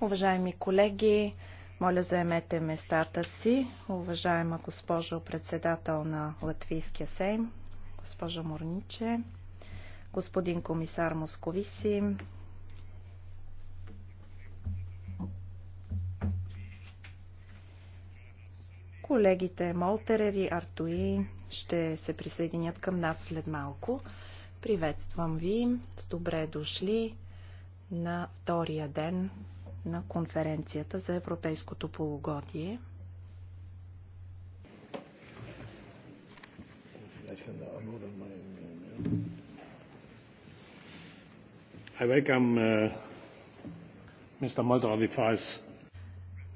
Уважаеми колеги, моля заемете местата си. Уважаема госпожо председател на Латвийския сейм, госпожа Морниче, господин комисар Московиси, колегите Молтерери, и Артуи ще се присъединят към нас след малко. Приветствам ви. С добре дошли на втория ден на конференцията за европейското полугодие. I welcome uh, Mr.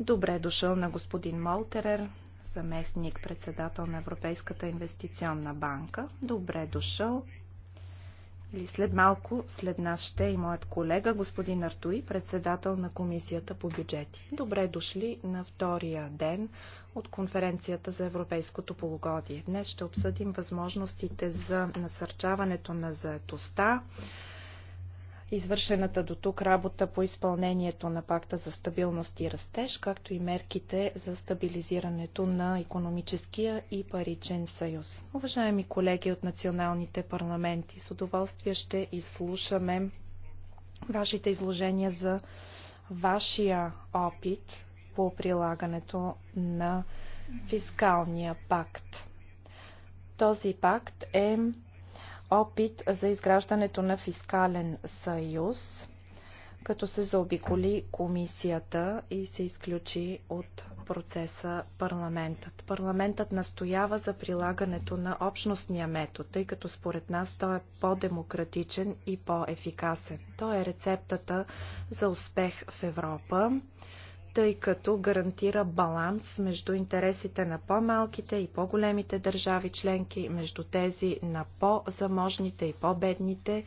Добре дошъл на господин Молтерер, съместник председател на Европейската инвестиционна банка. Добре дошъл или след малко след нас ще и моят колега, господин Артуи, председател на Комисията по бюджети. Добре дошли на втория ден от конференцията за европейското полугодие. Днес ще обсъдим възможностите за насърчаването на заетостта, извършената до тук работа по изпълнението на пакта за стабилност и растеж, както и мерките за стабилизирането на економическия и паричен съюз. Уважаеми колеги от националните парламенти, с удоволствие ще изслушаме вашите изложения за вашия опит по прилагането на фискалния пакт. Този пакт е опит за изграждането на фискален съюз, като се заобиколи комисията и се изключи от процеса парламентът. Парламентът настоява за прилагането на общностния метод, тъй като според нас той е по-демократичен и по-ефикасен. Той е рецептата за успех в Европа тъй като гарантира баланс между интересите на по-малките и по-големите държави членки, между тези на по-заможните и по-бедните,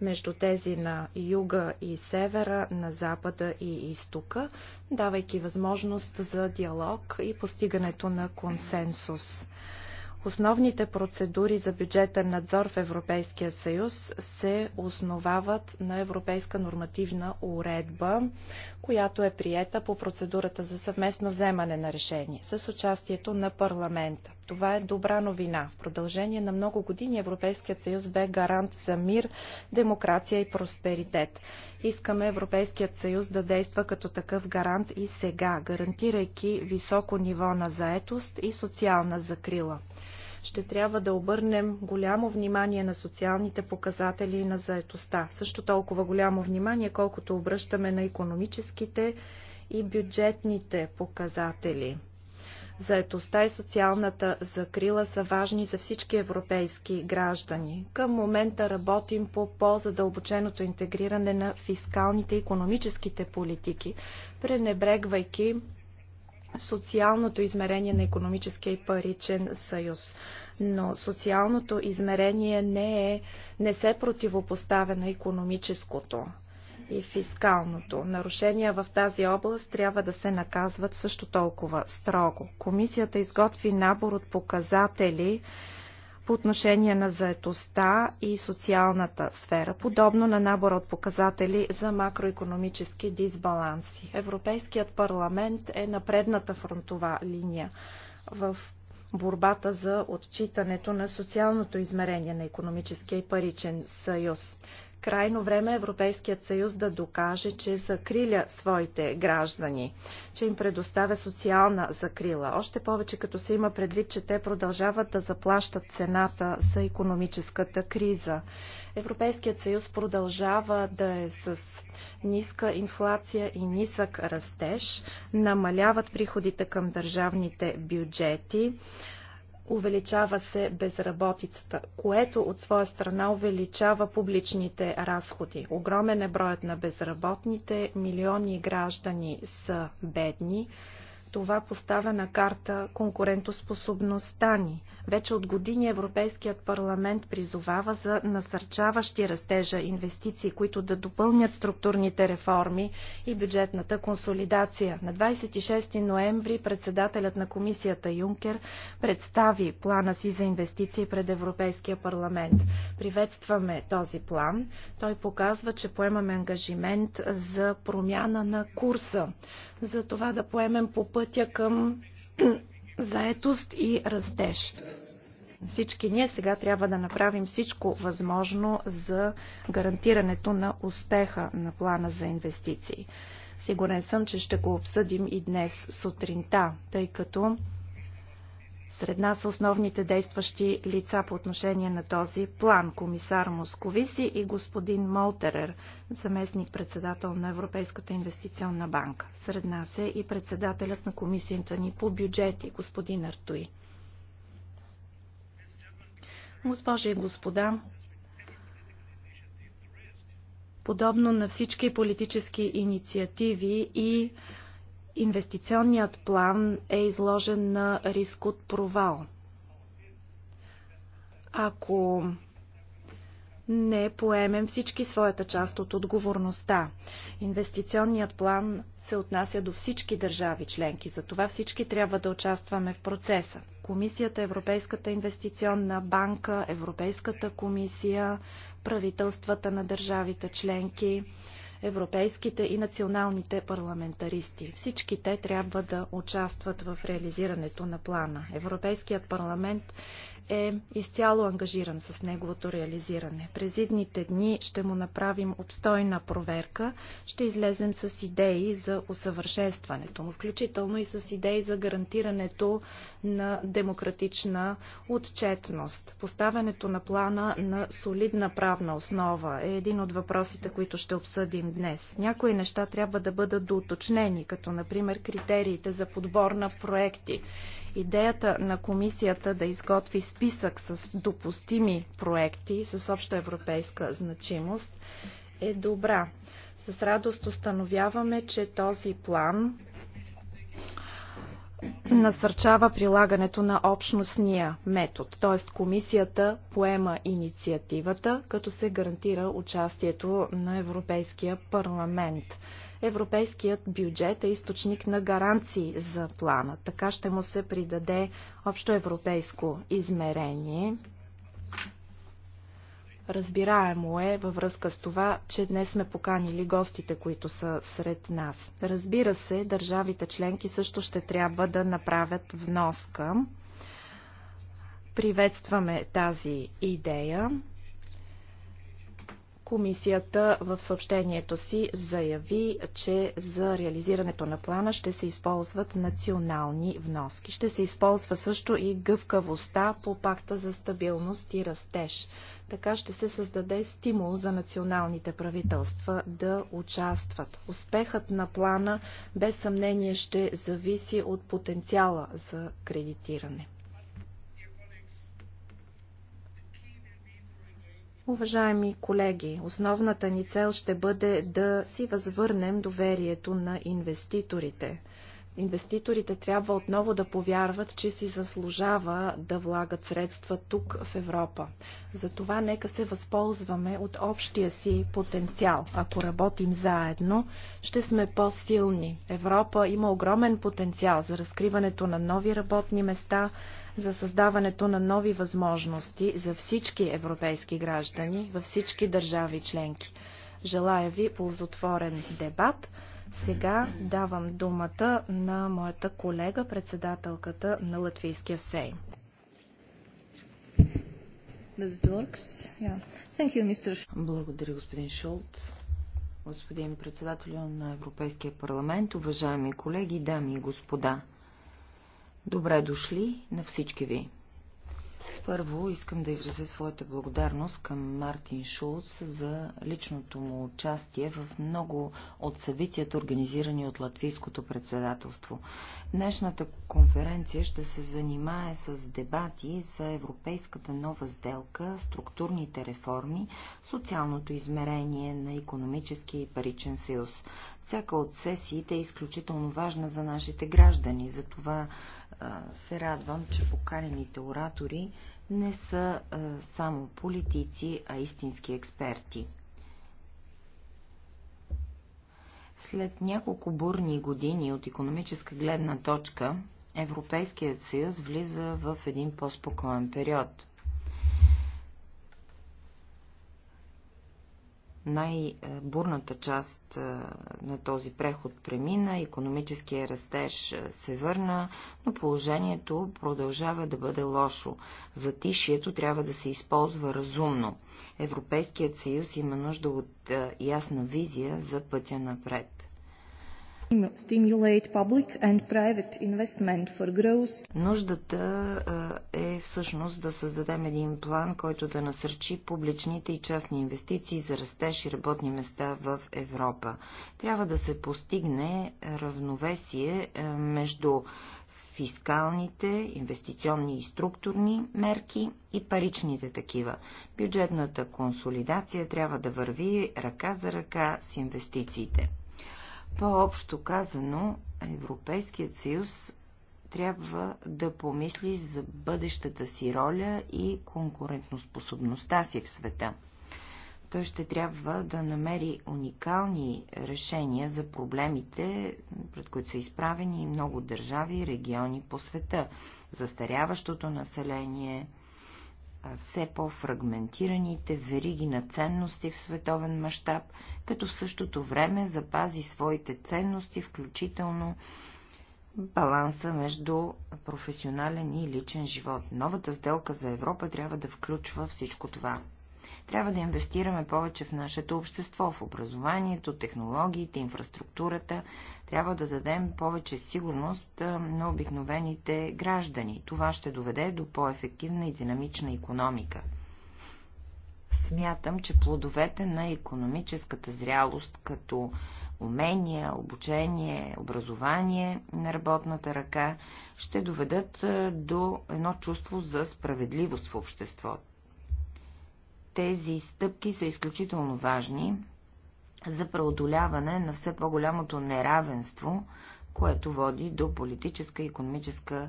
между тези на юга и севера, на запада и изтока, давайки възможност за диалог и постигането на консенсус. Основните процедури за бюджетен надзор в Европейския съюз се основават на европейска нормативна уредба, която е приета по процедурата за съвместно вземане на решение с участието на парламента. Това е добра новина. В продължение на много години Европейският съюз бе гарант за мир, демокрация и просперитет. Искаме Европейският съюз да действа като такъв гарант и сега, гарантирайки високо ниво на заетост и социална закрила ще трябва да обърнем голямо внимание на социалните показатели и на заетостта. Също толкова голямо внимание, колкото обръщаме на економическите и бюджетните показатели. Заетостта и социалната закрила са важни за всички европейски граждани. Към момента работим по по-задълбоченото интегриране на фискалните и економическите политики, пренебрегвайки социалното измерение на економическия и паричен съюз. Но социалното измерение не, е, не се противопоставя на економическото и фискалното. Нарушения в тази област трябва да се наказват също толкова строго. Комисията изготви набор от показатели, по отношение на заетостта и социалната сфера, подобно на набора от показатели за макроекономически дисбаланси. Европейският парламент е на предната фронтова линия в борбата за отчитането на социалното измерение на економическия и паричен съюз. Крайно време Европейският съюз да докаже, че закриля своите граждани, че им предоставя социална закрила. Още повече като се има предвид, че те продължават да заплащат цената за економическата криза. Европейският съюз продължава да е с ниска инфлация и нисък растеж, намаляват приходите към държавните бюджети увеличава се безработицата, което от своя страна увеличава публичните разходи. Огромен е броят на безработните, милиони граждани са бедни, това поставя на карта конкурентоспособността ни. Вече от години Европейският парламент призовава за насърчаващи растежа инвестиции, които да допълнят структурните реформи и бюджетната консолидация. На 26 ноември председателят на комисията Юнкер представи плана си за инвестиции пред Европейския парламент. Приветстваме този план. Той показва, че поемаме ангажимент за промяна на курса, за това да поемем по път пътя към заетост и растеж. Всички ние сега трябва да направим всичко възможно за гарантирането на успеха на плана за инвестиции. Сигурен съм, че ще го обсъдим и днес сутринта, тъй като сред нас са основните действащи лица по отношение на този план – комисар Московиси и господин Молтерер, заместник-председател на Европейската инвестиционна банка. Сред нас е и председателят на комисията ни по бюджети, господин Артуи. Госпожи и господа, подобно на всички политически инициативи и инвестиционният план е изложен на риск от провал. Ако не поемем всички своята част от отговорността. Инвестиционният план се отнася до всички държави членки, затова всички трябва да участваме в процеса. Комисията, Европейската инвестиционна банка, Европейската комисия, правителствата на държавите членки, европейските и националните парламентаристи. Всички те трябва да участват в реализирането на плана. Европейският парламент е изцяло ангажиран с неговото реализиране. През идните дни ще му направим обстойна проверка, ще излезем с идеи за усъвършенстването му, включително и с идеи за гарантирането на демократична отчетност. Поставянето на плана на солидна правна основа е един от въпросите, които ще обсъдим днес. Някои неща трябва да бъдат доуточнени, като например критериите за подбор на проекти Идеята на комисията да изготви списък с допустими проекти с обща европейска значимост е добра. С радост установяваме, че този план насърчава прилагането на общностния метод, т.е. комисията поема инициативата, като се гарантира участието на Европейския парламент. Европейският бюджет е източник на гаранции за плана. Така ще му се придаде общо европейско измерение. Разбираемо е във връзка с това, че днес сме поканили гостите, които са сред нас. Разбира се, държавите членки също ще трябва да направят вноска. Приветстваме тази идея. Комисията в съобщението си заяви, че за реализирането на плана ще се използват национални вноски. Ще се използва също и гъвкавостта по пакта за стабилност и растеж. Така ще се създаде стимул за националните правителства да участват. Успехът на плана без съмнение ще зависи от потенциала за кредитиране. Уважаеми колеги, основната ни цел ще бъде да си възвърнем доверието на инвеститорите – Инвеститорите трябва отново да повярват, че си заслужава да влагат средства тук в Европа. Затова нека се възползваме от общия си потенциал. Ако работим заедно, ще сме по-силни. Европа има огромен потенциал за разкриването на нови работни места, за създаването на нови възможности за всички европейски граждани във всички държави членки. Желая ви ползотворен дебат. Сега давам думата на моята колега, председателката на Латвийския Сейм. Благодаря, господин Шолц. Господин председател на Европейския парламент, уважаеми колеги, дами и господа. Добре дошли на всички ви. Първо искам да изразя своята благодарност към Мартин Шулц за личното му участие в много от събитията, организирани от латвийското председателство. Днешната конференция ще се занимае с дебати за европейската нова сделка, структурните реформи, социалното измерение на економическия и паричен съюз. Всяка от сесиите е изключително важна за нашите граждани, За това се радвам, че поканените оратори не са само политици, а истински експерти. След няколко бурни години от економическа гледна точка, Европейският съюз влиза в един по-спокоен период. най-бурната част на този преход премина, економическия растеж се върна, но положението продължава да бъде лошо. Затишието трябва да се използва разумно. Европейският съюз има нужда от ясна визия за пътя напред. Нуждата е всъщност да създадем един план, който да насърчи публичните и частни инвестиции за растеж и работни места в Европа. Трябва да се постигне равновесие между фискалните, инвестиционни и структурни мерки и паричните такива. Бюджетната консолидация трябва да върви ръка за ръка с инвестициите. По-общо казано, Европейският съюз трябва да помисли за бъдещата си роля и конкурентноспособността си в света. Той ще трябва да намери уникални решения за проблемите, пред които са изправени много държави и региони по света. Застаряващото население, все по-фрагментираните вериги на ценности в световен мащаб, като в същото време запази своите ценности, включително баланса между професионален и личен живот. Новата сделка за Европа трябва да включва всичко това. Трябва да инвестираме повече в нашето общество, в образованието, технологиите, инфраструктурата. Трябва да дадем повече сигурност на обикновените граждани. Това ще доведе до по-ефективна и динамична економика. Смятам, че плодовете на економическата зрялост като умения, обучение, образование на работната ръка ще доведат до едно чувство за справедливост в обществото. Тези стъпки са изключително важни за преодоляване на все по-голямото неравенство, което води до политическа и економическа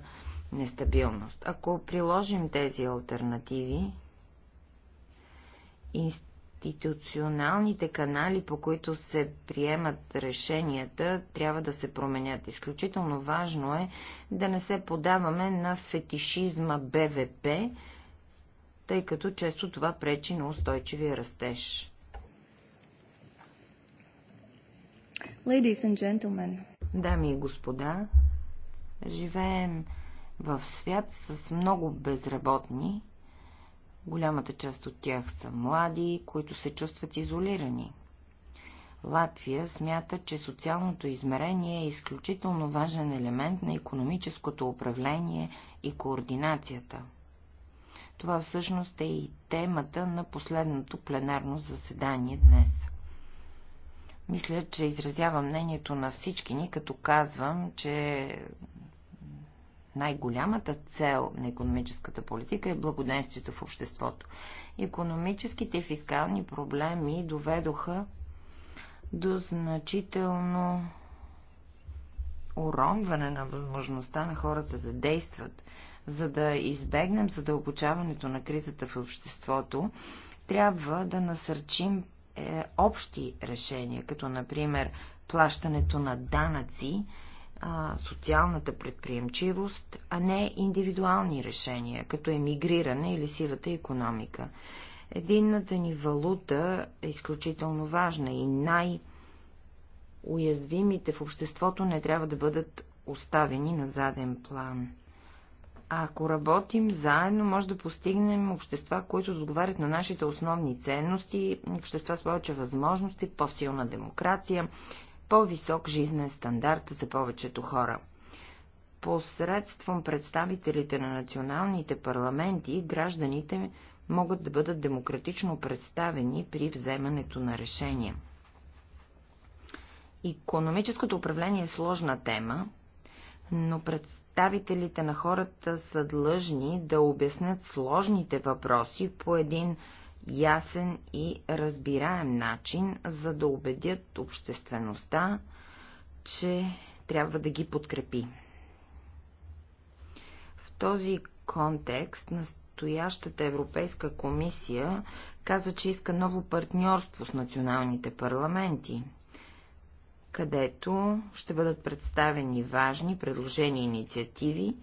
нестабилност. Ако приложим тези альтернативи, институционалните канали, по които се приемат решенията, трябва да се променят. Изключително важно е да не се подаваме на фетишизма БВП, тъй като често това пречи на устойчивия растеж. Дами и господа, живеем в свят с много безработни. Голямата част от тях са млади, които се чувстват изолирани. Латвия смята, че социалното измерение е изключително важен елемент на економическото управление и координацията – това всъщност е и темата на последното пленарно заседание днес. Мисля, че изразявам мнението на всички ни, като казвам, че най-голямата цел на економическата политика е благоденствието в обществото. Економическите и фискални проблеми доведоха до значително уронване на възможността на хората да действат, за да избегнем задълбочаването на кризата в обществото, трябва да насърчим е, общи решения, като например плащането на данъци, а, социалната предприемчивост, а не индивидуални решения, като емигриране или сивата економика. Единната ни валута е изключително важна и най- уязвимите в обществото не трябва да бъдат оставени на заден план. А ако работим заедно, може да постигнем общества, които отговарят на нашите основни ценности, общества с повече възможности, по-силна демокрация, по-висок жизнен стандарт за повечето хора. Посредством представителите на националните парламенти, гражданите могат да бъдат демократично представени при вземането на решения. Икономическото управление е сложна тема, но представителите представителите на хората са длъжни да обяснят сложните въпроси по един ясен и разбираем начин, за да убедят обществеността, че трябва да ги подкрепи. В този контекст настоящата Европейска комисия каза, че иска ново партньорство с националните парламенти – където ще бъдат представени важни предложения и инициативи.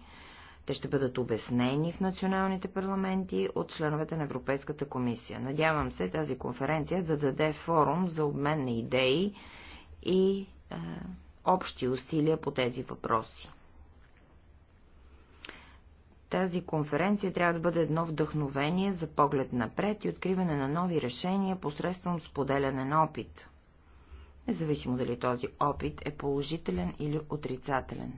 Те ще бъдат обяснени в националните парламенти от членовете на Европейската комисия. Надявам се тази конференция да даде форум за обмен на идеи и е, общи усилия по тези въпроси. Тази конференция трябва да бъде едно вдъхновение за поглед напред и откриване на нови решения посредством споделяне на опит – независимо дали този опит е положителен или отрицателен.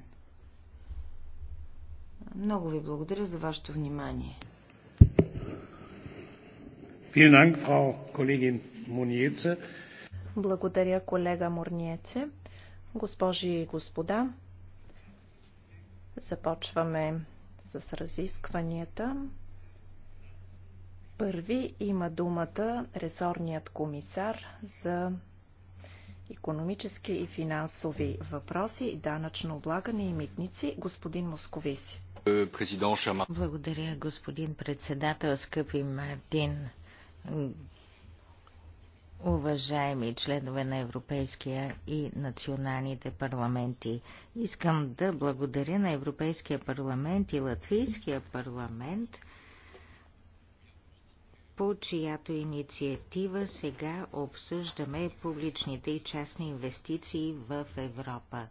Много ви благодаря за вашето внимание. Благодаря, колега Мурниеце. Госпожи и господа, започваме с разискванията. Първи има думата ресорният комисар за економически и финансови въпроси, данъчно облагане и митници, господин Московиси. Благодаря, господин председател, скъпи Мартин. Уважаеми членове на Европейския и националните парламенти, искам да благодаря на Европейския парламент и Латвийския парламент по чиято инициатива сега обсъждаме публичните и частни инвестиции в Европа.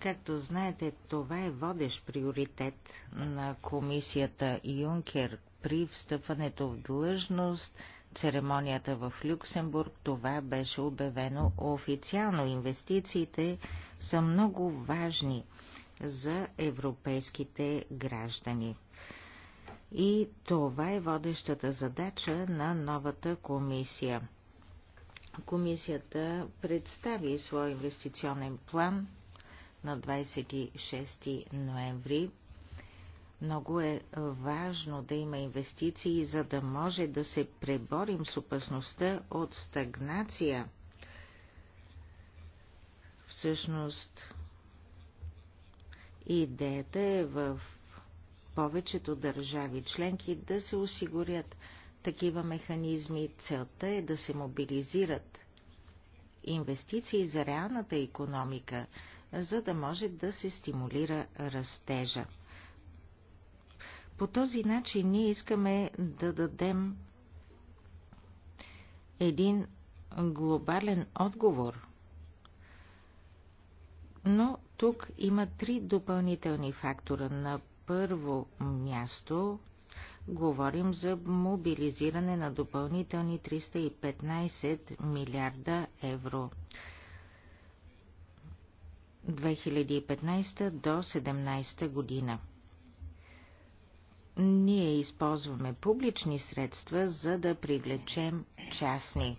Както знаете, това е водещ приоритет на комисията Юнкер при встъпването в длъжност. Церемонията в Люксембург това беше обявено официално. Инвестициите са много важни за европейските граждани. И това е водещата задача на новата комисия. Комисията представи своя инвестиционен план на 26 ноември. Много е важно да има инвестиции, за да може да се преборим с опасността от стагнация. Всъщност, идеята е в повечето държави членки да се осигурят такива механизми. Целта е да се мобилизират инвестиции за реалната економика, за да може да се стимулира растежа. По този начин ние искаме да дадем един глобален отговор. Но тук има три допълнителни фактора. На първо място говорим за мобилизиране на допълнителни 315 милиарда евро. 2015 до 2017 година. Ние използваме публични средства, за да привлечем частни,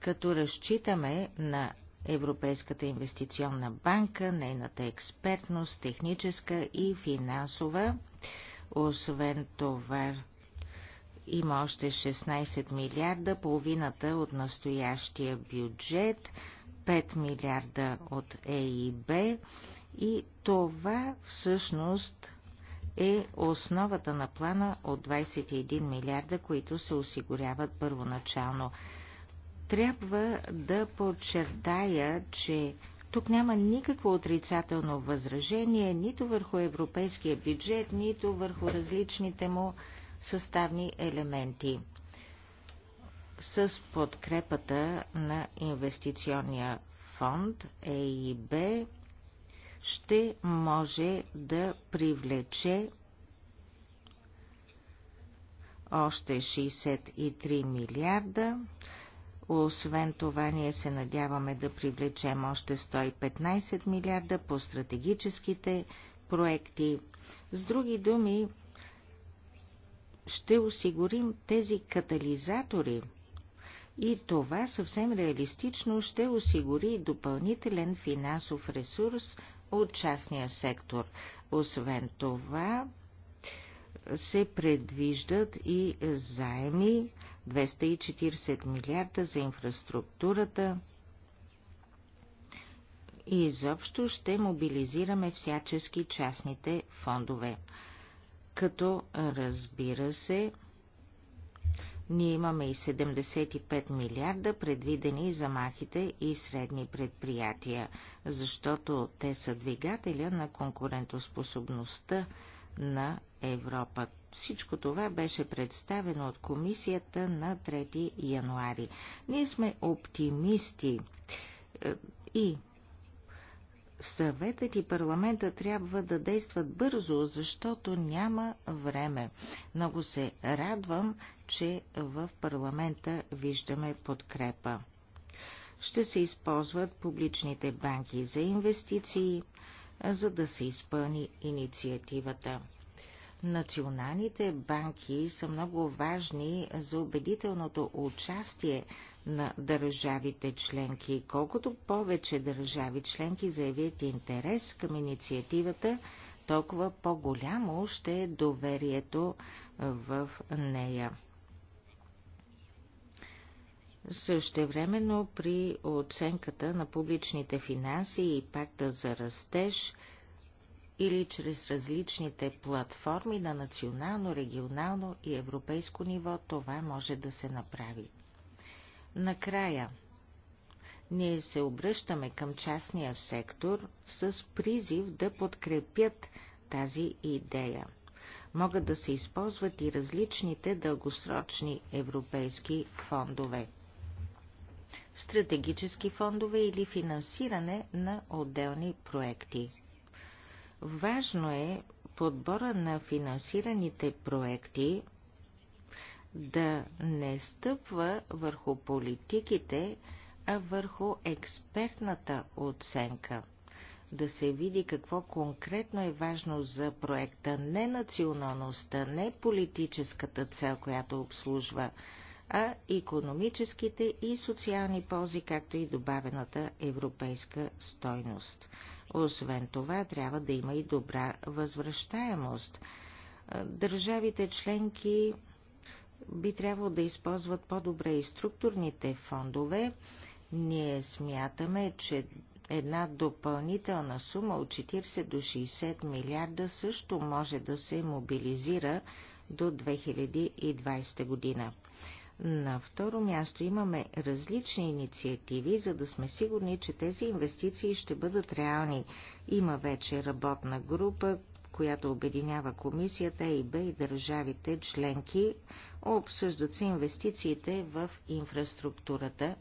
като разчитаме на Европейската инвестиционна банка, нейната експертност, техническа и финансова. Освен това, има още 16 милиарда, половината от настоящия бюджет, 5 милиарда от ЕИБ и това всъщност е основата на плана от 21 милиарда, които се осигуряват първоначално. Трябва да подчертая, че тук няма никакво отрицателно възражение нито върху европейския бюджет, нито върху различните му съставни елементи. С подкрепата на инвестиционния фонд ЕИБ ще може да привлече още 63 милиарда, освен това, ние се надяваме да привлечем още 115 милиарда по стратегическите проекти. С други думи, ще осигурим тези катализатори и това съвсем реалистично ще осигури допълнителен финансов ресурс от частния сектор. Освен това, се предвиждат и заеми 240 милиарда за инфраструктурата и изобщо ще мобилизираме всячески частните фондове. Като разбира се, ние имаме и 75 милиарда предвидени за махите и средни предприятия, защото те са двигателя на конкурентоспособността на Европа. Всичко това беше представено от комисията на 3 януари. Ние сме оптимисти е, и съветът и парламента трябва да действат бързо, защото няма време. Много се радвам, че в парламента виждаме подкрепа. Ще се използват публичните банки за инвестиции, за да се изпълни инициативата. Националните банки са много важни за убедителното участие на държавите членки. Колкото повече държави членки заявят интерес към инициативата, толкова по-голямо ще е доверието в нея. Същевременно при оценката на публичните финанси и пакта за растеж – или чрез различните платформи на национално, регионално и европейско ниво това може да се направи. Накрая, ние се обръщаме към частния сектор с призив да подкрепят тази идея. Могат да се използват и различните дългосрочни европейски фондове стратегически фондове или финансиране на отделни проекти. Важно е подбора на финансираните проекти да не стъпва върху политиките, а върху експертната оценка. Да се види какво конкретно е важно за проекта, не националността, не политическата цел, която обслужва, а економическите и социални ползи, както и добавената европейска стойност. Освен това, трябва да има и добра възвръщаемост. Държавите членки би трябвало да използват по-добре и структурните фондове. Ние смятаме, че една допълнителна сума от 40 до 60 милиарда също може да се мобилизира до 2020 година. На второ място имаме различни инициативи, за да сме сигурни, че тези инвестиции ще бъдат реални. Има вече работна група, която обединява комисията ИБ и държавите членки, обсъждат се инвестициите в инфраструктурата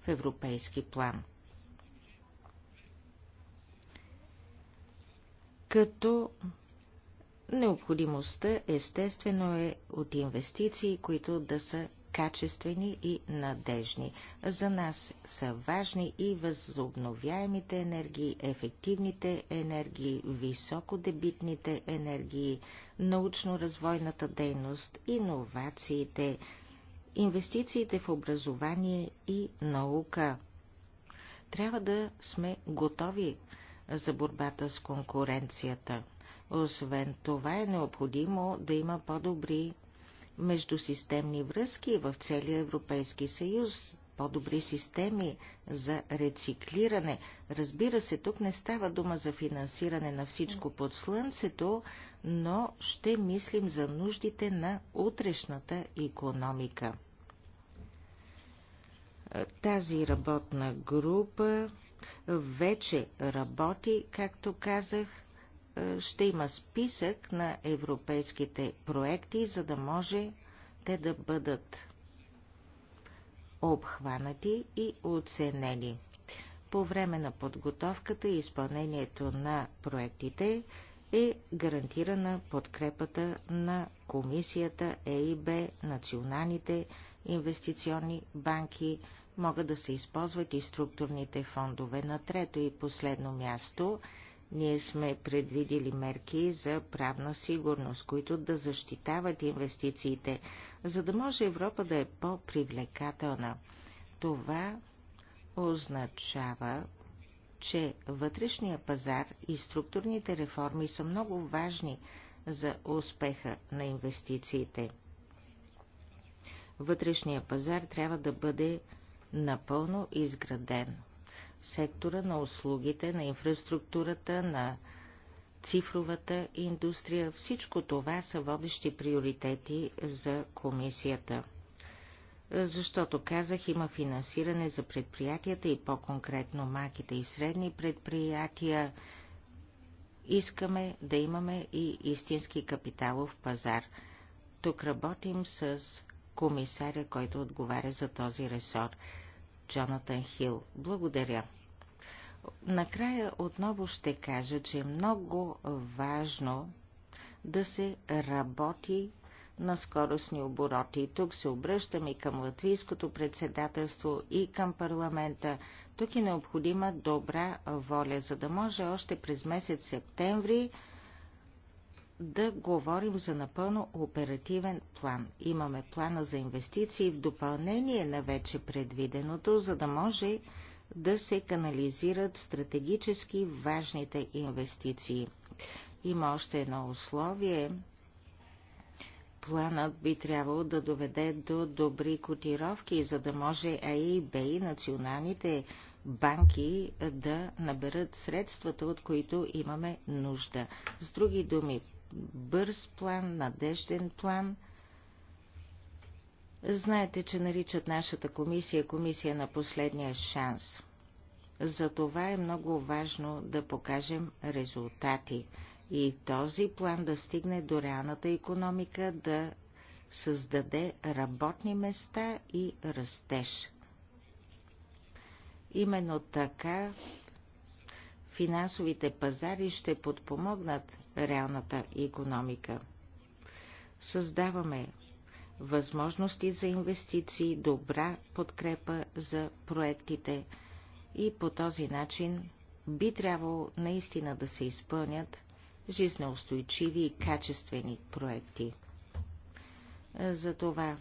в европейски план. Като необходимостта естествено е от инвестиции, които да са качествени и надежни. За нас са важни и възобновяемите енергии, ефективните енергии, високодебитните енергии, научно-развойната дейност, иновациите, инвестициите в образование и наука. Трябва да сме готови за борбата с конкуренцията. Освен това е необходимо да има по-добри междусистемни връзки в целия Европейски съюз, по-добри системи за рециклиране. Разбира се, тук не става дума за финансиране на всичко под слънцето, но ще мислим за нуждите на утрешната економика. Тази работна група вече работи, както казах, е, ще има списък на европейските проекти, за да може те да бъдат обхванати и оценени. По време на подготовката и изпълнението на проектите е гарантирана подкрепата на Комисията ЕИБ, националните инвестиционни банки, могат да се използват и структурните фондове. На трето и последно място ние сме предвидили мерки за правна сигурност, които да защитават инвестициите, за да може Европа да е по-привлекателна. Това означава, че вътрешния пазар и структурните реформи са много важни за успеха на инвестициите. Вътрешния пазар трябва да бъде напълно изграден сектора на услугите, на инфраструктурата, на цифровата индустрия. Всичко това са водещи приоритети за комисията. Защото казах, има финансиране за предприятията и по-конкретно маките и средни предприятия. Искаме да имаме и истински капиталов пазар. Тук работим с комисаря, който отговаря за този ресор. Джонатан Хил. Благодаря. Накрая отново ще кажа, че е много важно да се работи на скоростни обороти. Тук се обръщам и към латвийското председателство и към парламента. Тук е необходима добра воля, за да може още през месец септември да говорим за напълно оперативен план. Имаме плана за инвестиции в допълнение на вече предвиденото, за да може да се канализират стратегически важните инвестиции. Има още едно условие. Планът би трябвало да доведе до добри котировки, за да може АИБ и националните банки да наберат средствата, от които имаме нужда. С други думи, бърз план, надежден план. Знаете, че наричат нашата комисия комисия на последния шанс. Затова е много важно да покажем резултати и този план да стигне до реалната економика, да създаде работни места и растеж. Именно така финансовите пазари ще подпомогнат реалната економика. Създаваме възможности за инвестиции, добра подкрепа за проектите и по този начин би трябвало наистина да се изпълнят жизнеустойчиви и качествени проекти. Затова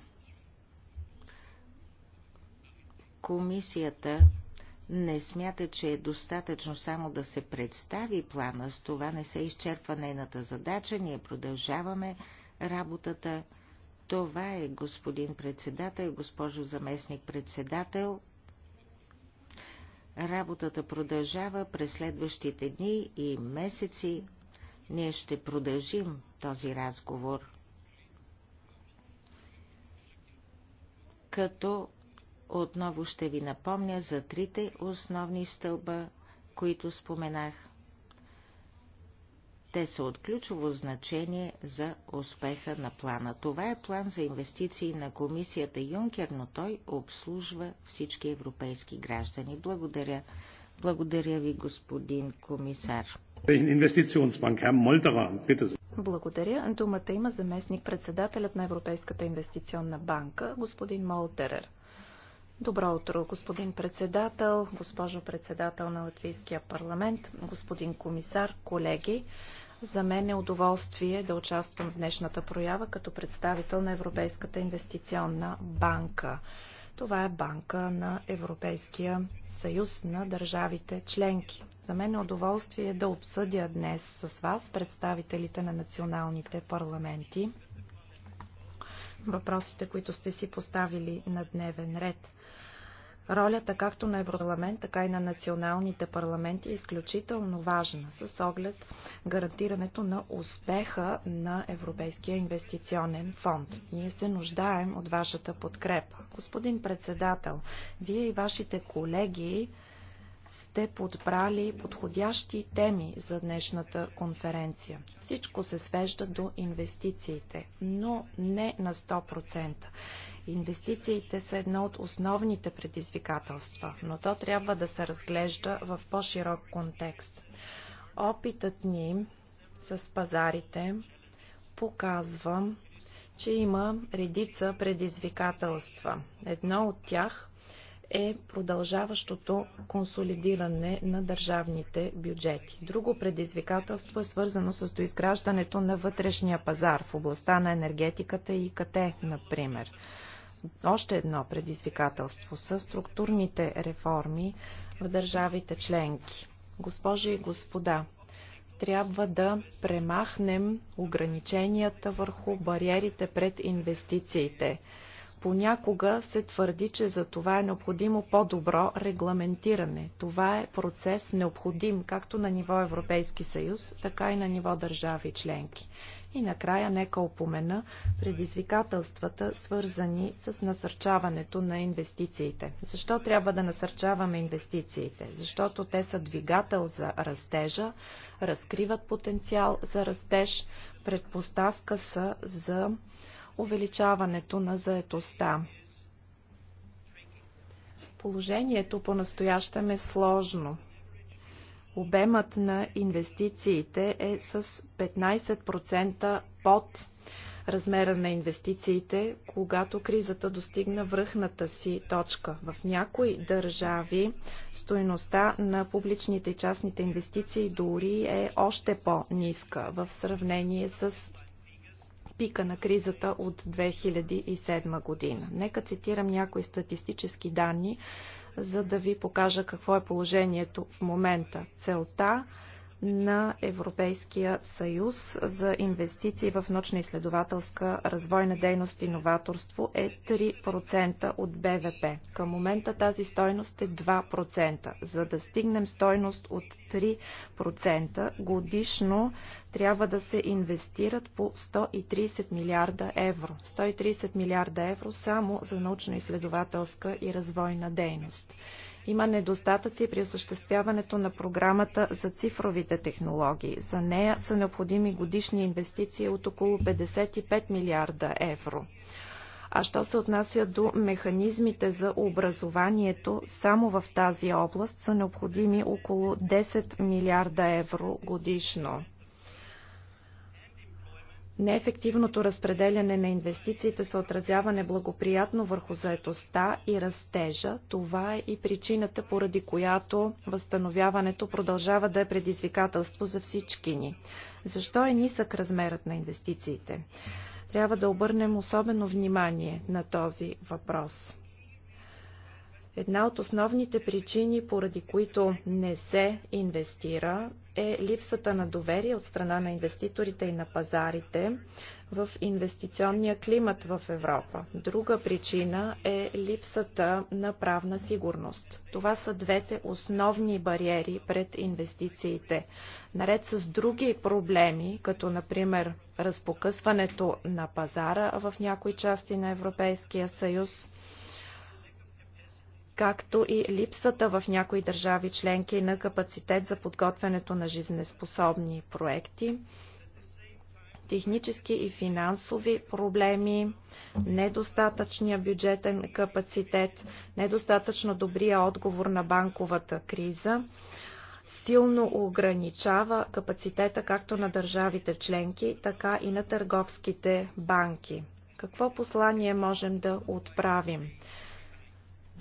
комисията не смята, че е достатъчно само да се представи плана, с това не се изчерпва нейната задача, ние продължаваме работата. Това е господин председател, госпожо заместник председател. Работата продължава през следващите дни и месеци. Ние ще продължим този разговор. Като отново ще ви напомня за трите основни стълба, които споменах. Те са от ключово значение за успеха на плана. Това е план за инвестиции на комисията Юнкер, но той обслужва всички европейски граждани. Благодаря. Благодаря ви, господин комисар. Благодаря. Думата има заместник председателят на Европейската инвестиционна банка, господин Молтерер. Добро утро, господин председател, госпожо председател на Латвийския парламент, господин комисар, колеги. За мен е удоволствие да участвам в днешната проява като представител на Европейската инвестиционна банка. Това е банка на Европейския съюз на държавите членки. За мен е удоволствие да обсъдя днес с вас представителите на националните парламенти въпросите, които сте си поставили на дневен ред. Ролята както на Европарламент, така и на националните парламенти е изключително важна с оглед гарантирането на успеха на Европейския инвестиционен фонд. Ние се нуждаем от вашата подкрепа. Господин председател, вие и вашите колеги сте подбрали подходящи теми за днешната конференция. Всичко се свежда до инвестициите, но не на 100%. Инвестициите са едно от основните предизвикателства, но то трябва да се разглежда в по-широк контекст. Опитът ни с пазарите показва, че има редица предизвикателства. Едно от тях е продължаващото консолидиране на държавните бюджети. Друго предизвикателство е свързано с доизграждането на вътрешния пазар в областта на енергетиката и КТ, например още едно предизвикателство са структурните реформи в държавите членки. Госпожи и господа, трябва да премахнем ограниченията върху бариерите пред инвестициите. Понякога се твърди, че за това е необходимо по-добро регламентиране. Това е процес необходим както на ниво Европейски съюз, така и на ниво държави членки. И накрая нека опомена предизвикателствата, свързани с насърчаването на инвестициите. Защо трябва да насърчаваме инвестициите? Защото те са двигател за растежа, разкриват потенциал за растеж, предпоставка са за увеличаването на заетостта. Положението по-настоящем е сложно обемът на инвестициите е с 15% под размера на инвестициите, когато кризата достигна връхната си точка. В някои държави стоеността на публичните и частните инвестиции дори е още по-ниска в сравнение с пика на кризата от 2007 година. Нека цитирам някои статистически данни, за да ви покажа какво е положението в момента. Целта на Европейския съюз за инвестиции в научно-изследователска развойна дейност и новаторство е 3% от БВП. Към момента тази стойност е 2%. За да стигнем стойност от 3% годишно трябва да се инвестират по 130 милиарда евро. 130 милиарда евро само за научно-изследователска и развойна дейност. Има недостатъци при осъществяването на програмата за цифровите технологии. За нея са необходими годишни инвестиции от около 55 милиарда евро. А що се отнася до механизмите за образованието, само в тази област са необходими около 10 милиарда евро годишно. Неефективното разпределяне на инвестициите се отразява неблагоприятно върху заетостта и растежа. Това е и причината, поради която възстановяването продължава да е предизвикателство за всички ни. Защо е нисък размерът на инвестициите? Трябва да обърнем особено внимание на този въпрос. Една от основните причини, поради които не се инвестира, е липсата на доверие от страна на инвеститорите и на пазарите в инвестиционния климат в Европа. Друга причина е липсата на правна сигурност. Това са двете основни бариери пред инвестициите. Наред с други проблеми, като например разпокъсването на пазара в някои части на Европейския съюз, както и липсата в някои държави членки на капацитет за подготвянето на жизнеспособни проекти, технически и финансови проблеми, недостатъчния бюджетен капацитет, недостатъчно добрия отговор на банковата криза силно ограничава капацитета както на държавите членки, така и на търговските банки. Какво послание можем да отправим?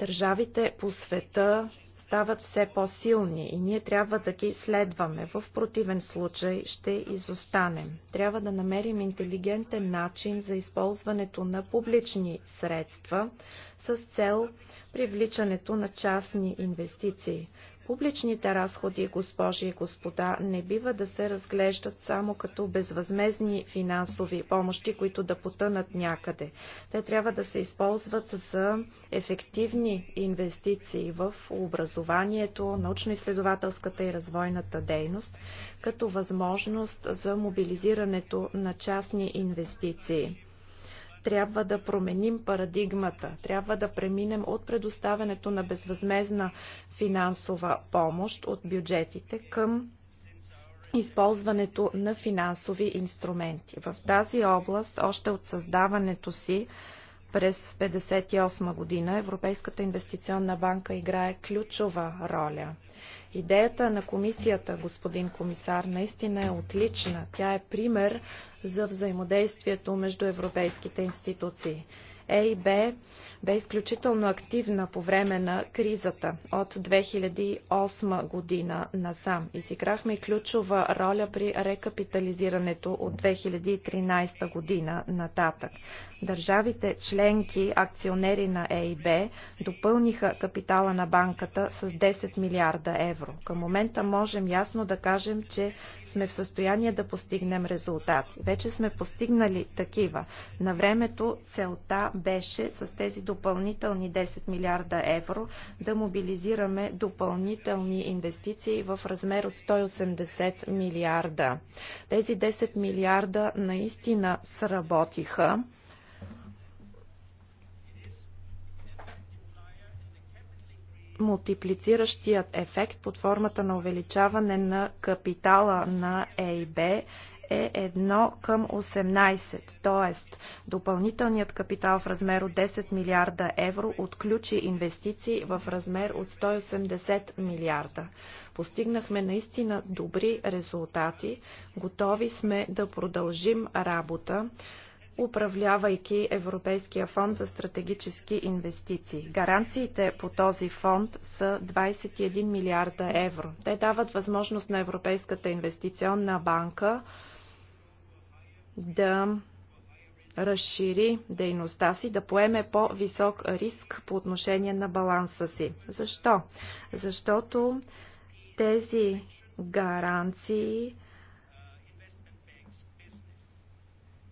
Държавите по света стават все по-силни и ние трябва да ги следваме. В противен случай ще изостанем. Трябва да намерим интелигентен начин за използването на публични средства с цел привличането на частни инвестиции. Публичните разходи, госпожи и господа, не бива да се разглеждат само като безвъзмезни финансови помощи, които да потънат някъде. Те трябва да се използват за ефективни инвестиции в образованието, научно-изследователската и развойната дейност, като възможност за мобилизирането на частни инвестиции. Трябва да променим парадигмата. Трябва да преминем от предоставянето на безвъзмезна финансова помощ от бюджетите към използването на финансови инструменти. В тази област, още от създаването си през 1958 година, Европейската инвестиционна банка играе ключова роля. Идеята на комисията, господин комисар, наистина е отлична. Тя е пример за взаимодействието между европейските институции. Е и Б бе изключително активна по време на кризата от 2008 година насам. Изиграхме ключова роля при рекапитализирането от 2013 година нататък. Държавите членки, акционери на ЕИБ, допълниха капитала на банката с 10 милиарда евро. Към момента можем ясно да кажем, че сме в състояние да постигнем резултати. Вече сме постигнали такива. На времето целта беше с тези допълнителни 10 милиарда евро, да мобилизираме допълнителни инвестиции в размер от 180 милиарда. Тези 10 милиарда наистина сработиха. мултиплициращият ефект под формата на увеличаване на капитала на ЕИБ е 1 към 18, т.е. допълнителният капитал в размер от 10 милиарда евро отключи инвестиции в размер от 180 милиарда. Постигнахме наистина добри резултати. Готови сме да продължим работа управлявайки Европейския фонд за стратегически инвестиции. Гаранциите по този фонд са 21 милиарда евро. Те дават възможност на Европейската инвестиционна банка да разшири дейността си, да поеме по-висок риск по отношение на баланса си. Защо? Защото тези гаранции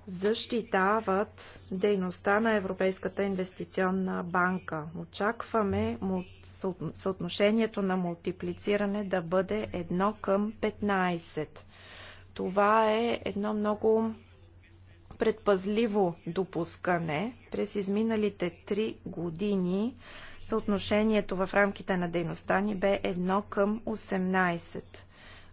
защитават дейността на Европейската инвестиционна банка. Очакваме съотношението на мултиплициране да бъде 1 към 15. Това е едно много предпазливо допускане. През изминалите три години съотношението в рамките на дейността ни бе 1 към 18.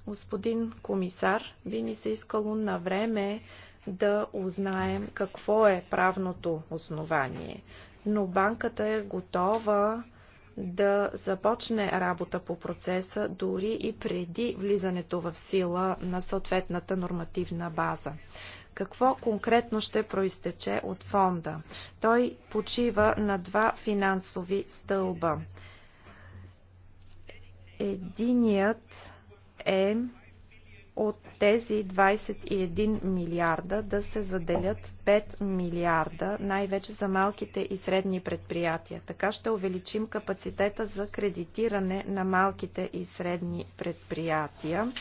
Господин комисар, би ни се искало на време да узнаем какво е правното основание. Но банката е готова да започне работа по процеса дори и преди влизането в сила на съответната нормативна база. Какво конкретно ще проистече от фонда? Той почива на два финансови стълба. Единият е от тези 21 милиарда да се заделят 5 милиарда, най-вече за малките и средни предприятия. Така ще увеличим капацитета за кредитиране на малките и средни предприятия,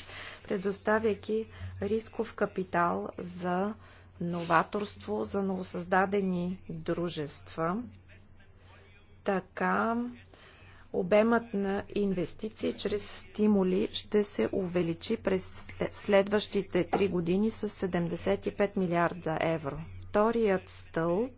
предоставяйки рисков капитал за новаторство, за новосъздадени дружества. Така Обемът на инвестиции чрез стимули ще се увеличи през следващите 3 години с 75 милиарда евро. Вторият стълб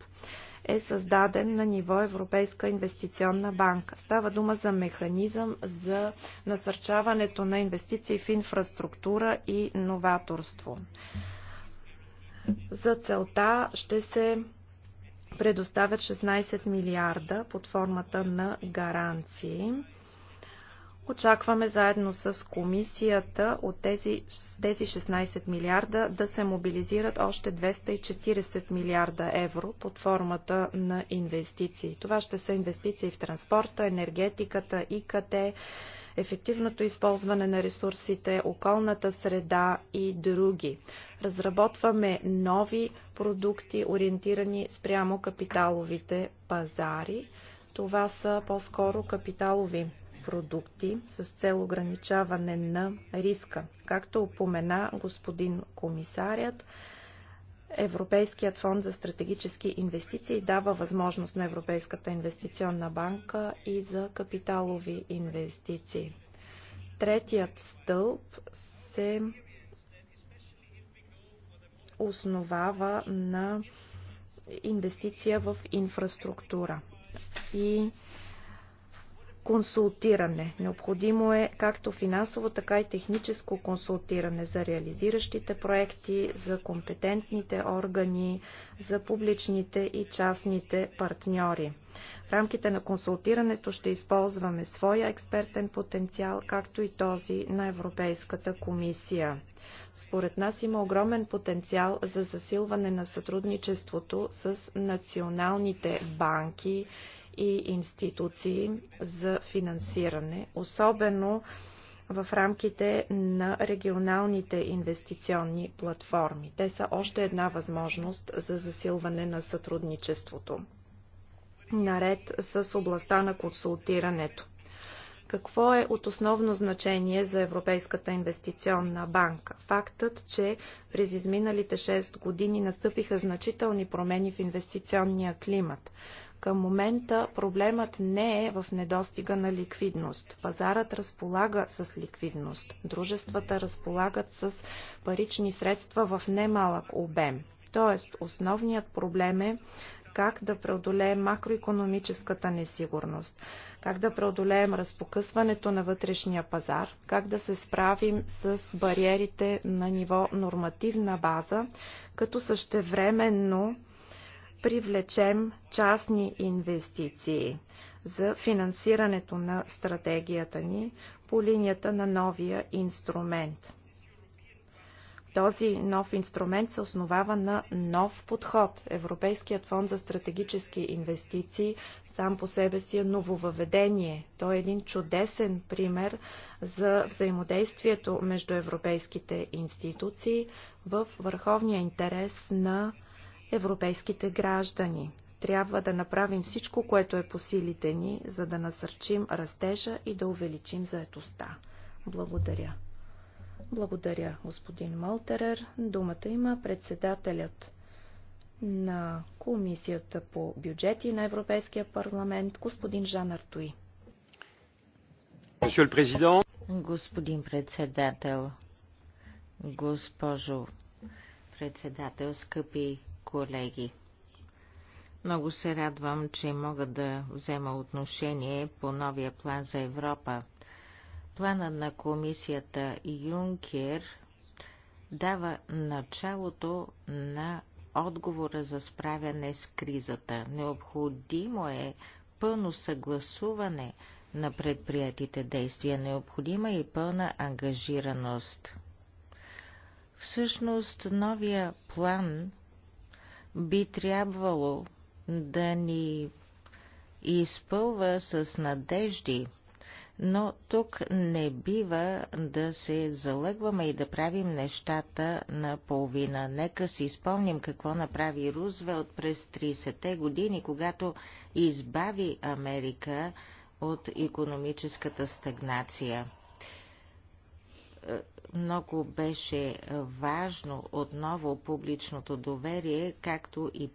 е създаден на ниво Европейска инвестиционна банка. Става дума за механизъм за насърчаването на инвестиции в инфраструктура и новаторство. За целта ще се предоставят 16 милиарда под формата на гаранции. Очакваме заедно с комисията от тези, тези 16 милиарда да се мобилизират още 240 милиарда евро под формата на инвестиции. Това ще са инвестиции в транспорта, енергетиката, ИКТ, ефективното използване на ресурсите, околната среда и други. Разработваме нови продукти, ориентирани спрямо капиталовите пазари. Това са по-скоро капиталови продукти с цел ограничаване на риска. Както упомена господин комисарят, Европейският фонд за стратегически инвестиции дава възможност на Европейската инвестиционна банка и за капиталови инвестиции. Третият стълб се основава на инвестиция в инфраструктура и консултиране. Необходимо е както финансово, така и техническо консултиране за реализиращите проекти, за компетентните органи, за публичните и частните партньори. В рамките на консултирането ще използваме своя експертен потенциал, както и този на Европейската комисия. Според нас има огромен потенциал за засилване на сътрудничеството с националните банки и институции за финансиране, особено в рамките на регионалните инвестиционни платформи. Те са още една възможност за засилване на сътрудничеството, наред с областта на консултирането. Какво е от основно значение за Европейската инвестиционна банка? Фактът, че през изминалите 6 години настъпиха значителни промени в инвестиционния климат. Към момента проблемът не е в недостига на ликвидност. Пазарът разполага с ликвидност. Дружествата разполагат с парични средства в немалък обем. Тоест, основният проблем е как да преодолеем макроекономическата несигурност, как да преодолеем разпокъсването на вътрешния пазар, как да се справим с бариерите на ниво нормативна база, като същевременно привлечем частни инвестиции за финансирането на стратегията ни по линията на новия инструмент. Този нов инструмент се основава на нов подход. Европейският фонд за стратегически инвестиции сам по себе си е нововъведение. Той е един чудесен пример за взаимодействието между европейските институции в върховния интерес на европейските граждани. Трябва да направим всичко, което е по силите ни, за да насърчим растежа и да увеличим заетостта. Благодаря. Благодаря, господин Малтерер. Думата има председателят на Комисията по бюджети на Европейския парламент, господин Жан Артуи. Господин председател, госпожо председател, скъпи колеги! Много се радвам, че мога да взема отношение по новия план за Европа. Планът на комисията Юнкер дава началото на отговора за справяне с кризата. Необходимо е пълно съгласуване на предприятите действия, необходима е и пълна ангажираност. Всъщност, новия план би трябвало да ни изпълва с надежди, но тук не бива да се залъгваме и да правим нещата наполовина. Нека си спомним какво направи Рузвелт през 30-те години, когато избави Америка от економическата стагнация много беше важно отново публичното доверие, както и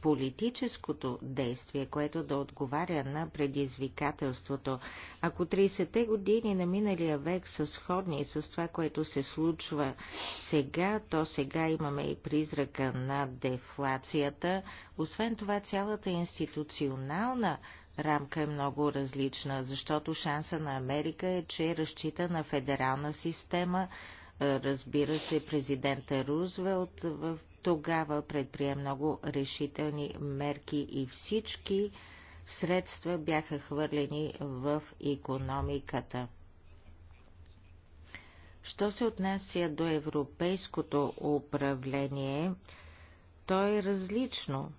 политическото действие, което да отговаря на предизвикателството. Ако 30-те години на миналия век са сходни с това, което се случва сега, то сега имаме и призрака на дефлацията. Освен това, цялата институционална рамка е много различна, защото шанса на Америка е, че разчита на федерална система. Е, разбира се, президента Рузвелт в тогава предприе много решителни мерки и всички средства бяха хвърлени в економиката. Що се отнася до европейското управление, то е различно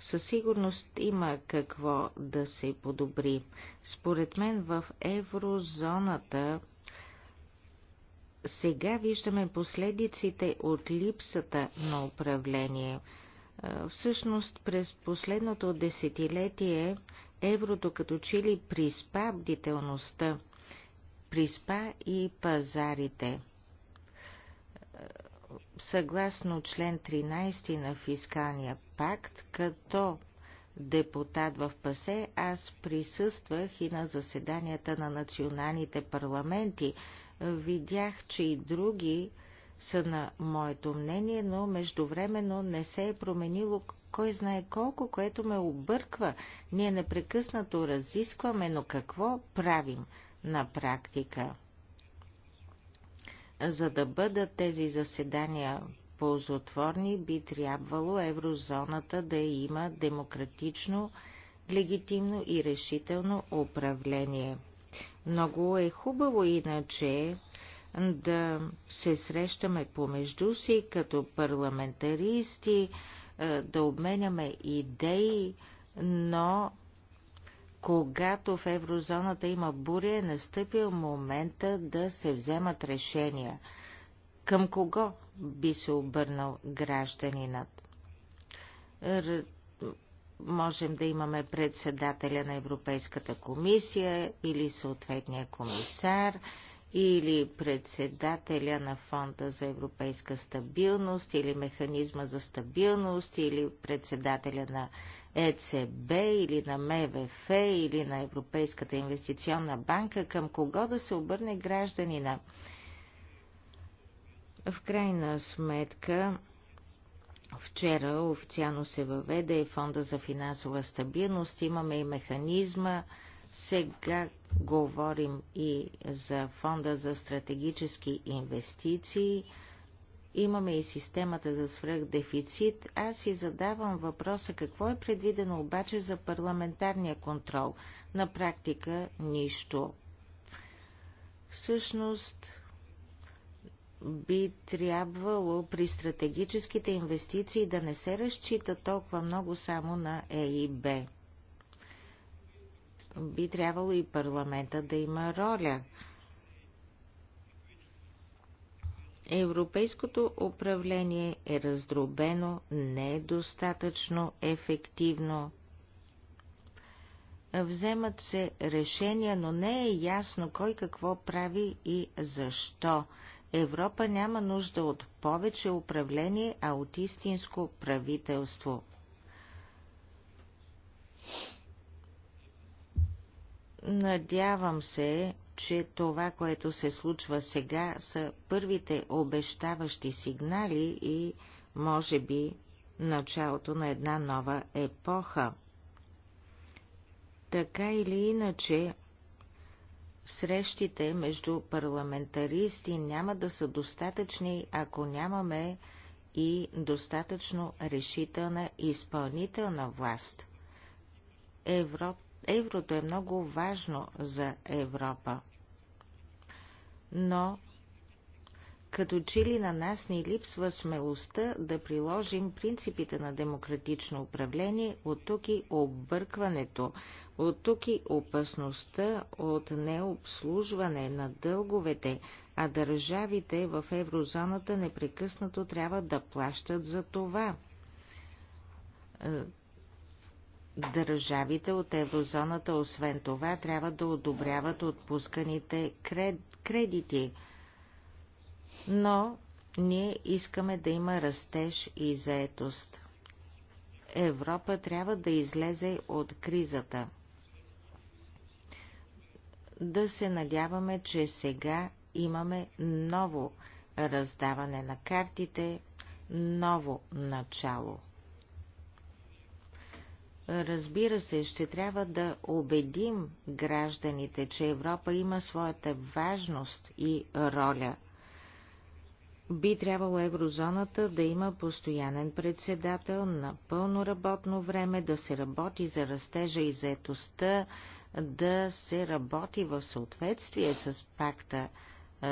със сигурност има какво да се подобри. Според мен в еврозоната сега виждаме последиците от липсата на управление. Всъщност през последното десетилетие еврото като че ли приспа бдителността, приспа и пазарите съгласно член 13 на Фискалния пакт, като депутат в ПАСЕ, аз присъствах и на заседанията на националните парламенти. Видях, че и други са на моето мнение, но междувременно не се е променило кой знае колко, което ме обърква. Ние непрекъснато разискваме, но какво правим на практика? За да бъдат тези заседания ползотворни, би трябвало еврозоната да има демократично, легитимно и решително управление. Много е хубаво иначе да се срещаме помежду си като парламентаристи, е, да обменяме идеи, но когато в еврозоната има буря, е настъпил момента да се вземат решения. Към кого би се обърнал гражданинът? Р... Можем да имаме председателя на Европейската комисия или съответния комисар или председателя на Фонда за европейска стабилност или механизма за стабилност или председателя на ЕЦБ или на МВФ или на Европейската инвестиционна банка, към кого да се обърне гражданина. В крайна сметка, вчера официално се въведе и Фонда за финансова стабилност, имаме и механизма, сега говорим и за Фонда за стратегически инвестиции – Имаме и системата за свръхдефицит. Аз си задавам въпроса какво е предвидено обаче за парламентарния контрол. На практика нищо. Всъщност, би трябвало при стратегическите инвестиции да не се разчита толкова много само на Е и Б. Би трябвало и парламента да има роля. Европейското управление е раздробено, не е достатъчно ефективно. Вземат се решения, но не е ясно кой какво прави и защо. Европа няма нужда от повече управление, а от истинско правителство. Надявам се, че това, което се случва сега, са първите обещаващи сигнали и, може би, началото на една нова епоха. Така или иначе, срещите между парламентаристи няма да са достатъчни, ако нямаме и достатъчно решителна изпълнителна власт. Евро... Еврото е много важно за Европа но като че ли на нас ни липсва смелостта да приложим принципите на демократично управление, от тук и объркването, от тук и опасността от необслужване на дълговете, а държавите в еврозоната непрекъснато трябва да плащат за това. Е, държавите от еврозоната, освен това, трябва да одобряват отпусканите кредити кредити. Но ние искаме да има растеж и заетост. Европа трябва да излезе от кризата. Да се надяваме, че сега имаме ново раздаване на картите, ново начало. Разбира се, ще трябва да убедим гражданите, че Европа има своята важност и роля. Би трябвало еврозоната да има постоянен председател на пълно работно време, да се работи за растежа и заетостта, да се работи в съответствие с пакта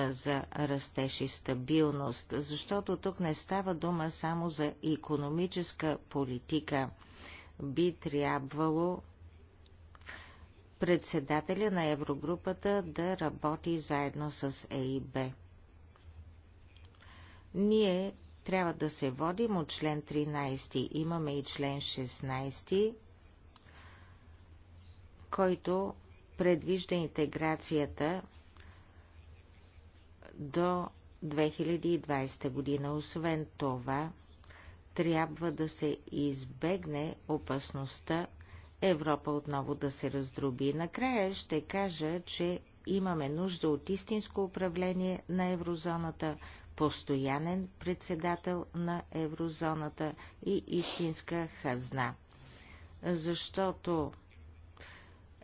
за растеж и стабилност, защото тук не става дума само за економическа политика – би трябвало председателя на Еврогрупата да работи заедно с ЕИБ. Ние трябва да се водим от член 13. Имаме и член 16, който предвижда интеграцията до 2020 година. Освен това, трябва да се избегне опасността Европа отново да се раздроби. Накрая ще кажа, че имаме нужда от истинско управление на еврозоната, постоянен председател на еврозоната и истинска хазна. Защото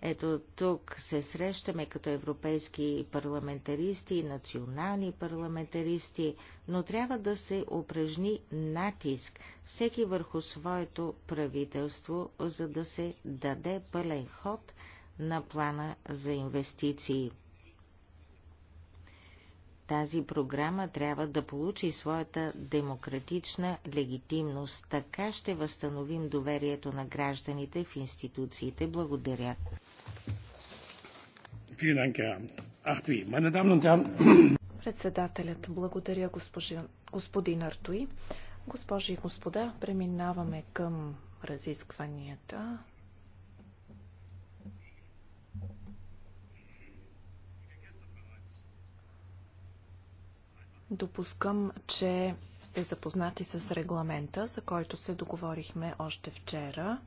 ето тук се срещаме като европейски парламентаристи и национални парламентаристи, но трябва да се упражни натиск всеки върху своето правителство, за да се даде пълен ход на плана за инвестиции. Тази програма трябва да получи своята демократична легитимност. Така ще възстановим доверието на гражданите в институциите. Благодаря. Председателят благодаря господин Артуи. Госпожи и господа, преминаваме към разискванията. Допускам, че сте запознати с регламента, за който се договорихме още вчера.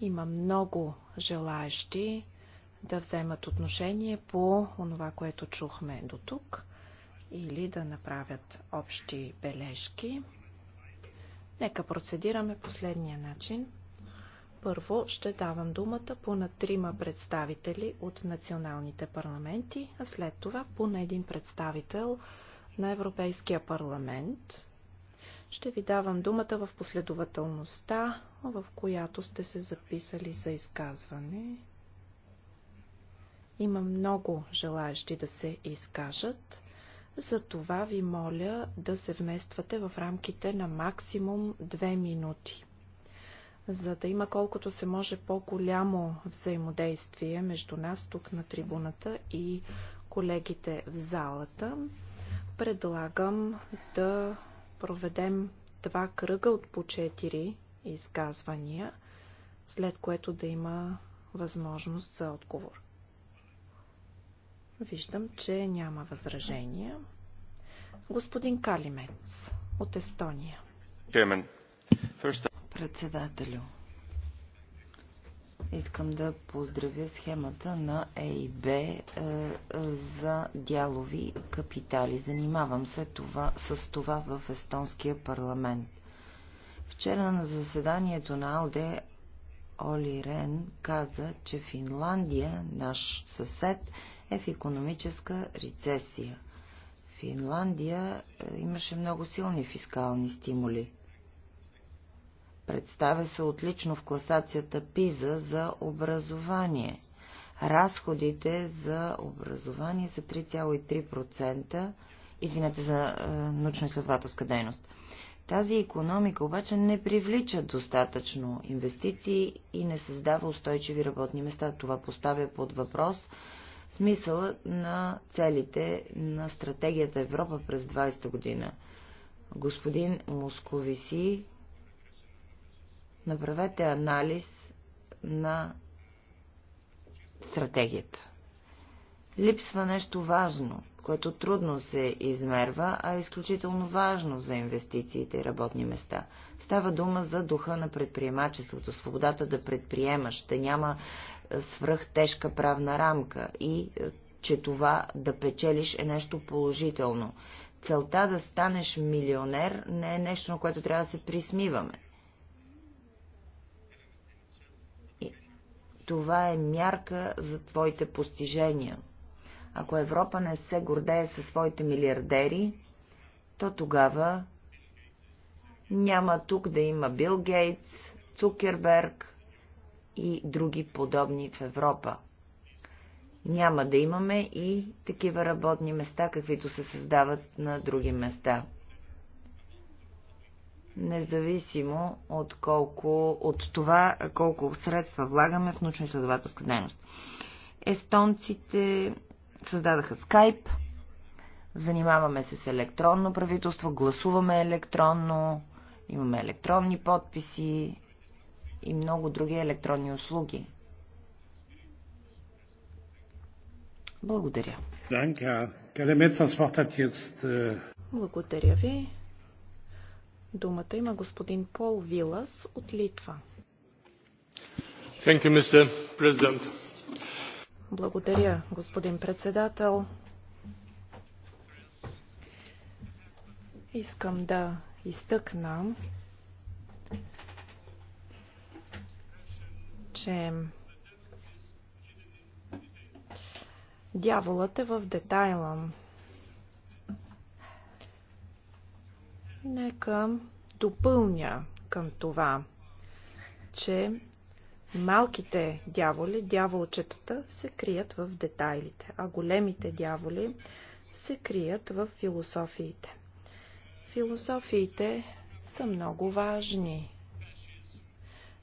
Има много желаящи да вземат отношение по това, което чухме до тук или да направят общи бележки. Нека процедираме последния начин. Първо ще давам думата по на трима представители от националните парламенти, а след това по на един представител на Европейския парламент. Ще ви давам думата в последователността, в която сте се записали за изказване. Има много желаящи да се изкажат. За това ви моля да се вмествате в рамките на максимум 2 минути. За да има колкото се може по-голямо взаимодействие между нас тук на трибуната и колегите в залата, предлагам да проведем два кръга от по четири изказвания, след което да има възможност за отговор. Виждам, че няма възражения. Господин Калимец от Естония. Председателю, искам да поздравя схемата на ЕИБ за дялови капитали. Занимавам се това, с това в естонския парламент. Вчера на заседанието на Алде Оли Рен каза, че Финландия, наш съсед, е в економическа рецесия. Финландия е, имаше много силни фискални стимули. Представя се отлично в класацията ПИЗА за образование разходите за образование са 3,3%, извинете за е, научно-изследователска дейност. Тази економика обаче не привлича достатъчно инвестиции и не създава устойчиви работни места. Това поставя под въпрос смисъла на целите на стратегията Европа през 20-та година. Господин Московиси, направете анализ на стратегията. Липсва нещо важно, което трудно се измерва, а е изключително важно за инвестициите и работни места. Става дума за духа на предприемачеството, свободата да предприемаш, да няма е, свръхтежка правна рамка и е, че това да печелиш е нещо положително. Целта да станеш милионер не е нещо, на което трябва да се присмиваме. това е мярка за твоите постижения. Ако Европа не се гордее със своите милиардери, то тогава няма тук да има Бил Гейтс, Цукерберг и други подобни в Европа. Няма да имаме и такива работни места, каквито се създават на други места независимо от, колко, от това колко средства влагаме в научно-изследователска дейност. Естонците създадаха скайп, занимаваме се с електронно правителство, гласуваме електронно, имаме електронни подписи и много други електронни услуги. Благодаря. Äh, Благодаря ви. Думата има господин Пол Вилас от Литва. Thank you, Mr. President. Благодаря, господин председател. Искам да изтъкна, че дяволът е в детайла. Нека допълня към това, че малките дяволи, дяволчетата, се крият в детайлите, а големите дяволи се крият в философиите. Философиите са много важни.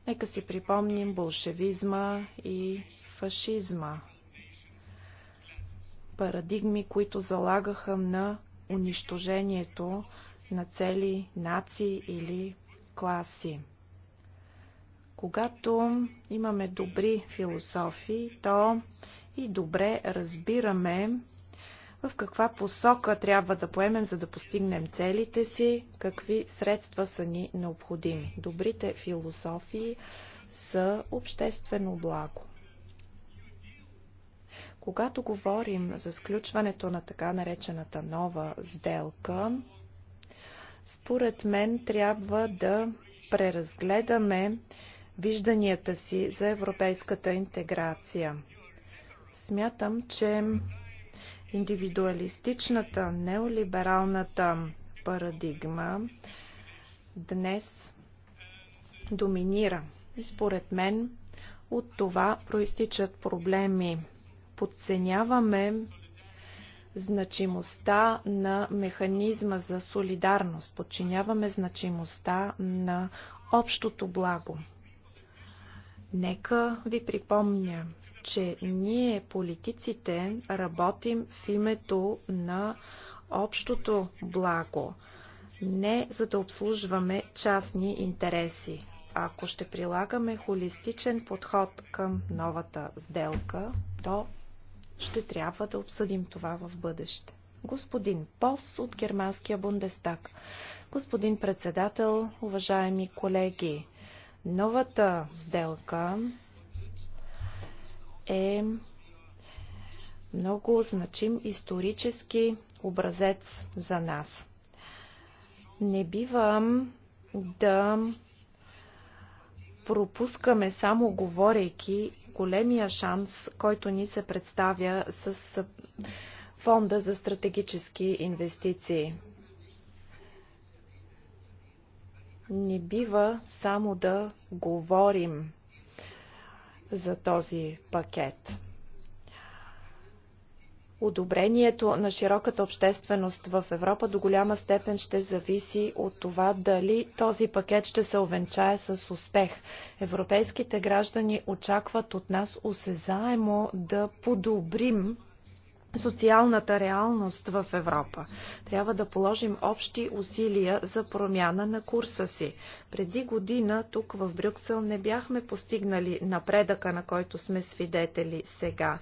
Нека си припомним болшевизма и фашизма. Парадигми, които залагаха на унищожението на цели нации или класи. Когато имаме добри философии, то и добре разбираме в каква посока трябва да поемем, за да постигнем целите си, какви средства са ни необходими. Добрите философии са обществено благо. Когато говорим за сключването на така наречената нова сделка, според мен трябва да преразгледаме вижданията си за европейската интеграция. Смятам, че индивидуалистичната, неолибералната парадигма днес доминира. И според мен от това проистичат проблеми. Подценяваме значимостта на механизма за солидарност, подчиняваме значимостта на общото благо. Нека ви припомня, че ние, политиците, работим в името на общото благо, не за да обслужваме частни интереси. Ако ще прилагаме холистичен подход към новата сделка, то ще трябва да обсъдим това в бъдеще. Господин Пос от Германския Бундестаг. Господин председател, уважаеми колеги, новата сделка е много значим исторически образец за нас. Не бивам да пропускаме само говорейки големия шанс, който ни се представя с Фонда за стратегически инвестиции. Не бива само да говорим за този пакет одобрението на широката общественост в Европа до голяма степен ще зависи от това дали този пакет ще се овенчае с успех. Европейските граждани очакват от нас осезаемо да подобрим социалната реалност в Европа. Трябва да положим общи усилия за промяна на курса си. Преди година тук в Брюксел не бяхме постигнали напредъка, на който сме свидетели сега.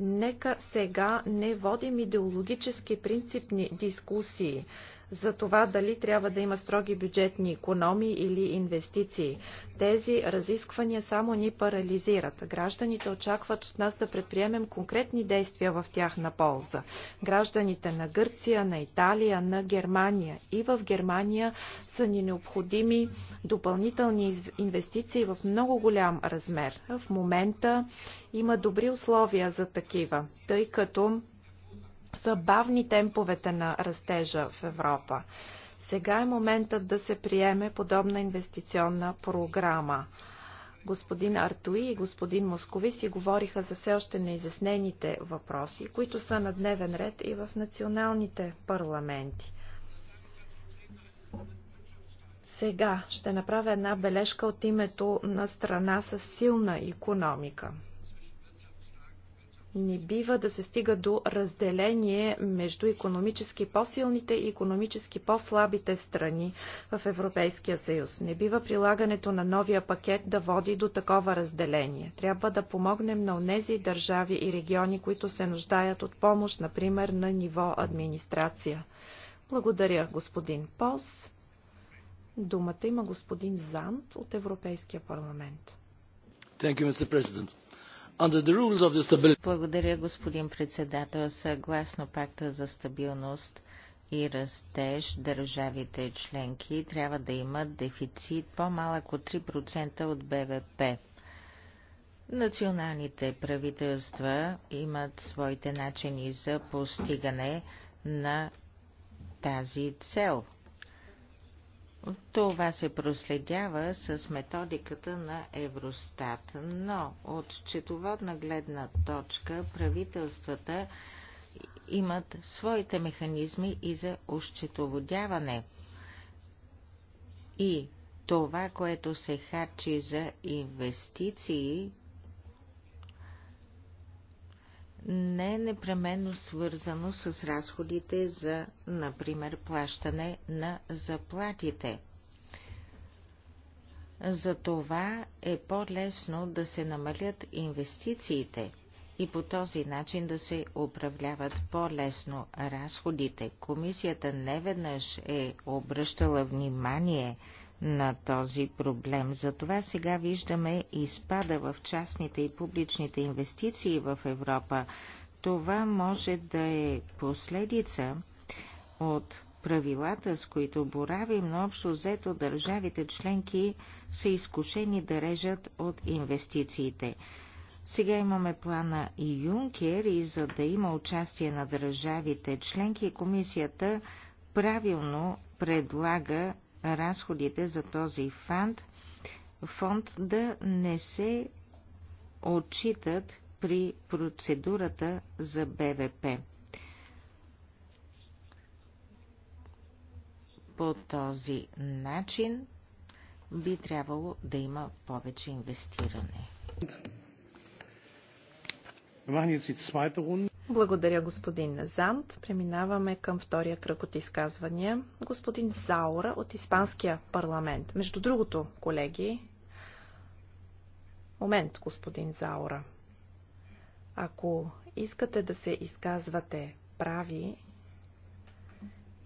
Нека сега не водим идеологически принципни дискусии за това дали трябва да има строги бюджетни економии или инвестиции. Тези разисквания само ни парализират. Гражданите очакват от нас да предприемем конкретни действия в тяхна полза. Гражданите на Гърция, на Италия, на Германия и в Германия са ни необходими допълнителни инвестиции в много голям размер. В момента има добри условия за такива, тъй като са бавни темповете на растежа в Европа. Сега е моментът да се приеме подобна инвестиционна програма. Господин Артуи и господин Москови си говориха за все още неизяснените въпроси, които са на дневен ред и в националните парламенти. Сега ще направя една бележка от името на страна с силна економика. Не бива да се стига до разделение между економически по-силните и економически по-слабите страни в Европейския съюз. Не бива прилагането на новия пакет да води до такова разделение. Трябва да помогнем на онези държави и региони, които се нуждаят от помощ, например на ниво администрация. Благодаря, господин Пос. Думата има господин Зант от Европейския парламент. Thank you, Mr. President. Благодаря, господин председател. Съгласно пакта за стабилност и растеж, държавите членки трябва да имат дефицит по-малък от 3% от БВП. Националните правителства имат своите начини за постигане на тази цел – това се проследява с методиката на Евростат, но от счетоводна гледна точка правителствата имат своите механизми и за ощетоводяване. И това, което се харчи за инвестиции, не е непременно свързано с разходите за, например, плащане на заплатите. Затова е по-лесно да се намалят инвестициите и по този начин да се управляват по-лесно разходите. Комисията неведнъж е обръщала внимание на този проблем. Затова сега виждаме изпада в частните и публичните инвестиции в Европа. Това може да е последица от правилата, с които боравим, но общо взето държавите членки са изкушени да режат от инвестициите. Сега имаме плана и Юнкер и за да има участие на държавите членки, комисията правилно предлага разходите за този фонд, фонд да не се отчитат при процедурата за БВП. По този начин би трябвало да има повече инвестиране. Благодаря, господин Назант. Преминаваме към втория кръг от изказвания. Господин Заура от Испанския парламент. Между другото, колеги, момент, господин Заура. Ако искате да се изказвате прави,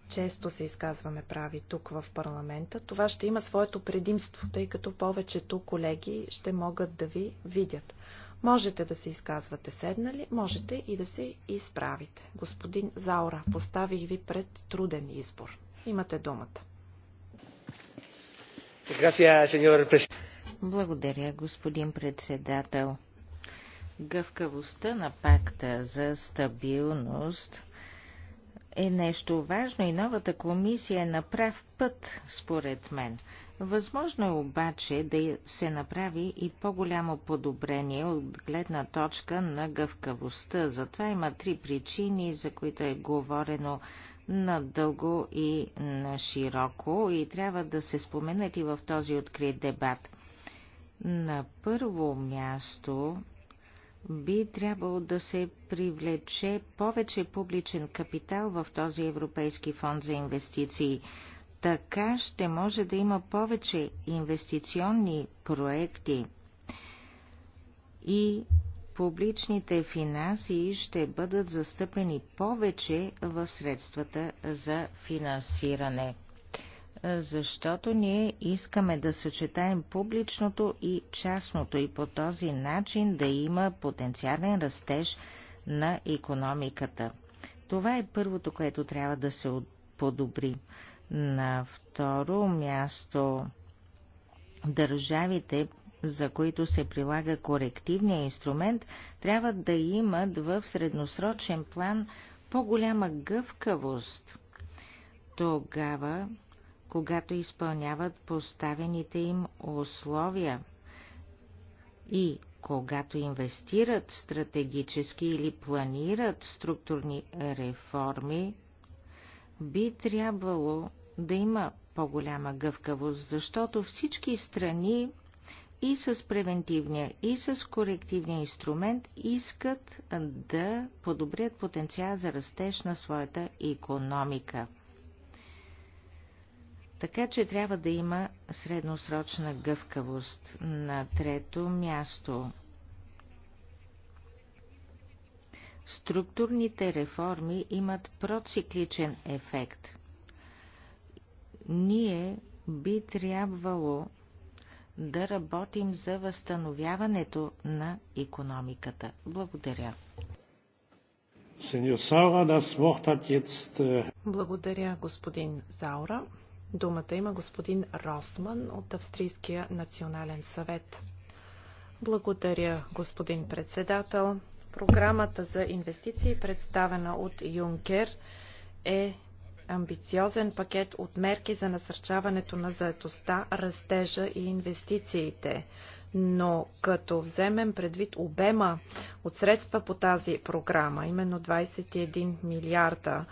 често се изказваме прави тук в парламента, това ще има своето предимство, тъй като повечето колеги ще могат да ви видят. Можете да се изказвате седнали, можете и да се изправите. Господин Заура, поставих ви пред труден избор. Имате думата. Благодаря, господин председател. Гъвкавостта на пакта за стабилност е нещо важно и новата комисия е на прав път, според мен. Възможно е обаче да се направи и по-голямо подобрение от гледна точка на гъвкавостта. Затова има три причини, за които е говорено надълго и на широко и трябва да се споменат и в този открит дебат. На първо място би трябвало да се привлече повече публичен капитал в този Европейски фонд за инвестиции – така ще може да има повече инвестиционни проекти и публичните финанси ще бъдат застъпени повече в средствата за финансиране. Защото ние искаме да съчетаем публичното и частното и по този начин да има потенциален растеж на економиката. Това е първото, което трябва да се подобри. На второ място държавите, за които се прилага корективния инструмент, трябва да имат в средносрочен план по-голяма гъвкавост. Тогава, когато изпълняват поставените им условия и когато инвестират стратегически или планират структурни реформи, би трябвало да има по-голяма гъвкавост, защото всички страни и с превентивния, и с корективния инструмент искат да подобрят потенциал за растеж на своята економика. Така че трябва да има средносрочна гъвкавост. На трето място структурните реформи имат процикличен ефект – ние би трябвало да работим за възстановяването на економиката. Благодаря. Е Благодаря, господин Заура. Думата има господин Росман от Австрийския национален съвет. Благодаря, господин председател. Програмата за инвестиции, представена от Юнкер, е амбициозен пакет от мерки за насърчаването на заетостта, растежа и инвестициите. Но като вземем предвид обема от средства по тази програма, именно 21 милиарда,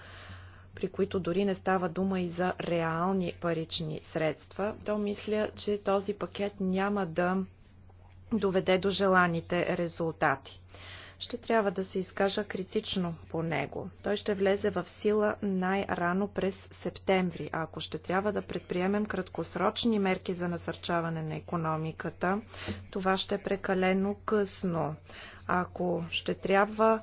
при които дори не става дума и за реални парични средства, то мисля, че този пакет няма да доведе до желаните резултати ще трябва да се изкажа критично по него. Той ще влезе в сила най-рано през септември. А ако ще трябва да предприемем краткосрочни мерки за насърчаване на економиката, това ще е прекалено късно. Ако ще трябва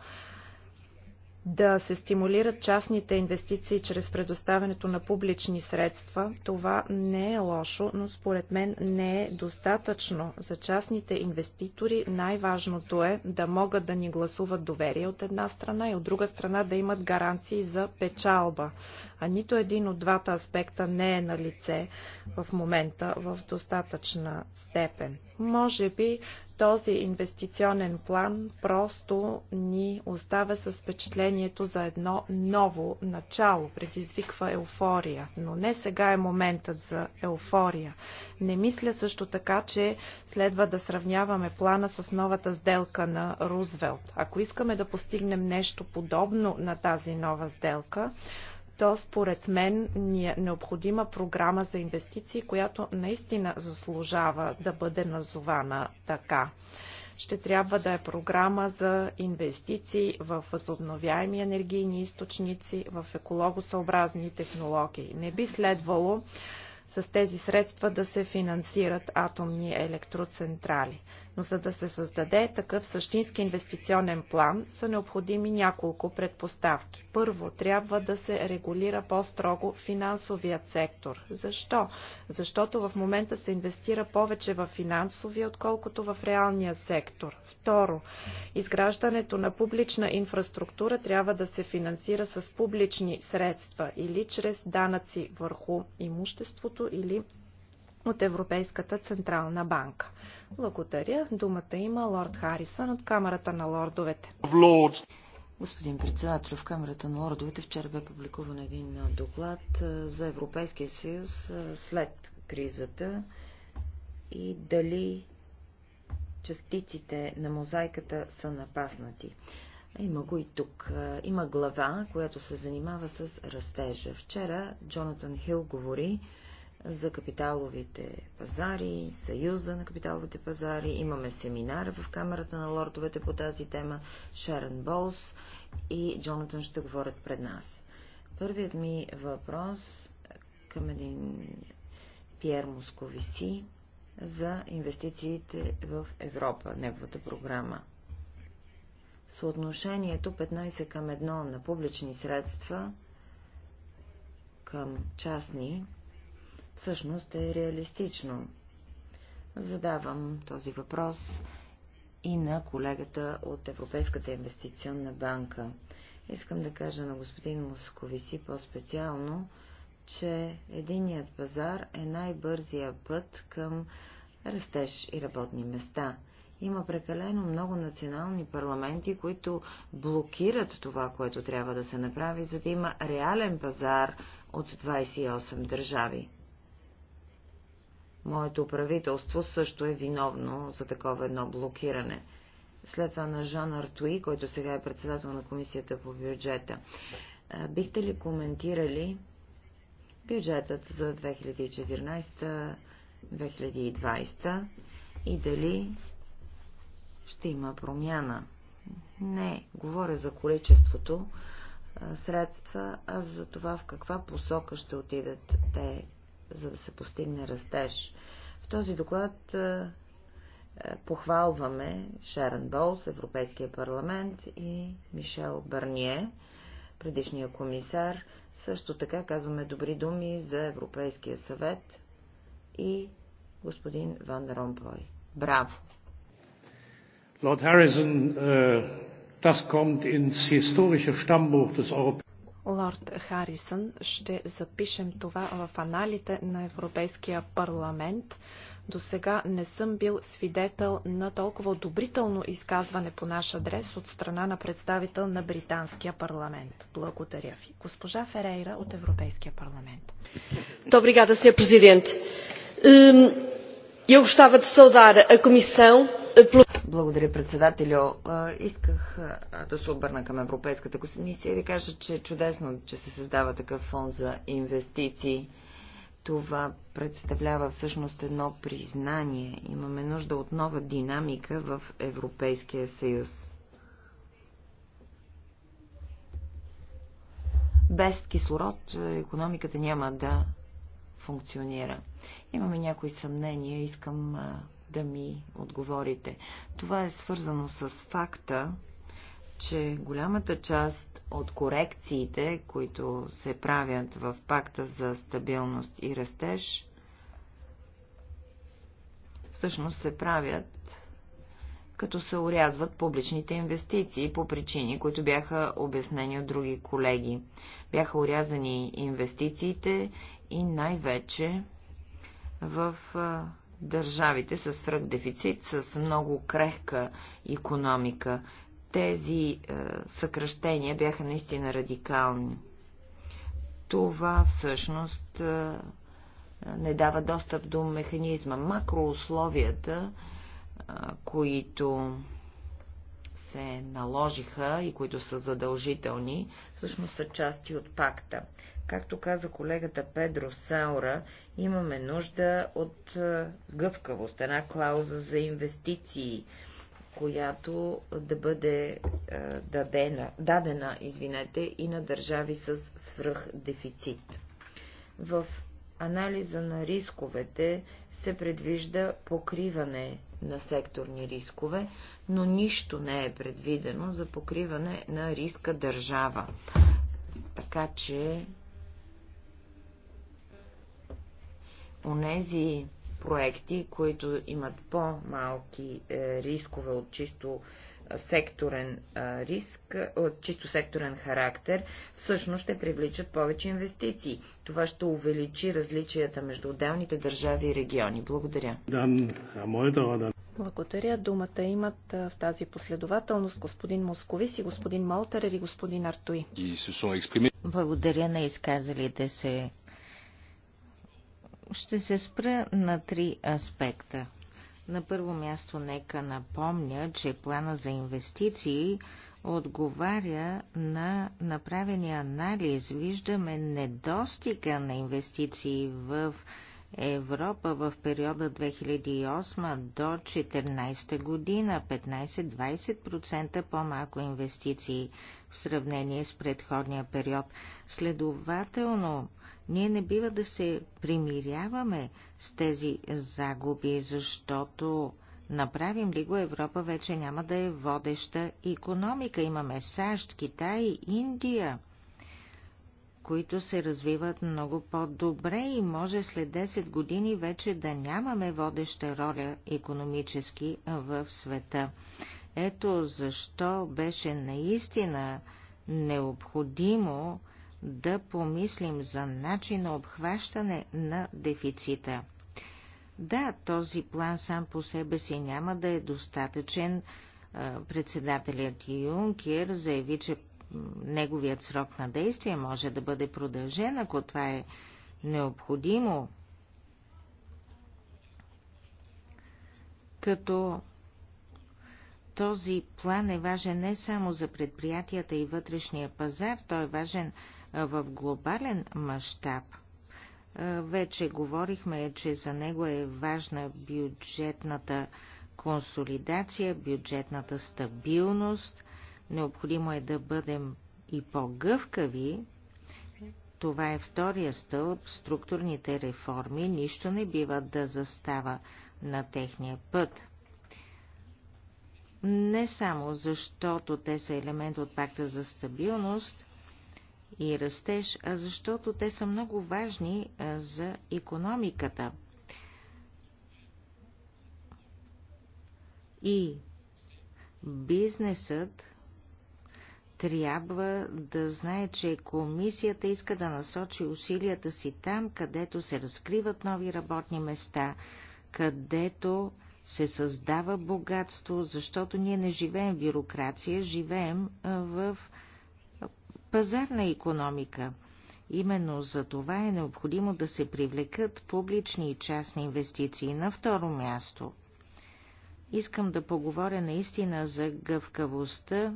да се стимулират частните инвестиции чрез предоставянето на публични средства, това не е лошо, но според мен не е достатъчно. За частните инвеститори най-важното е да могат да ни гласуват доверие от една страна и от друга страна да имат гаранции за печалба. А нито един от двата аспекта не е на лице в момента в достатъчна степен. Може би този инвестиционен план просто ни оставя с впечатлението за едно ново начало, предизвиква еуфория. Но не сега е моментът за еуфория. Не мисля също така, че следва да сравняваме плана с новата сделка на Рузвелт. Ако искаме да постигнем нещо подобно на тази нова сделка, то според мен ни е необходима програма за инвестиции, която наистина заслужава да бъде назована така. Ще трябва да е програма за инвестиции в възобновяеми енергийни източници, в екологосъобразни технологии. Не би следвало с тези средства да се финансират атомни електроцентрали. Но за да се създаде такъв същински инвестиционен план, са необходими няколко предпоставки. Първо, трябва да се регулира по-строго финансовият сектор. Защо? Защото в момента се инвестира повече в финансовия, отколкото в реалния сектор. Второ, изграждането на публична инфраструктура трябва да се финансира с публични средства или чрез данъци върху имуществото или от Европейската Централна банка. Благодаря. Думата има лорд Харисън от Камерата на лордовете. Господин председател, в Камерата на лордовете вчера бе публикуван един доклад за Европейския съюз след кризата и дали частиците на мозайката са напаснати. Има го и тук. Има глава, която се занимава с растежа. Вчера Джонатан Хил говори за капиталовите пазари, Съюза на капиталовите пазари. Имаме семинар в Камерата на лордовете по тази тема. Шарен Болс и Джонатан ще говорят пред нас. Първият ми въпрос към един Пьер Московиси за инвестициите в Европа, неговата програма. Съотношението 15 към 1 на публични средства към частни всъщност е реалистично. Задавам този въпрос и на колегата от Европейската инвестиционна банка. Искам да кажа на господин Московиси по-специално, че единият пазар е най-бързия път към растеж и работни места. Има прекалено много национални парламенти, които блокират това, което трябва да се направи, за да има реален пазар от 28 държави. Моето правителство също е виновно за такова едно блокиране. След това на Жан Артуи, който сега е председател на комисията по бюджета. Е, бихте ли коментирали бюджетът за 2014-2020 и дали ще има промяна? Не, говоря за количеството е, средства, а за това в каква посока ще отидат те за да се постигне растеж. В този доклад е, е, похвалваме Шерен Болс, Европейския парламент и Мишел Бърние, предишния комисар. Също така казваме добри думи за Европейския съвет и господин Ван Ромпой. Браво! Lord Harrison, das в историческия стамбух на Европейския Лорд Харисън, ще запишем това в аналите на Европейския парламент. До сега не съм бил свидетел на толкова одобрително изказване по наш адрес от страна на представител на Британския парламент. Благодаря ви. Госпожа Ферейра от Европейския парламент. Добре, президент. Eu gostava de saudar a Comissão eh, благодаря, председателю. Исках да се обърна към Европейската комисия и да кажа, че е чудесно, че се създава такъв фонд за инвестиции. Това представлява всъщност едно признание. Имаме нужда от нова динамика в Европейския съюз. Без кислород економиката няма да функционира. Имаме някои съмнения, искам а, да ми отговорите. Това е свързано с факта, че голямата част от корекциите, които се правят в пакта за стабилност и растеж, всъщност се правят като се урязват публичните инвестиции по причини, които бяха обяснени от други колеги. Бяха урязани инвестициите и най-вече в държавите с дефицит, с много крехка економика. Тези а, съкръщения бяха наистина радикални. Това всъщност а, не дава достъп до механизма. Макроусловията, а, които се наложиха и които са задължителни, всъщност са части от пакта. Както каза колегата Педро Саура, имаме нужда от е, гъвкавост, една клауза за инвестиции, която да бъде е, дадена, дадена извинете, и на държави с свръхдефицит. В анализа на рисковете се предвижда покриване на секторни рискове, но нищо не е предвидено за покриване на риска държава. Така че онези проекти, които имат по-малки е, рискове от чисто секторен риск, от чисто секторен характер, всъщност ще привличат повече инвестиции. Това ще увеличи различията между отделните държави и региони. Благодаря. Благодаря. Думата имат в тази последователност господин Московис и господин Малтер или господин Артуи. Благодаря на изказалите се. Ще се спра на три аспекта. На първо място нека напомня, че плана за инвестиции отговаря на направения анализ. Виждаме недостига на инвестиции в Европа в периода 2008 до 2014 година 15-20% по-малко инвестиции в сравнение с предходния период. Следователно, ние не бива да се примиряваме с тези загуби, защото направим ли го, Европа вече няма да е водеща економика. Имаме САЩ, Китай, Индия, които се развиват много по-добре и може след 10 години вече да нямаме водеща роля економически в света. Ето защо беше наистина необходимо да помислим за начин на обхващане на дефицита. Да, този план сам по себе си няма да е достатъчен. Председателят Юнкер заяви, че неговият срок на действие може да бъде продължен, ако това е необходимо. Като този план е важен не само за предприятията и вътрешния пазар, той е важен в глобален мащаб. Вече говорихме, че за него е важна бюджетната консолидация, бюджетната стабилност. Необходимо е да бъдем и по-гъвкави. Това е втория стълб. Структурните реформи нищо не бива да застава на техния път. Не само защото те са елемент от пакта за стабилност, и растеж, а защото те са много важни за економиката. И бизнесът трябва да знае, че комисията иска да насочи усилията си там, където се разкриват нови работни места, където се създава богатство, защото ние не живеем в бюрокрация, живеем в пазарна економика. Именно за това е необходимо да се привлекат публични и частни инвестиции. На второ място искам да поговоря наистина за гъвкавостта,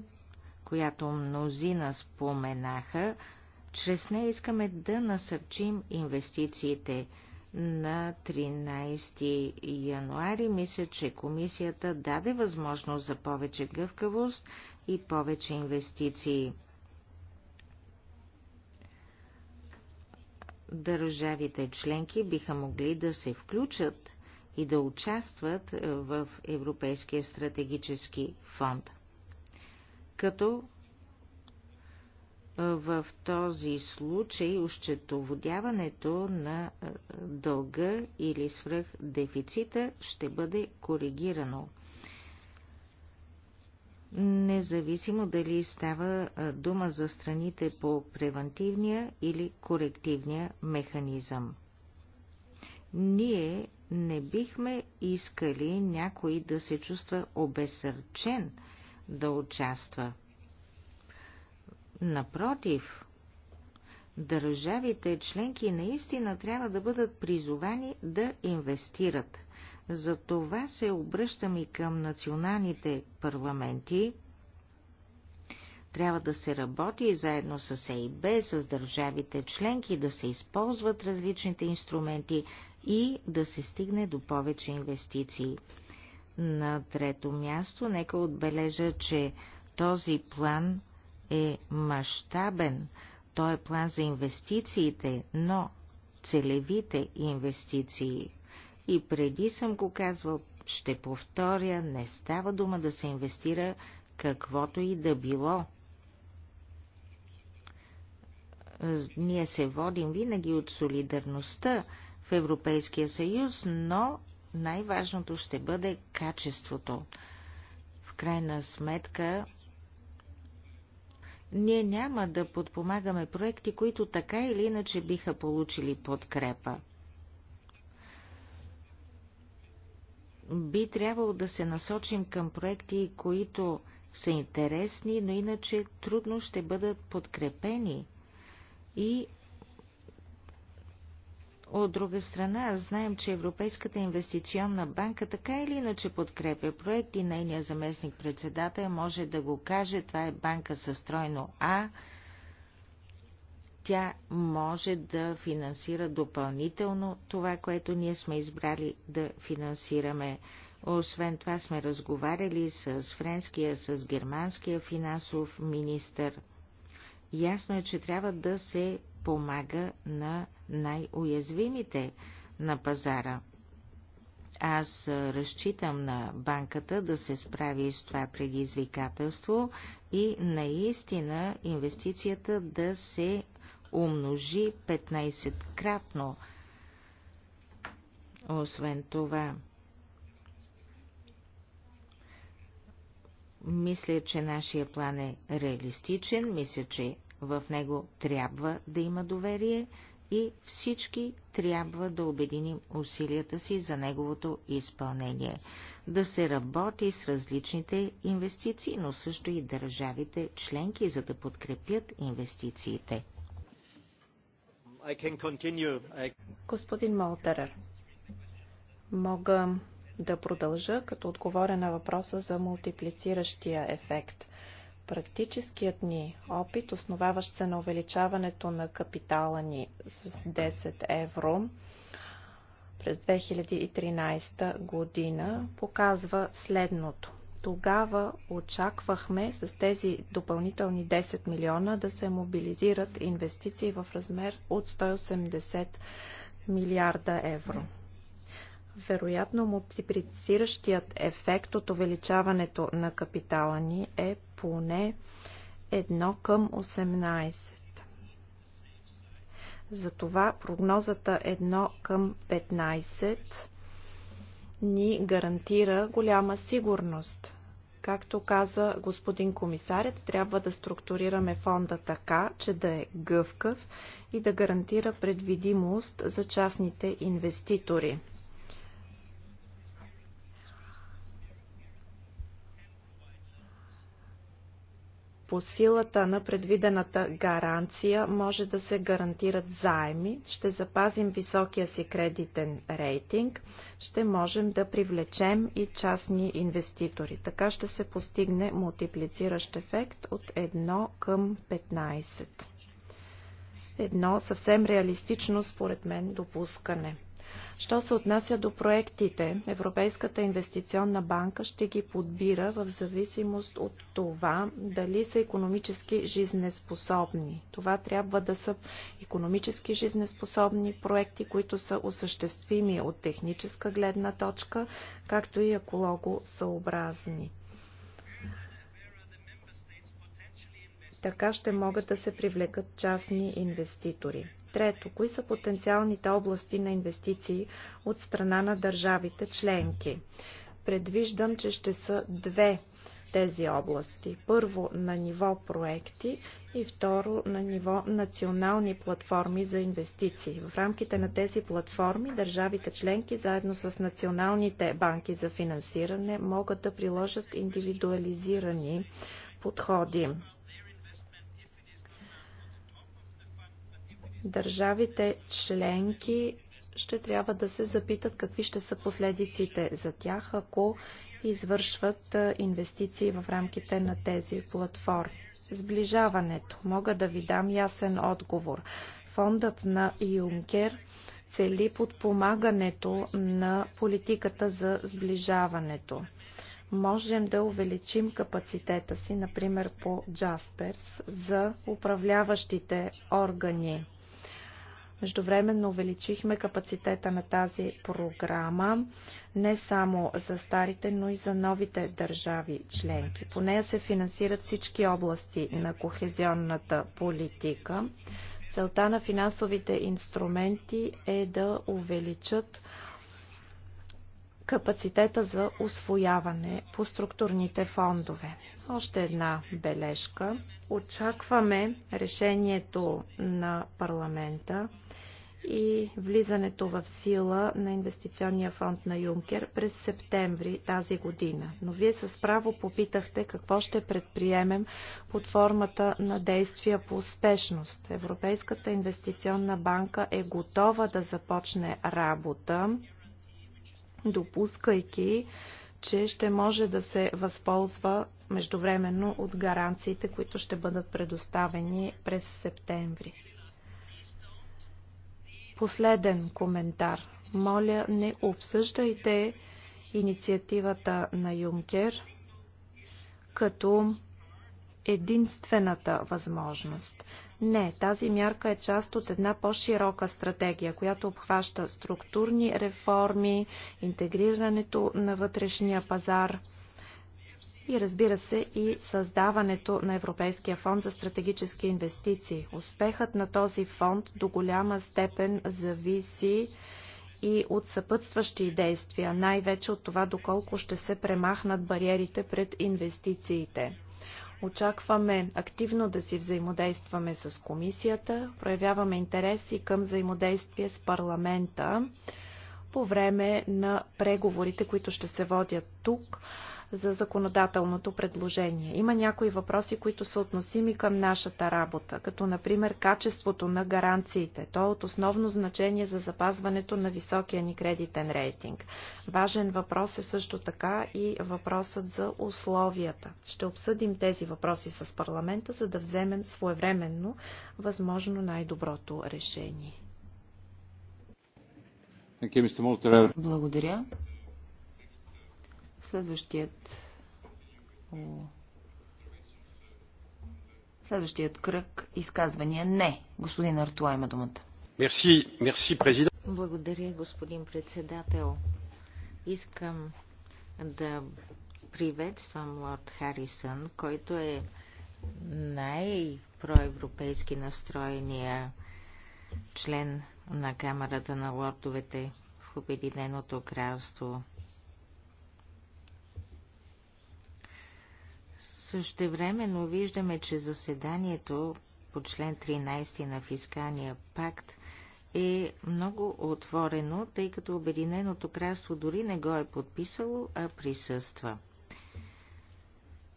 която мнозина споменаха. Чрез нея искаме да насърчим инвестициите. На 13 януари мисля, че комисията даде възможност за повече гъвкавост и повече инвестиции. държавите членки биха могли да се включат и да участват е, в Европейския стратегически фонд. Като е, в този случай ощетоводяването на е, дълга или свръхдефицита ще бъде коригирано – независимо дали става дума за страните по превентивния или корективния механизъм. Ние не бихме искали някой да се чувства обесърчен да участва. Напротив, държавите членки наистина трябва да бъдат призовани да инвестират – за това се обръщам и към националните парламенти. Трябва да се работи заедно с ЕИБ, с държавите членки, да се използват различните инструменти и да се стигне до повече инвестиции. На трето място, нека отбележа, че този план е мащабен. Той е план за инвестициите, но целевите инвестиции и преди съм го казвал, ще повторя, не става дума да се инвестира каквото и да било. Ние се водим винаги от солидарността в Европейския съюз, но най-важното ще бъде качеството. В крайна сметка, ние няма да подпомагаме проекти, които така или иначе биха получили подкрепа. би трябвало да се насочим към проекти, които са интересни, но иначе трудно ще бъдат подкрепени. И от друга страна, знаем, че Европейската инвестиционна банка така или иначе подкрепя проекти, нейният заместник председател може да го каже. Това е банка със стройно А, тя може да финансира допълнително това, което ние сме избрали да финансираме. Освен това сме разговаряли с френския, с германския финансов министр. Ясно е, че трябва да се помага на най-уязвимите на пазара. Аз разчитам на банката да се справи с това предизвикателство и наистина инвестицията да се умножи 15-кратно. Освен това, мисля, че нашия план е реалистичен, мисля, че в него трябва да има доверие и всички трябва да обединим усилията си за неговото изпълнение. Да се работи с различните инвестиции, но също и държавите членки, за да подкрепят инвестициите. Господин Малтерер, мога да продължа, като отговоря на въпроса за мултиплициращия ефект. Практическият ни опит, основаващ се на увеличаването на капитала ни с 10 евро през 2013 година, показва следното. Тогава очаквахме с тези допълнителни 10 милиона да се мобилизират инвестиции в размер от 180 милиарда евро. Вероятно, мултиплициращият ефект от увеличаването на капитала ни е поне 1 към 18. Затова прогнозата 1 към 15 ни гарантира голяма сигурност. Както каза господин комисарят, трябва да структурираме фонда така, че да е гъвкав и да гарантира предвидимост за частните инвеститори. по силата на предвидената гаранция може да се гарантират заеми, ще запазим високия си кредитен рейтинг, ще можем да привлечем и частни инвеститори. Така ще се постигне мултиплициращ ефект от 1 към 15. Едно съвсем реалистично, според мен, допускане – Що се отнася до проектите, Европейската инвестиционна банка ще ги подбира в зависимост от това дали са економически жизнеспособни. Това трябва да са економически жизнеспособни проекти, които са осъществими от техническа гледна точка, както и екологосъобразни. Така ще могат да се привлекат частни инвеститори. Трето, кои са потенциалните области на инвестиции от страна на държавите членки? Предвиждам, че ще са две тези области. Първо на ниво проекти и второ на ниво национални платформи за инвестиции. В рамките на тези платформи държавите членки заедно с националните банки за финансиране могат да приложат индивидуализирани подходи. Държавите членки ще трябва да се запитат какви ще са последиците за тях, ако извършват инвестиции в рамките на тези платформи. Сближаването. Мога да ви дам ясен отговор. Фондът на Юнкер цели подпомагането на политиката за сближаването. Можем да увеличим капацитета си, например по Jaspers, за управляващите органи Междувременно увеличихме капацитета на тази програма не само за старите, но и за новите държави членки. По нея се финансират всички области на кохезионната политика. Целта на финансовите инструменти е да увеличат капацитета за освояване по структурните фондове. Още една бележка. Очакваме решението на парламента и влизането в сила на инвестиционния фонд на Юнкер през септември тази година. Но вие с право попитахте какво ще предприемем под формата на действия по успешност. Европейската инвестиционна банка е готова да започне работа, допускайки че ще може да се възползва междувременно от гаранциите, които ще бъдат предоставени през септември. Последен коментар. Моля, не обсъждайте инициативата на Юнкер като единствената възможност. Не, тази мярка е част от една по-широка стратегия, която обхваща структурни реформи, интегрирането на вътрешния пазар – и разбира се и създаването на Европейския фонд за стратегически инвестиции. Успехът на този фонд до голяма степен зависи и от съпътстващи действия, най-вече от това доколко ще се премахнат бариерите пред инвестициите. Очакваме активно да си взаимодействаме с комисията, проявяваме интерес и към взаимодействие с парламента по време на преговорите, които ще се водят тук за законодателното предложение. Има някои въпроси, които са относими към нашата работа, като например качеството на гаранциите. То е от основно значение за запазването на високия ни кредитен рейтинг. Важен въпрос е също така и въпросът за условията. Ще обсъдим тези въпроси с парламента, за да вземем своевременно възможно най-доброто решение. Благодаря. Следващият Следващият кръг изказвания не. Господин Артуа има думата. Мерси, мерси, президент. Благодаря, господин председател. Искам да приветствам лорд Харисън, който е най-проевропейски настроения член на Камерата на лордовете в Обединеното кралство. но виждаме, че заседанието по член 13 на фискалния пакт е много отворено, тъй като Обединеното кралство дори не го е подписало, а присъства.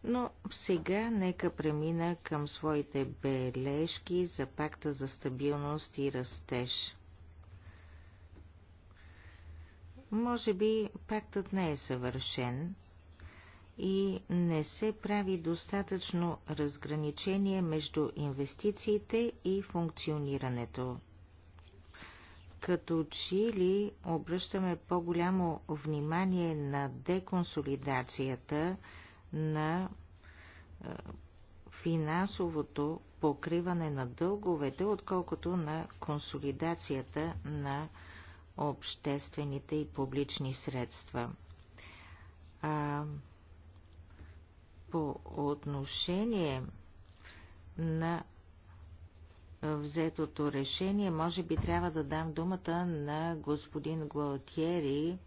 Но сега нека премина към своите бележки за пакта за стабилност и растеж. Може би пактът не е съвършен, и не се прави достатъчно разграничение между инвестициите и функционирането. Като чили обръщаме по-голямо внимание на деконсолидацията на е, финансовото покриване на дълговете, отколкото на консолидацията на обществените и публични средства. А, по отношение на взетото решение, може би трябва да дам думата на господин Гуалтиери,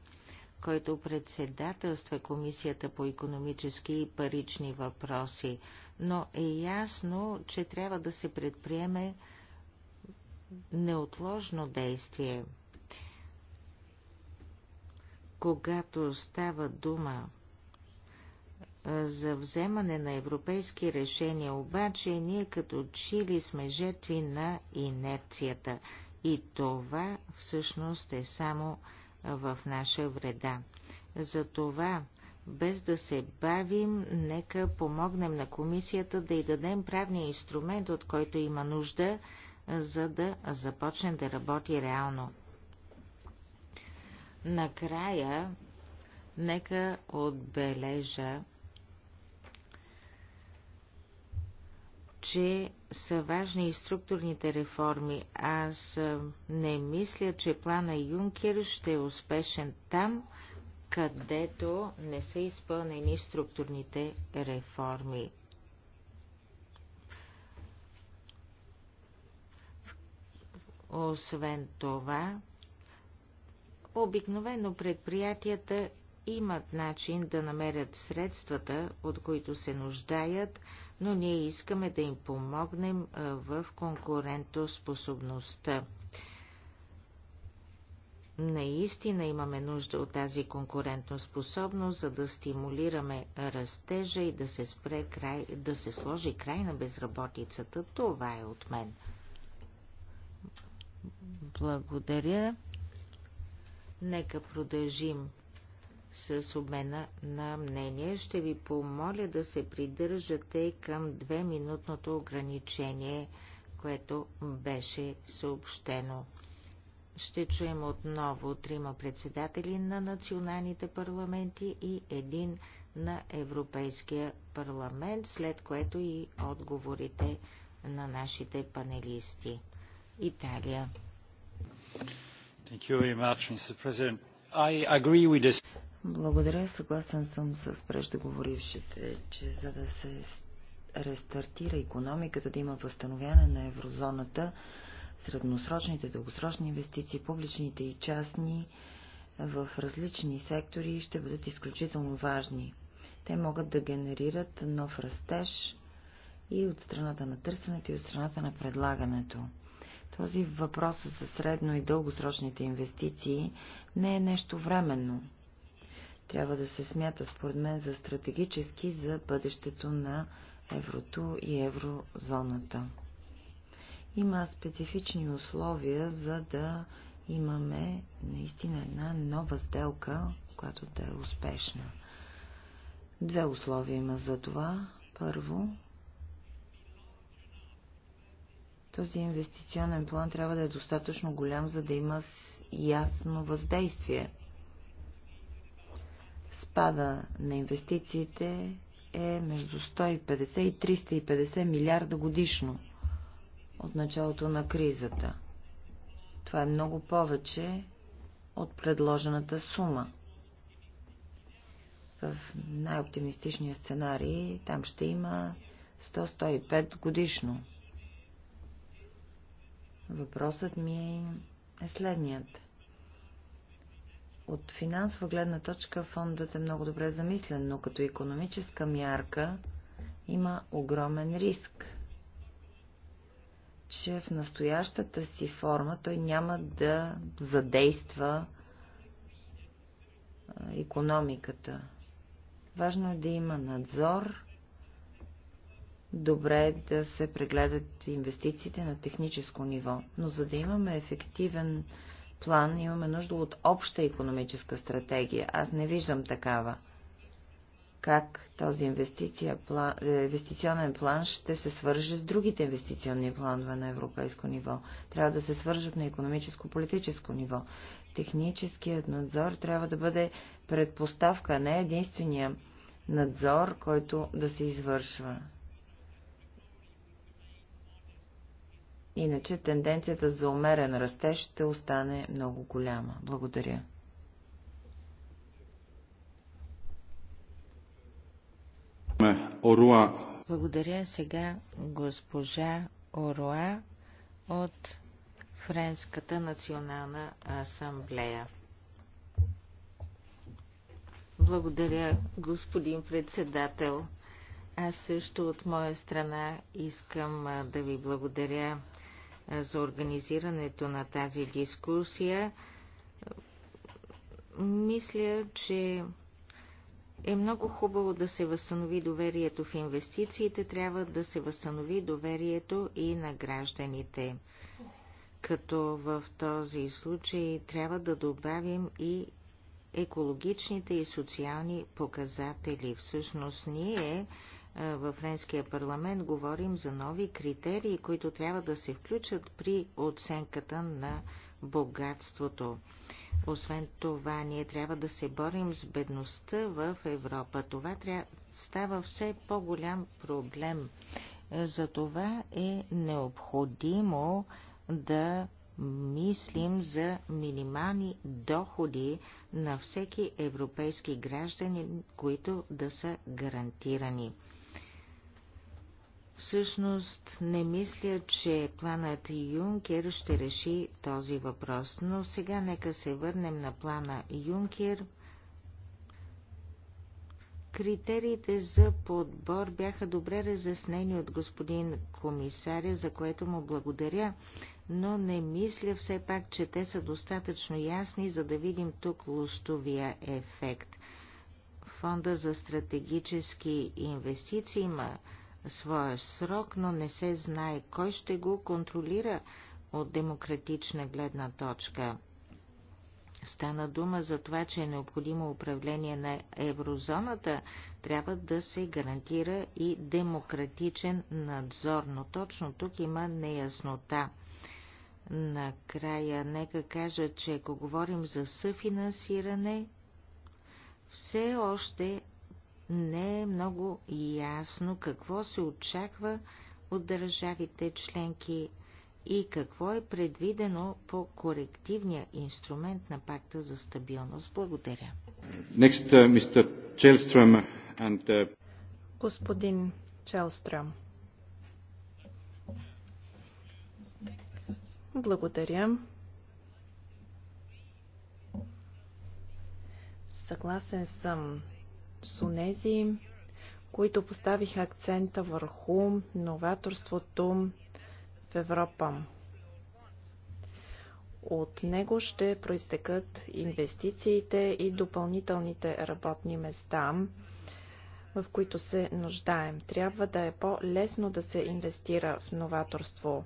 който председателства Комисията по економически и парични въпроси. Но е ясно, че трябва да се предприеме неотложно действие. Когато става дума за вземане на европейски решения, обаче ние като чили сме жертви на инерцията. И това всъщност е само в наша вреда. Затова, без да се бавим, нека помогнем на комисията да й дадем правния инструмент, от който има нужда, за да започне да работи реално. Накрая, нека отбележа, че са важни и структурните реформи. Аз не мисля, че плана Юнкер ще е успешен там, където не са изпълнени структурните реформи. Освен това, обикновено предприятията имат начин да намерят средствата, от които се нуждаят, но ние искаме да им помогнем в конкурентоспособността. Наистина имаме нужда от тази конкурентоспособност, за да стимулираме растежа и да се, спре край, да се сложи край на безработицата. Това е от мен. Благодаря. Нека продължим с обмена на мнение. Ще ви помоля да се придържате към две-минутното ограничение, което беше съобщено. Ще чуем отново трима председатели на националните парламенти и един на Европейския парламент, след което и отговорите на нашите панелисти. Италия. Thank you very much, Mr. Благодаря. Съгласен съм с преждеговорившите, че за да се рестартира економиката, да има възстановяване на еврозоната, средносрочните, дългосрочни инвестиции, публичните и частни в различни сектори ще бъдат изключително важни. Те могат да генерират нов растеж и от страната на търсенето и от страната на предлагането. Този въпрос за средно и дългосрочните инвестиции не е нещо временно трябва да се смята, според мен, за стратегически за бъдещето на еврото и еврозоната. Има специфични условия, за да имаме наистина една нова сделка, която да е успешна. Две условия има за това. Първо, този инвестиционен план трябва да е достатъчно голям, за да има ясно въздействие спада на инвестициите е между 150 и 350 милиарда годишно от началото на кризата. Това е много повече от предложената сума. В най-оптимистичния сценарий там ще има 100-105 годишно. Въпросът ми е следният. От финансова гледна точка фондът е много добре замислен, но като економическа мярка има огромен риск, че в настоящата си форма той няма да задейства економиката. Важно е да има надзор, добре е да се прегледат инвестициите на техническо ниво, но за да имаме ефективен план имаме нужда от обща економическа стратегия. Аз не виждам такава. Как този план, е, инвестиционен план ще се свърже с другите инвестиционни планове на европейско ниво? Трябва да се свържат на економическо-политическо ниво. Техническият надзор трябва да бъде предпоставка, не единствения надзор, който да се извършва. Иначе тенденцията за умерен растеж ще остане много голяма. Благодаря. Оруа. Благодаря сега госпожа Оруа от Френската национална асамблея. Благодаря, господин председател. Аз също от моя страна искам да ви благодаря за организирането на тази дискусия. Мисля, че е много хубаво да се възстанови доверието в инвестициите, трябва да се възстанови доверието и на гражданите. Като в този случай трябва да добавим и екологичните и социални показатели. Всъщност ние във Френския парламент говорим за нови критерии, които трябва да се включат при оценката на богатството. Освен това, ние трябва да се борим с бедността в Европа. Това трябва, става все по-голям проблем. За това е необходимо да мислим за минимални доходи на всеки европейски гражданин, които да са гарантирани. Всъщност не мисля, че планът Юнкер ще реши този въпрос, но сега нека се върнем на плана Юнкер. Критериите за подбор бяха добре разяснени от господин комисаря, за което му благодаря, но не мисля все пак, че те са достатъчно ясни, за да видим тук лостовия ефект. Фонда за стратегически инвестиции има своя срок, но не се знае кой ще го контролира от демократична гледна точка. Стана дума за това, че е необходимо управление на еврозоната, трябва да се гарантира и демократичен надзор, но точно тук има неяснота. Накрая, нека кажа, че ако говорим за съфинансиране, все още не е много ясно какво се очаква от държавите членки и какво е предвидено по корективния инструмент на пакта за стабилност. Благодаря. Next, uh, Mr. and, uh... Господин Челстръм. Благодаря. Съгласен съм с онези, които поставиха акцента върху новаторството в Европа. От него ще проистекат инвестициите и допълнителните работни места, в които се нуждаем. Трябва да е по-лесно да се инвестира в новаторство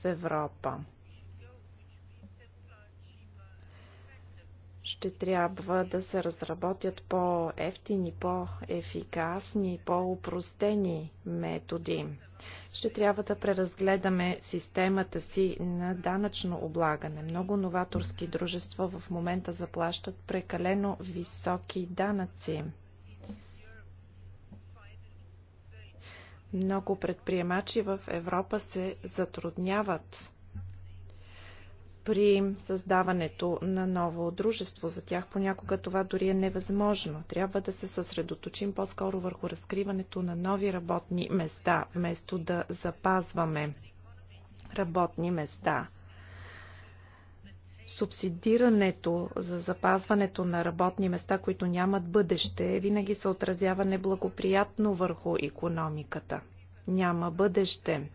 в Европа. ще трябва да се разработят по-ефтини, по-ефикасни, по-упростени методи. Ще трябва да преразгледаме системата си на данъчно облагане. Много новаторски дружества в момента заплащат прекалено високи данъци. Много предприемачи в Европа се затрудняват при създаването на ново дружество. За тях понякога това дори е невъзможно. Трябва да се съсредоточим по-скоро върху разкриването на нови работни места, вместо да запазваме работни места. Субсидирането за запазването на работни места, които нямат бъдеще, винаги се отразява неблагоприятно върху економиката. Няма бъдеще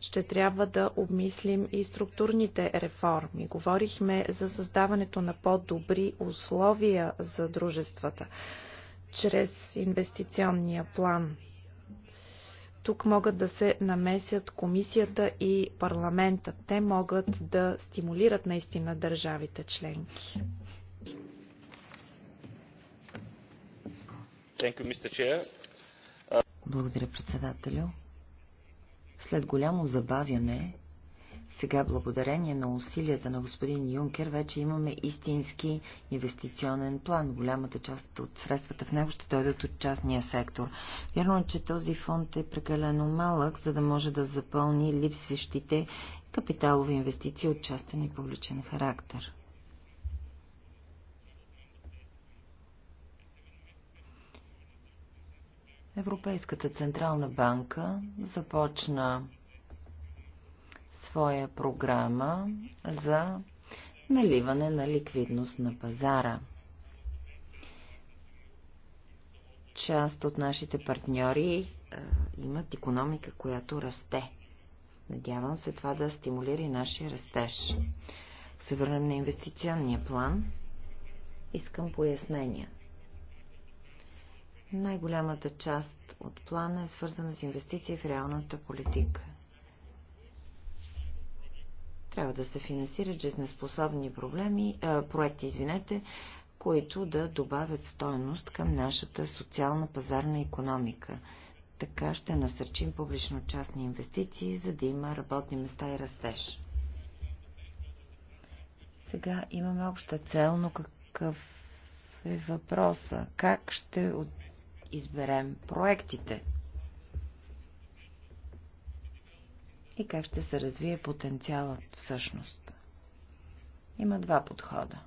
ще трябва да обмислим и структурните реформи. Говорихме за създаването на по-добри условия за дружествата чрез инвестиционния план. Тук могат да се намесят комисията и парламента. Те могат да стимулират наистина държавите членки. Благодаря, председателю. След голямо забавяне, сега благодарение на усилията на господин Юнкер, вече имаме истински инвестиционен план. Голямата част от средствата в него ще дойдат от частния сектор. Вярно е, че този фонд е прекалено малък, за да може да запълни липсвещите капиталови инвестиции от частен и публичен характер. Европейската Централна банка започна своя програма за наливане на ликвидност на пазара. Част от нашите партньори е, имат економика, която расте. Надявам се това да стимулира и нашия растеж. Ако се върнем на инвестиционния план, искам пояснения – най-голямата част от плана е свързана с инвестиции в реалната политика. Трябва да се финансират жизнеспособни проблеми, а, проекти, извинете, които да добавят стойност към нашата социална пазарна економика. Така ще насърчим публично-частни инвестиции, за да има работни места и растеж. Сега имаме обща цел, но какъв е въпроса? Как ще изберем проектите и как ще се развие потенциалът всъщност. Има два подхода.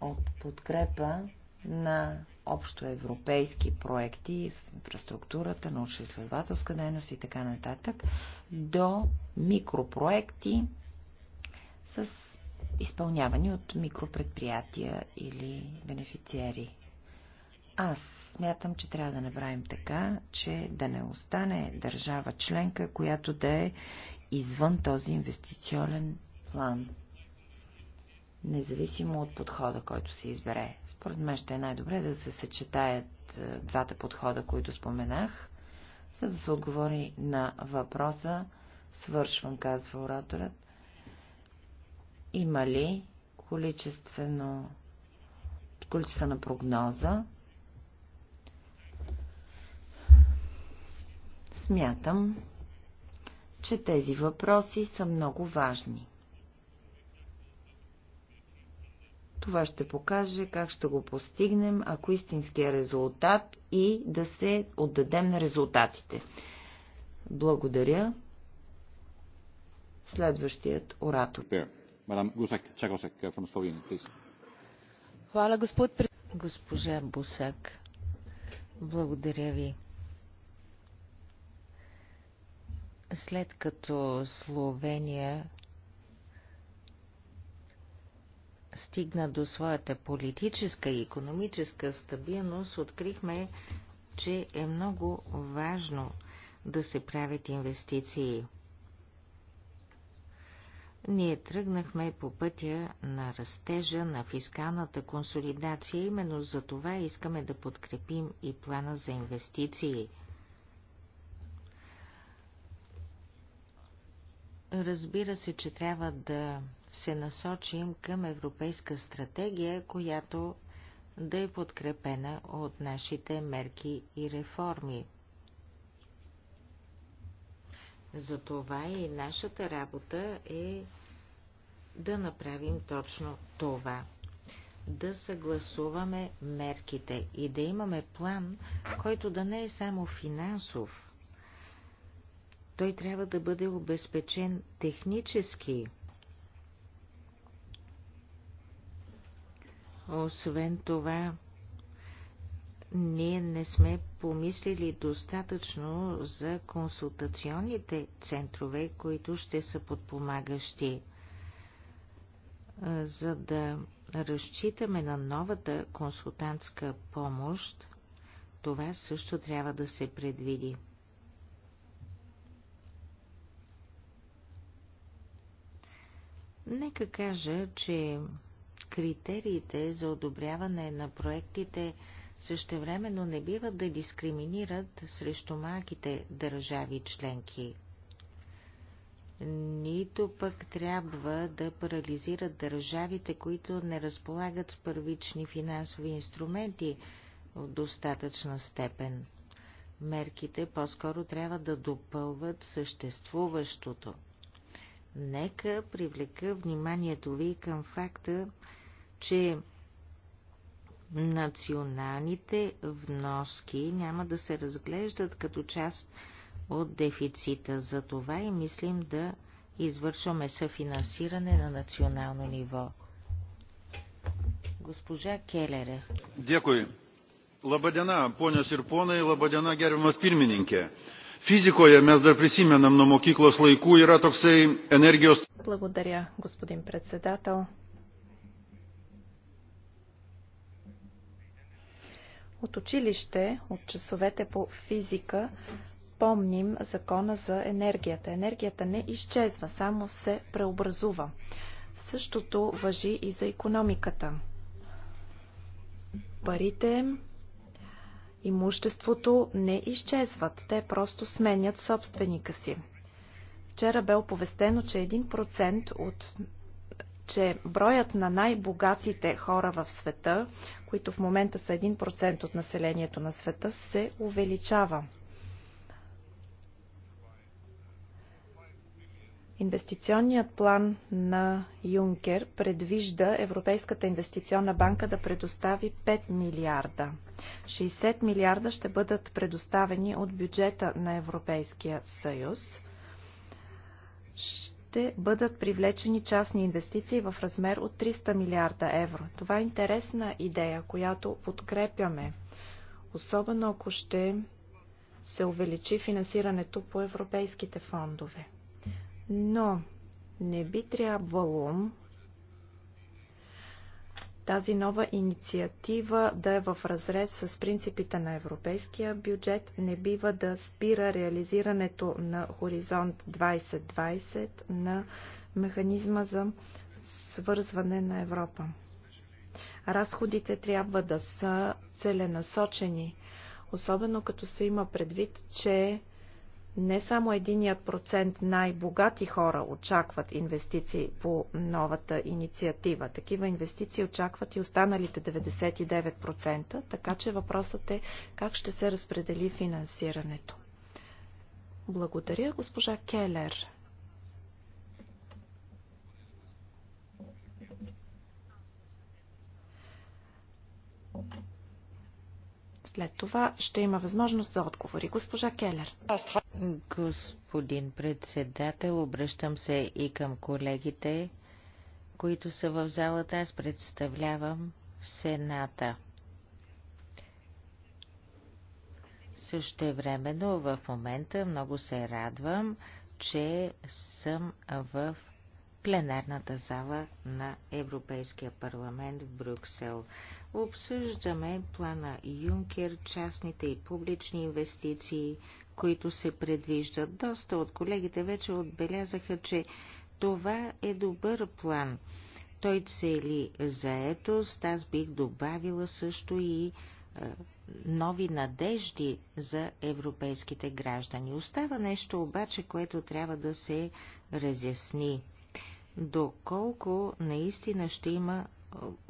От подкрепа на общоевропейски проекти в инфраструктурата, научно-изследователска дейност и така нататък, до микропроекти с изпълнявани от микропредприятия или бенефициери. Аз смятам, че трябва да направим така, че да не остане държава членка, която да е извън този инвестиционен план. Независимо от подхода, който се избере. Според мен ще е най-добре да се съчетаят е, двата подхода, които споменах, за да се отговори на въпроса, свършвам, казва ораторът, има ли количествено, количествена прогноза Смятам, че тези въпроси са много важни. Това ще покаже как ще го постигнем, ако истинския резултат и да се отдадем на резултатите. Благодаря. Следващият оратор. Е, е, Хвала, господ. Госпожа Бусак. Благодаря ви. След като Словения стигна до своята политическа и економическа стабилност, открихме, че е много важно да се правят инвестиции. Ние тръгнахме по пътя на растежа на фискалната консолидация, именно за това искаме да подкрепим и плана за инвестиции. Разбира се, че трябва да се насочим към европейска стратегия, която да е подкрепена от нашите мерки и реформи. Затова и нашата работа е да направим точно това. Да съгласуваме мерките и да имаме план, който да не е само финансов – той трябва да бъде обезпечен технически. Освен това, ние не сме помислили достатъчно за консултационните центрове, които ще са подпомагащи. За да разчитаме на новата консултантска помощ, това също трябва да се предвиди. Нека кажа, че критериите за одобряване на проектите същевременно не биват да дискриминират срещу малките държави членки. Нито пък трябва да парализират държавите, които не разполагат с първични финансови инструменти в достатъчна степен. Мерките по-скоро трябва да допълват съществуващото – Нека привлека вниманието ви към факта, че националните вноски няма да се разглеждат като част от дефицита. За това и мислим да извършваме съфинансиране на национално ниво. Госпожа Келере. Дякую. Labadiena, ponios ir ponai, labadiena, gerbiamas pirmininkė. Физикоje mes dar prisimenam nuo mokyklos laikų и ратоксей енергиост. Благодаря, господин председател. От училище, от часовете по физика, помним закона за енергията. Енергията не изчезва, само се преобразува. Същото въжи и за економиката. Парите имуществото не изчезват. Те просто сменят собственика си. Вчера бе оповестено, че 1% от че броят на най-богатите хора в света, които в момента са 1% от населението на света, се увеличава. Инвестиционният план на Юнкер предвижда Европейската инвестиционна банка да предостави 5 милиарда. 60 милиарда ще бъдат предоставени от бюджета на Европейския съюз. Ще бъдат привлечени частни инвестиции в размер от 300 милиарда евро. Това е интересна идея, която подкрепяме, особено ако ще се увеличи финансирането по европейските фондове но не би трябвало тази нова инициатива да е в разрез с принципите на европейския бюджет, не бива да спира реализирането на Хоризонт 2020 на механизма за свързване на Европа. Разходите трябва да са целенасочени, особено като се има предвид, че не само единият процент най-богати хора очакват инвестиции по новата инициатива. Такива инвестиции очакват и останалите 99%, така че въпросът е как ще се разпредели финансирането. Благодаря, госпожа Келер. След това ще има възможност за отговори. Госпожа Келер. Господин председател, обръщам се и към колегите, които са в залата. Аз представлявам Сената. Същевременно в момента много се радвам, че съм в пленарната зала на Европейския парламент в Брюксел. Обсъждаме плана Юнкер, частните и публични инвестиции, които се предвиждат. Доста от колегите вече отбелязаха, че това е добър план. Той цели заетост, аз бих добавила също и е, нови надежди за европейските граждани. Остава нещо обаче, което трябва да се разясни доколко наистина ще има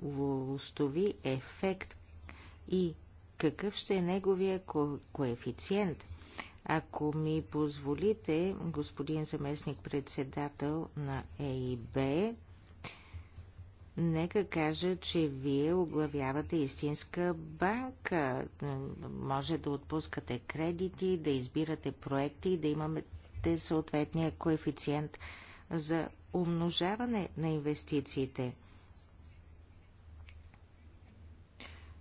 лостови ефект и какъв ще е неговия ко- коефициент. Ако ми позволите, господин заместник председател на ЕИБ, нека кажа, че вие оглавявате истинска банка. Може да отпускате кредити, да избирате проекти и да имаме съответния коефициент за умножаване на инвестициите.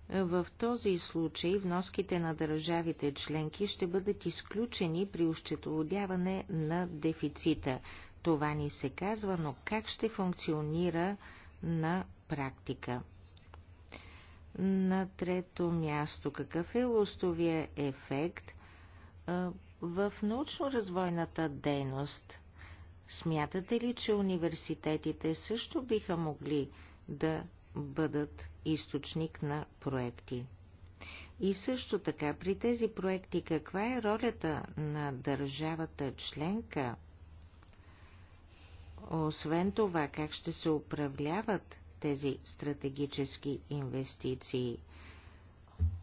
В този случай вноските на държавите членки ще бъдат изключени при ощетоводяване на дефицита. Това ни се казва, но как ще функционира на практика? На трето място, какъв е лостовия ефект в научно-развойната дейност – Смятате ли, че университетите също биха могли да бъдат източник на проекти? И също така, при тези проекти, каква е ролята на държавата членка? Освен това, как ще се управляват тези стратегически инвестиции?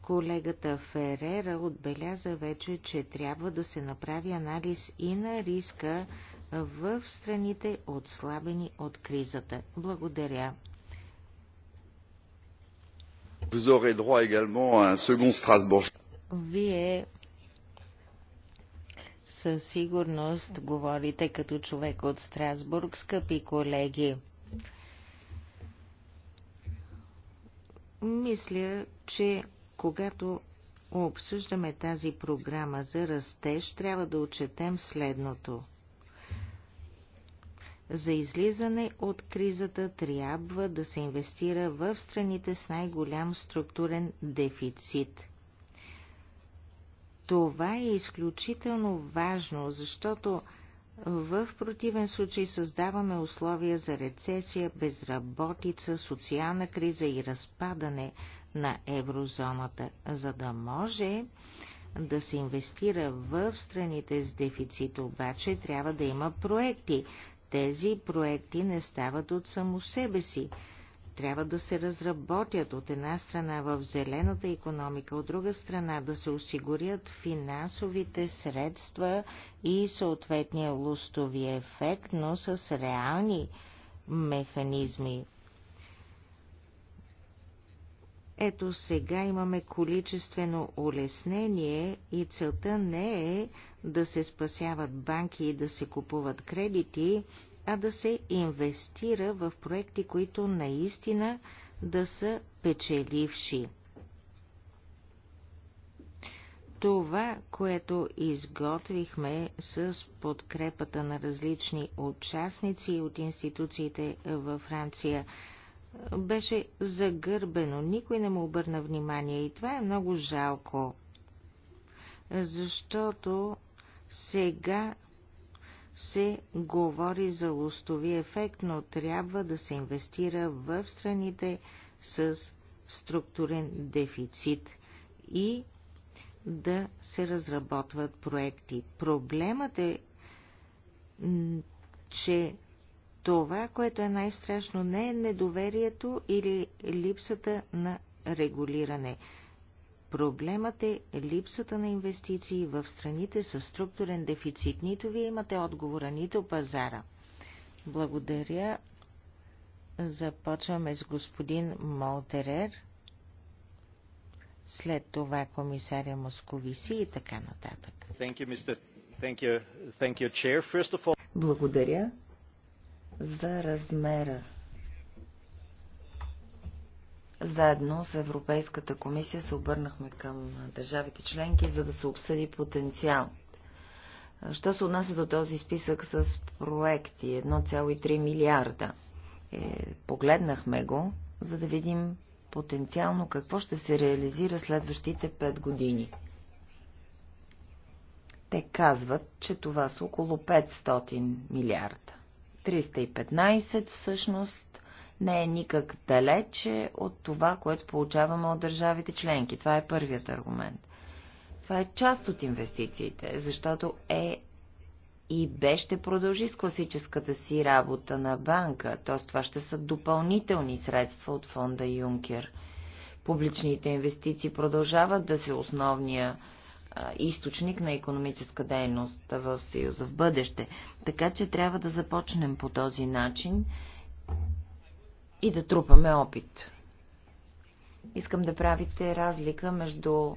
Колегата Ферера отбеляза вече, че трябва да се направи анализ и на риска в страните отслабени от кризата. Благодаря. Вие със сигурност говорите като човек от Страсбург, скъпи колеги. Мисля, че когато обсъждаме тази програма за растеж, трябва да отчетем следното – за излизане от кризата трябва да се инвестира в страните с най-голям структурен дефицит. Това е изключително важно, защото в противен случай създаваме условия за рецесия, безработица, социална криза и разпадане на еврозоната, за да може да се инвестира в страните с дефицит, обаче трябва да има проекти тези проекти не стават от само себе си. Трябва да се разработят от една страна в зелената економика, от друга страна да се осигурят финансовите средства и съответния лустови ефект, но с реални механизми. Ето сега имаме количествено улеснение и целта не е да се спасяват банки и да се купуват кредити, а да се инвестира в проекти, които наистина да са печеливши. Това, което изготвихме с подкрепата на различни участници от институциите във Франция – беше загърбено. Никой не му обърна внимание и това е много жалко, защото сега се говори за лостови ефект, но трябва да се инвестира в страните с структурен дефицит и да се разработват проекти. Проблемът е, че това, което е най-страшно, не е недоверието или липсата на регулиране. Проблемът е липсата на инвестиции в страните с структурен дефицит. Нито вие имате отговора, нито пазара. Благодаря. Започваме с господин Молтерер. След това комисаря Московиси и така нататък. Благодаря за размера заедно с Европейската комисия се обърнахме към държавите членки, за да се обсъди потенциал. Що се отнася до този списък с проекти? 1,3 милиарда. Е, погледнахме го, за да видим потенциално какво ще се реализира следващите 5 години. Те казват, че това са около 500 милиарда. 315 всъщност не е никак далече от това, което получаваме от държавите членки. Това е първият аргумент. Това е част от инвестициите, защото е и Б ще продължи с класическата си работа на банка, т.е. това ще са допълнителни средства от фонда Юнкер. Публичните инвестиции продължават да се основния източник на економическа дейност в Съюза в бъдеще. Така че трябва да започнем по този начин и да трупаме опит. Искам да правите разлика между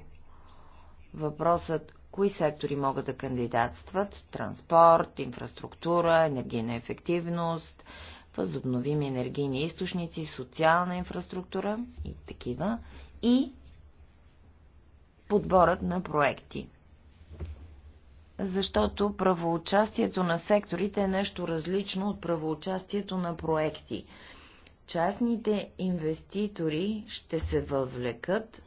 въпросът кои сектори могат да кандидатстват – транспорт, инфраструктура, енергийна ефективност, възобновими енергийни източници, социална инфраструктура и такива, и подборът на проекти. Защото правоучастието на секторите е нещо различно от правоучастието на проекти. Частните инвеститори ще се въвлекат,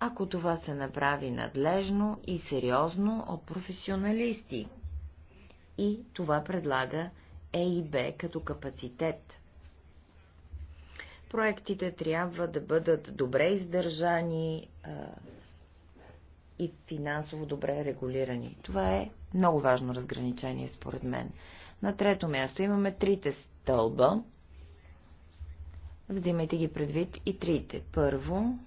ако това се направи надлежно и сериозно от професионалисти. И това предлага ЕИБ като капацитет. Проектите трябва да бъдат добре издържани, и финансово добре регулирани. Това е много важно разграничение, според мен. На трето място имаме трите стълба. Взимайте ги предвид и трите. Първо,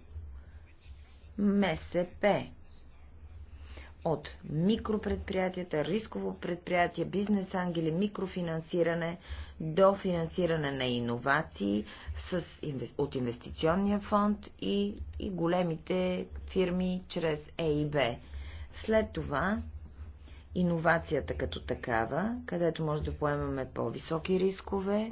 МСП от микропредприятията, рисково предприятие, бизнес ангели, микрофинансиране до финансиране на иновации с, от инвестиционния фонд и, и големите фирми чрез е Б. След това иновацията като такава, където може да поемаме по-високи рискове,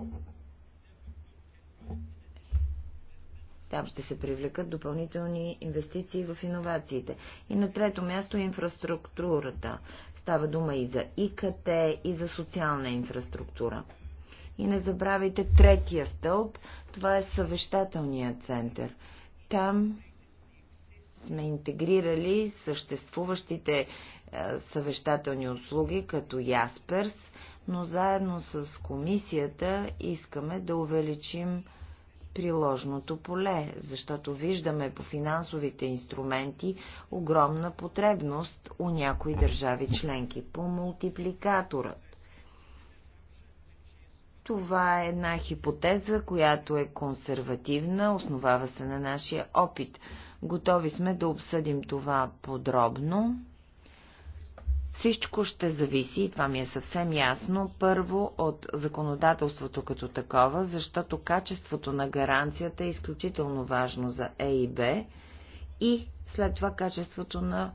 Там ще се привлекат допълнителни инвестиции в иновациите. И на трето място е инфраструктурата. Става дума и за ИКТ, и за социална инфраструктура. И не забравяйте третия стълб, това е съвещателният център. Там сме интегрирали съществуващите е, съвещателни услуги, като Ясперс, но заедно с комисията искаме да увеличим приложното поле, защото виждаме по финансовите инструменти огромна потребност у някои държави членки по мултипликаторът. Това е една хипотеза, която е консервативна, основава се на нашия опит. Готови сме да обсъдим това подробно всичко ще зависи, и това ми е съвсем ясно, първо от законодателството като такова, защото качеството на гаранцията е изключително важно за Е и Б и след това качеството на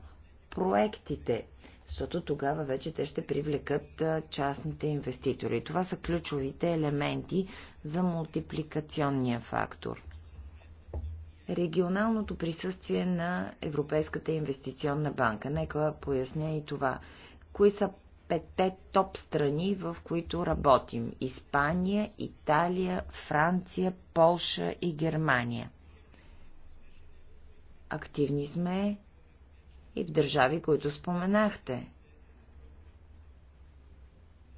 проектите, защото тогава вече те ще привлекат частните инвеститори. Това са ключовите елементи за мултипликационния фактор регионалното присъствие на Европейската инвестиционна банка. Нека поясня и това. Кои са петте топ страни, в които работим? Испания, Италия, Франция, Полша и Германия. Активни сме и в държави, които споменахте.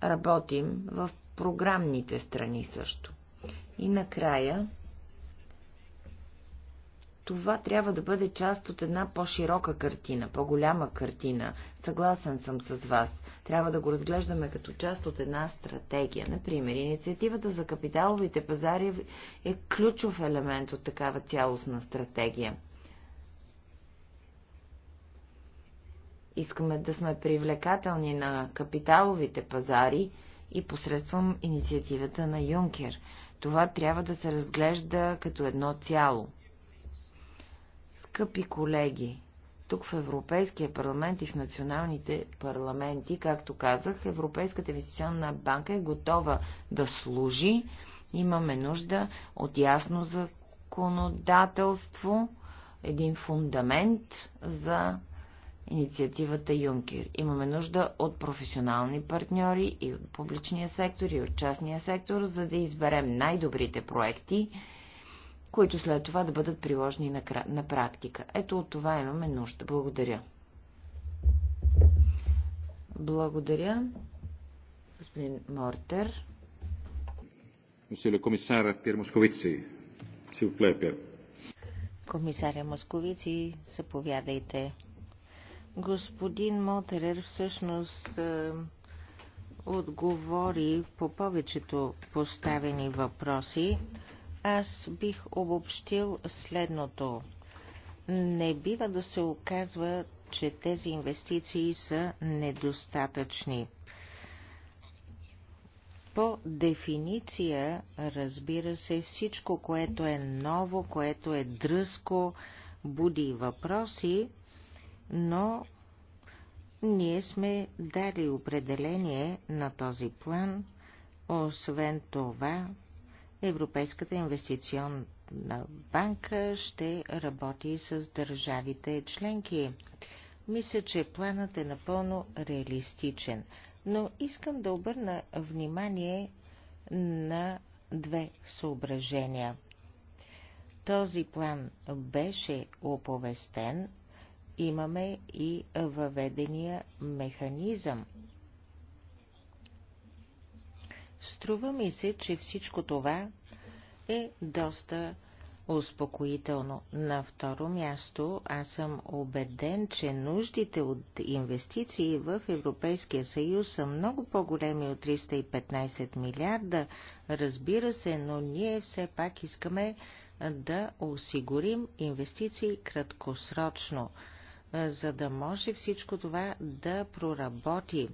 Работим в програмните страни също. И накрая това трябва да бъде част от една по-широка картина, по-голяма картина. Съгласен съм с вас. Трябва да го разглеждаме като част от една стратегия. Например, инициативата за капиталовите пазари е ключов елемент от такава цялостна стратегия. Искаме да сме привлекателни на капиталовите пазари и посредством инициативата на Юнкер. Това трябва да се разглежда като едно цяло – Скъпи колеги, тук в Европейския парламент и в националните парламенти, както казах, Европейската инвестиционна банка е готова да служи. Имаме нужда от ясно законодателство, един фундамент за инициативата Юнкер. Имаме нужда от професионални партньори и от публичния сектор, и от частния сектор, за да изберем най-добрите проекти които след това да бъдат приложени на, на практика. Ето от това имаме нужда. Благодаря. Благодаря. Господин Мортер. Мусиле комисар Пьер Московици. Силпле, Комисаря Московици, заповядайте. Господин Мотерер всъщност е, отговори по повечето поставени въпроси. Аз бих обобщил следното. Не бива да се оказва, че тези инвестиции са недостатъчни. По дефиниция, разбира се, всичко, което е ново, което е дръско, буди въпроси, но ние сме дали определение на този план. Освен това, Европейската инвестиционна банка ще работи с държавите членки. Мисля, че планът е напълно реалистичен, но искам да обърна внимание на две съображения. Този план беше оповестен, имаме и въведения механизъм Струва ми се, че всичко това е доста успокоително. На второ място, аз съм убеден, че нуждите от инвестиции в Европейския съюз са много по-големи от 315 милиарда, разбира се, но ние все пак искаме да осигурим инвестиции краткосрочно, за да може всичко това да проработи.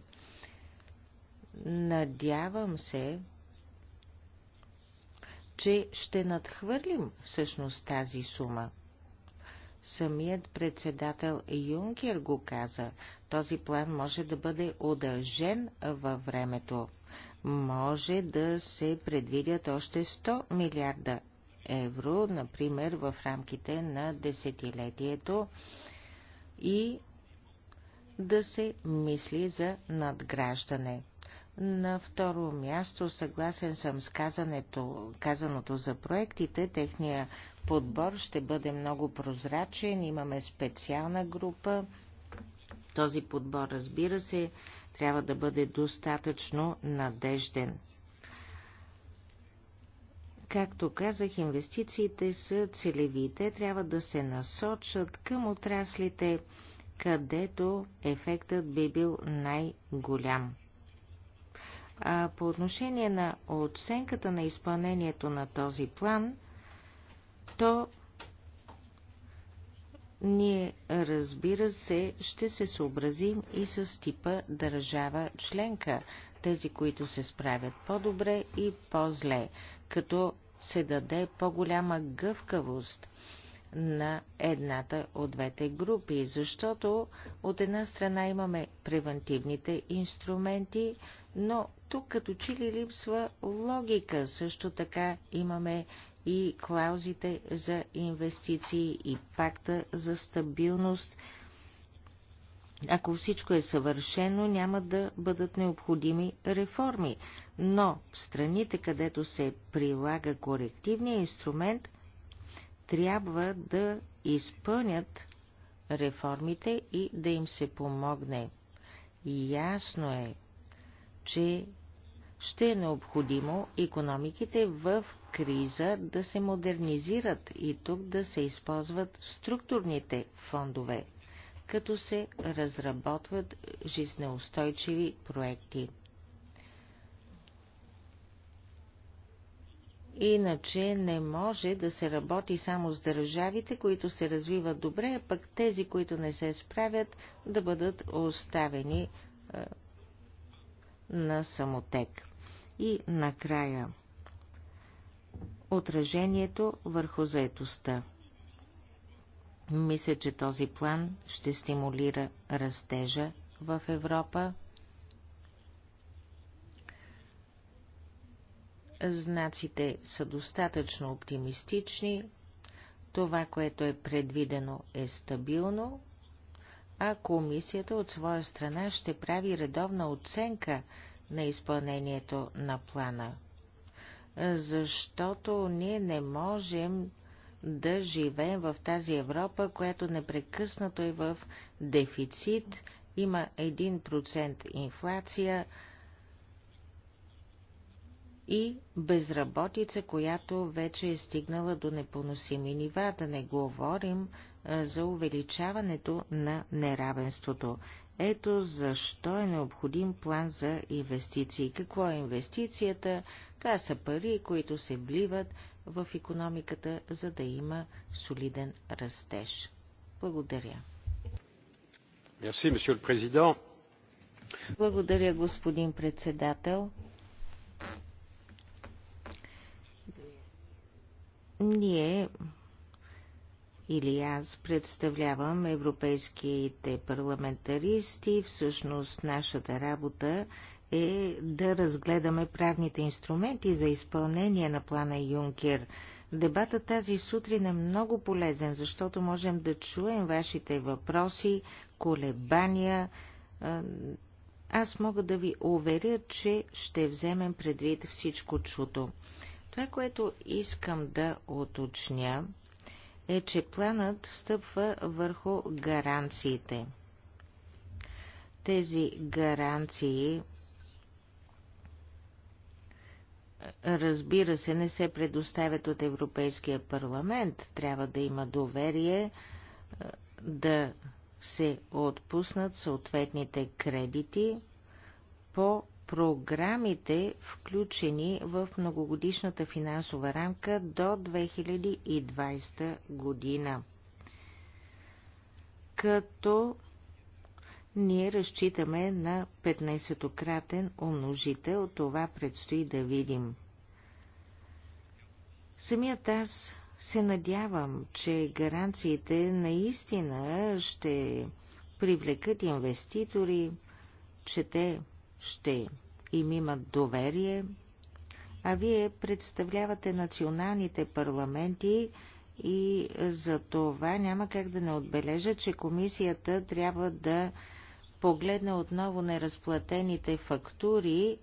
Надявам се, че ще надхвърлим всъщност тази сума. Самият председател Юнкер го каза, този план може да бъде удължен във времето. Може да се предвидят още 100 милиарда евро, например в рамките на десетилетието и да се мисли за надграждане. На второ място съгласен съм с казането, казаното за проектите. Техния подбор ще бъде много прозрачен. Имаме специална група. Този подбор, разбира се, трябва да бъде достатъчно надежден. Както казах, инвестициите са целевите, Те трябва да се насочат към отраслите, където ефектът би бил най-голям. А по отношение на оценката на изпълнението на този план, то ние, разбира се, ще се съобразим и с типа държава членка, тези, които се справят по-добре и по-зле, като се даде по-голяма гъвкавост на едната от двете групи, защото от една страна имаме превентивните инструменти, но тук като че ли липсва логика. Също така имаме и клаузите за инвестиции и пакта за стабилност. Ако всичко е съвършено, няма да бъдат необходими реформи. Но в страните, където се прилага корективния инструмент, трябва да изпълнят реформите и да им се помогне. Ясно е, че ще е необходимо економиките в криза да се модернизират и тук да се използват структурните фондове, като се разработват жизнеустойчиви проекти. Иначе не може да се работи само с държавите, които се развиват добре, а пък тези, които не се справят, да бъдат оставени на Самотек. И накрая отражението върху заетостта. Мисля, че този план ще стимулира растежа в Европа. Знаците са достатъчно оптимистични. Това, което е предвидено, е стабилно, а комисията от своя страна ще прави редовна оценка на изпълнението на плана. Защото ние не можем да живеем в тази Европа, която непрекъснато е в дефицит, има 1% инфлация, и безработица, която вече е стигнала до непоносими нива, да не говорим за увеличаването на неравенството. Ето защо е необходим план за инвестиции. Какво е инвестицията? Това са пари, които се вливат в економиката, за да има солиден растеж. Благодаря. Благодаря, господин председател. Ние или аз представлявам европейските парламентаристи. Всъщност нашата работа е да разгледаме правните инструменти за изпълнение на плана Юнкер. Дебатът тази сутрин е много полезен, защото можем да чуем вашите въпроси, колебания. Аз мога да ви уверя, че ще вземем предвид всичко чуто. Това, което искам да уточня, е, че планът стъпва върху гаранциите. Тези гаранции, разбира се, не се предоставят от Европейския парламент. Трябва да има доверие е, да се отпуснат съответните кредити по програмите, включени в многогодишната финансова рамка до 2020 година. Като ние разчитаме на 15-кратен умножител, това предстои да видим. Самият аз се надявам, че гаранциите наистина ще привлекат инвеститори, че те ще им имат доверие, а вие представлявате националните парламенти и за това няма как да не отбележа, че комисията трябва да погледне отново неразплатените фактури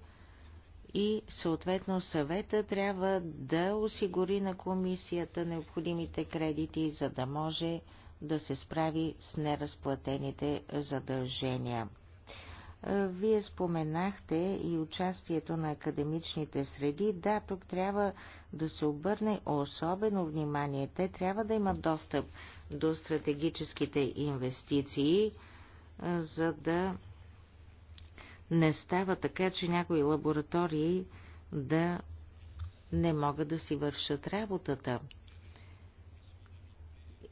и съответно съвета трябва да осигури на комисията необходимите кредити, за да може да се справи с неразплатените задължения. Вие споменахте и участието на академичните среди. Да, тук трябва да се обърне особено внимание. Те трябва да имат достъп до стратегическите инвестиции, за да не става така, че някои лаборатории да не могат да си вършат работата.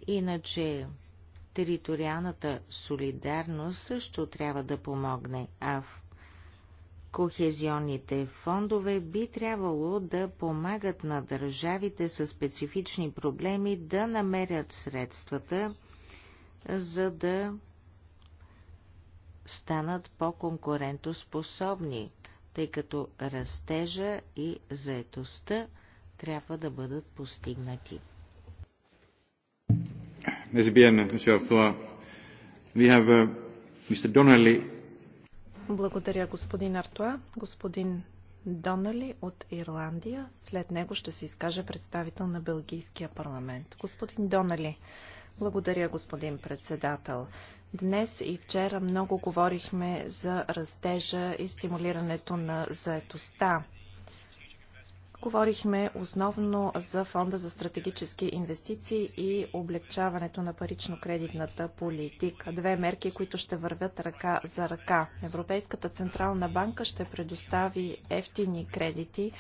Иначе Териториалната солидарност също трябва да помогне, а в Кохезионните фондове би трябвало да помагат на държавите с специфични проблеми да намерят средствата, за да станат по-конкурентоспособни, тъй като растежа и заетостта трябва да бъдат постигнати monsieur Artois. We have uh, Mr. Donnelly. Благодаря, господин Артуа. Господин Донали от Ирландия. След него ще се изкаже представител на Белгийския парламент. Господин Донали, благодаря, господин председател. Днес и вчера много говорихме за растежа и стимулирането на заетостта. Говорихме основно за Фонда за стратегически инвестиции и облегчаването на парично-кредитната политика. Две мерки, които ще вървят ръка за ръка. Европейската Централна банка ще предостави ефтини кредити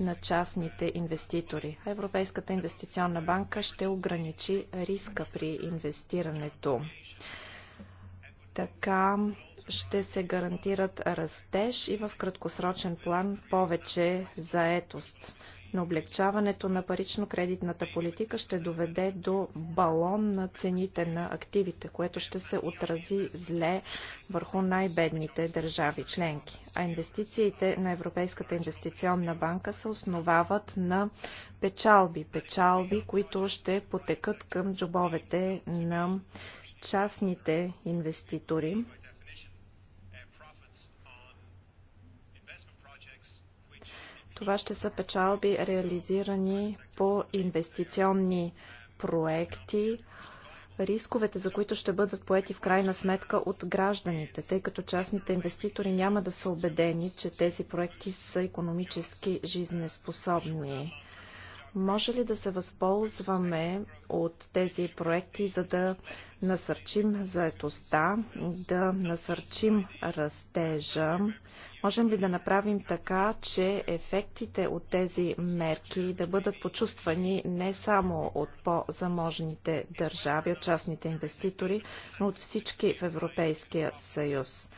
на частните инвеститори. Европейската инвестиционна банка ще ограничи риска при инвестирането. Така ще се гарантират растеж и в краткосрочен план повече заетост. Но облегчаването на парично-кредитната политика ще доведе до балон на цените на активите, което ще се отрази зле върху най-бедните държави членки. А инвестициите на Европейската инвестиционна банка се основават на печалби. Печалби, които ще потекат към джобовете на частните инвеститори Това ще са печалби реализирани по инвестиционни проекти, рисковете, за които ще бъдат поети в крайна сметка от гражданите, тъй като частните инвеститори няма да са убедени, че тези проекти са економически жизнеспособни. Може ли да се възползваме от тези проекти, за да насърчим заетостта, да насърчим растежа? Можем ли да направим така, че ефектите от тези мерки да бъдат почувствани не само от по-заможните държави, от частните инвеститори, но от всички в Европейския съюз?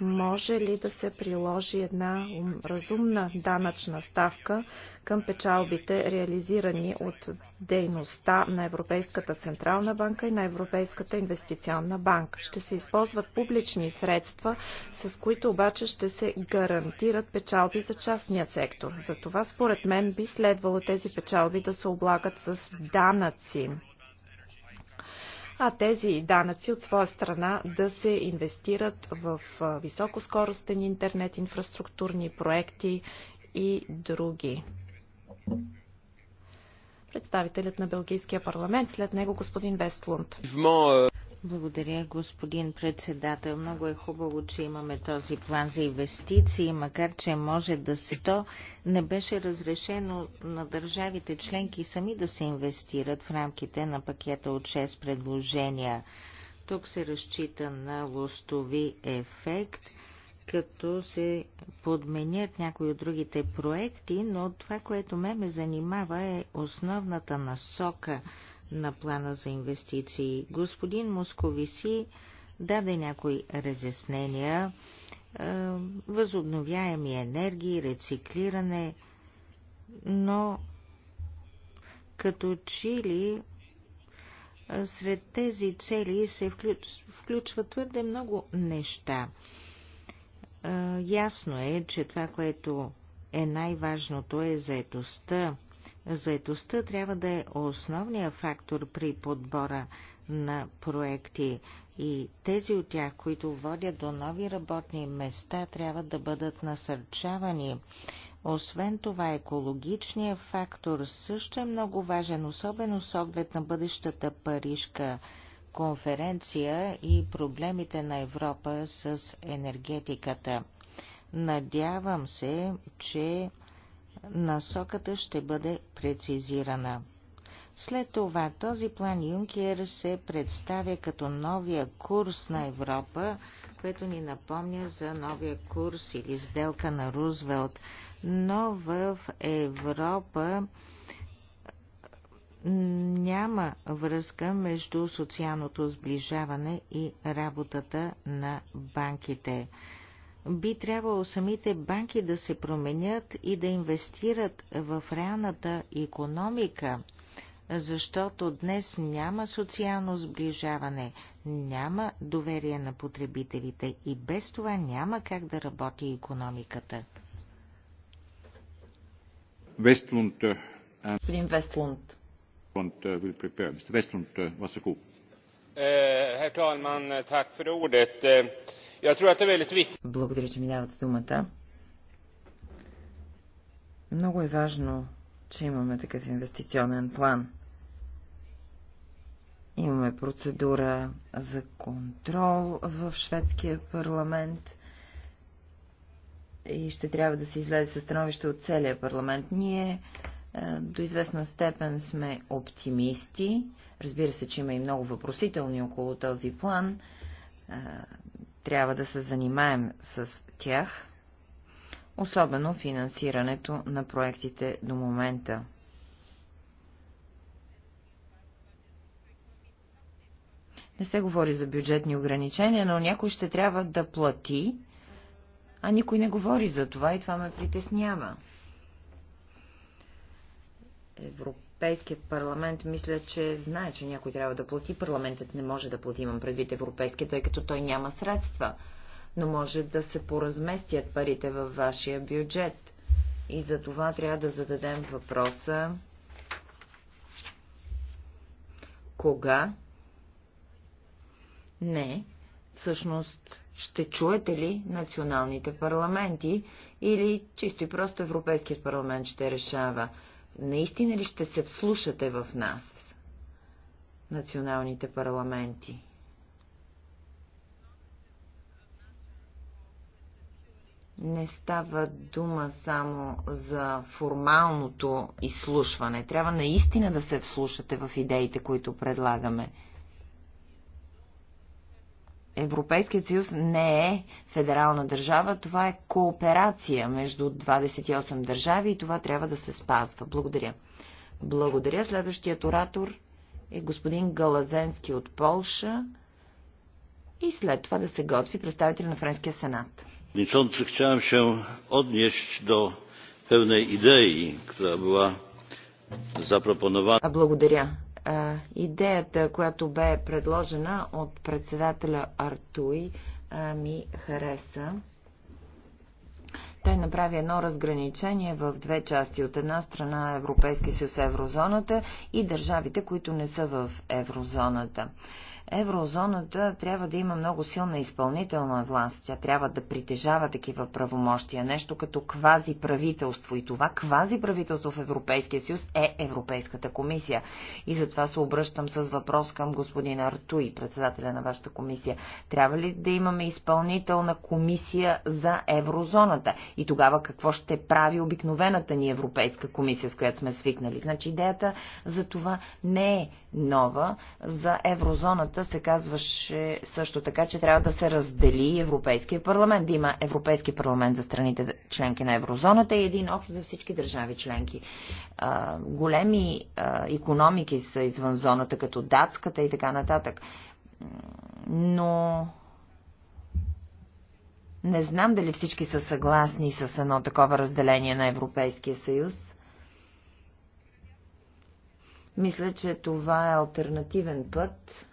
може ли да се приложи една разумна данъчна ставка към печалбите, реализирани от дейността на Европейската Централна банка и на Европейската инвестиционна банка? Ще се използват публични средства, с които обаче ще се гарантират печалби за частния сектор. Затова, според мен, би следвало тези печалби да се облагат с данъци а тези данъци от своя страна да се инвестират в високоскоростен интернет, инфраструктурни проекти и други. Представителят на Белгийския парламент, след него господин Вестлунд. Е, благодаря, господин председател. Много е хубаво, че имаме този план за инвестиции, макар че може да се то не беше разрешено на държавите членки сами да се инвестират в рамките на пакета от 6 предложения. Тук се разчита на лостови ефект, като се подменят някои от другите проекти, но това, което ме ме занимава е основната насока – на плана за инвестиции. Господин Московиси даде някои разяснения, е, възобновяеми енергии, рециклиране, но като чили е, сред тези цели се включва твърде много неща. Е, ясно е, че това, което е най-важното е заетостта, Заетостта трябва да е основният фактор при подбора на проекти и тези от тях, които водят до нови работни места, трябва да бъдат насърчавани. Освен това, екологичният фактор също е много важен, особено с оглед на бъдещата парижка конференция и проблемите на Европа с енергетиката. Надявам се, че насоката ще бъде прецизирана. След това този план Юнкер се представя като новия курс на Европа, което ни напомня за новия курс или сделка на Рузвелт. Но в Европа няма връзка между социалното сближаване и работата на банките би трябвало самите банки да се променят и да инвестират в реалната економика, защото днес няма социално сближаване, няма доверие на потребителите и без това няма как да работи економиката. Вестлунд. Господин Вестлунд. Вестлунд, Herr talman, tack för ordet. Благодаря, че ми давате думата. Много е важно, че имаме такъв инвестиционен план. Имаме процедура за контрол в шведския парламент и ще трябва да се излезе със становище от целия парламент. Ние е, до известна степен сме оптимисти. Разбира се, че има и много въпросителни около този план. Е, трябва да се занимаем с тях, особено финансирането на проектите до момента. Не се говори за бюджетни ограничения, но някой ще трябва да плати, а никой не говори за това и това ме притеснява. Европа Европейският парламент мисля, че знае, че някой трябва да плати. Парламентът не може да плати, имам предвид европейския, тъй като той няма средства. Но може да се поразместят парите във вашия бюджет. И за това трябва да зададем въпроса кога? Не. Всъщност, ще чуете ли националните парламенти или чисто и просто Европейският парламент ще решава? Наистина ли ще се вслушате в нас, националните парламенти? не става дума само за формалното изслушване. Трябва наистина да се вслушате в идеите, които предлагаме. Европейският съюз не е федерална държава, това е кооперация между 28 държави и това трябва да се спазва. Благодаря. Благодаря. Следващият оратор е господин Галазенски от Полша и след това да се готви представител на Френския сенат. Ничонци, chciałem се odnieść до певна idei, която била запропонована. Благодаря а, идеята, която бе предложена от председателя Артуй, а, ми хареса. Той направи едно разграничение в две части. От една страна Европейски съюз еврозоната и държавите, които не са в еврозоната. Еврозоната трябва да има много силна изпълнителна власт. Тя трябва да притежава такива правомощия, нещо като квази правителство. И това квази правителство в Европейския съюз е Европейската комисия. И затова се обръщам с въпрос към господин Артуи, председателя на вашата комисия. Трябва ли да имаме изпълнителна комисия за еврозоната? И тогава какво ще прави обикновената ни Европейска комисия, с която сме свикнали? Значи идеята за това не е нова. За еврозоната доклада се казваше също така, че трябва да се раздели Европейския парламент, да има Европейски парламент за страните членки на еврозоната и един общ за всички държави членки. А, големи а, економики са извън зоната, като датската и така нататък. Но не знам дали всички са съгласни с едно такова разделение на Европейския съюз. Мисля, че това е альтернативен път,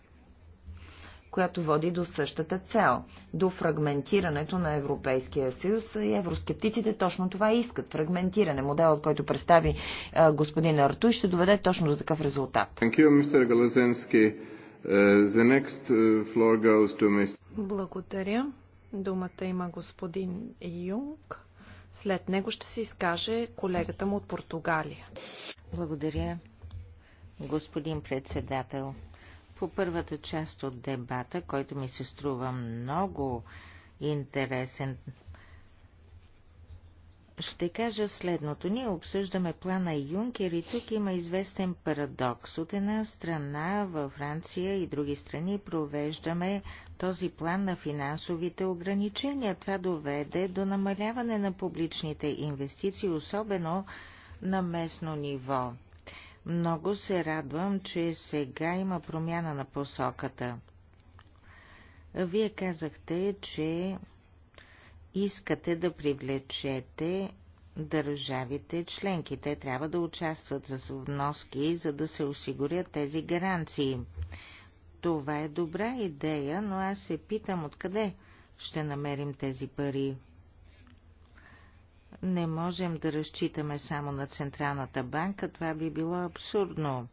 която води до същата цел – до фрагментирането на Европейския съюз. И евроскептиците точно това искат – фрагментиране. Моделът, който представи господин Артуй, ще доведе точно до такъв резултат. Е, е, Благодаря. Думата има господин Юнг. След него ще се изкаже колегата му от Португалия. Благодаря, господин председател по първата част от дебата, който ми се струва много интересен. Ще кажа следното. Ние обсъждаме плана Юнкер и тук има известен парадокс. От една страна във Франция и други страни провеждаме този план на финансовите ограничения. Това доведе до намаляване на публичните инвестиции, особено на местно ниво. Много се радвам, че сега има промяна на посоката. Вие казахте, че искате да привлечете държавите членки. Те трябва да участват за вноски, за да се осигурят тези гаранции. Това е добра идея, но аз се питам откъде ще намерим тези пари. Не можем да разчитаме само на Централната банка, това би било абсурдно.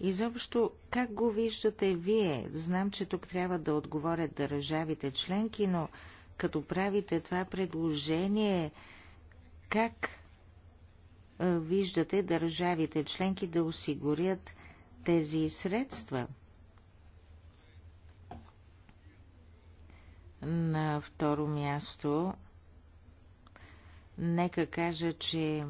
Изобщо, как го виждате вие? Знам, че тук трябва да отговорят държавите членки, но като правите това предложение, как виждате държавите членки да осигурят тези средства? На второ място Нека кажа, че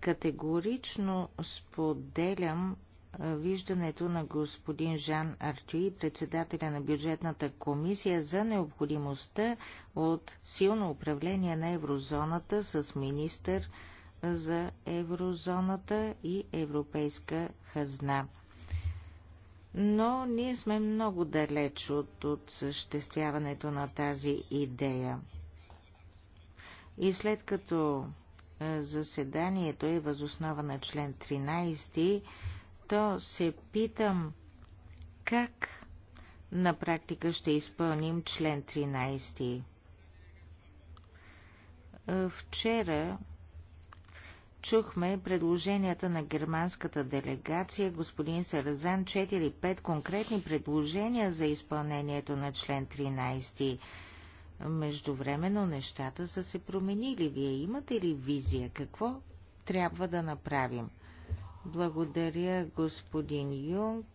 категорично споделям виждането на господин Жан Артюи, председателя на бюджетната комисия, за необходимостта от силно управление на еврозоната с министър за еврозоната и европейска хазна. Но ние сме много далеч от осъществяването на тази идея. И след като е, заседанието е възоснова на член 13, то се питам как на практика ще изпълним член 13. Е, вчера чухме предложенията на германската делегация, господин Саразан, 4-5 конкретни предложения за изпълнението на член 13. Междувременно нещата са се променили. Вие имате ли визия? Какво трябва да направим? Благодаря, господин Юнг.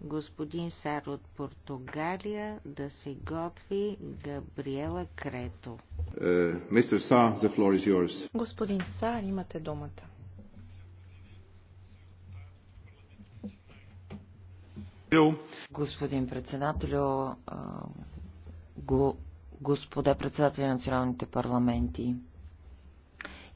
Господин Сар от Португалия да се готви Габриела Крето. Е, мистер the floor is yours. Господин Сар, имате думата. Е, господин председателю, го, господа председатели на националните парламенти.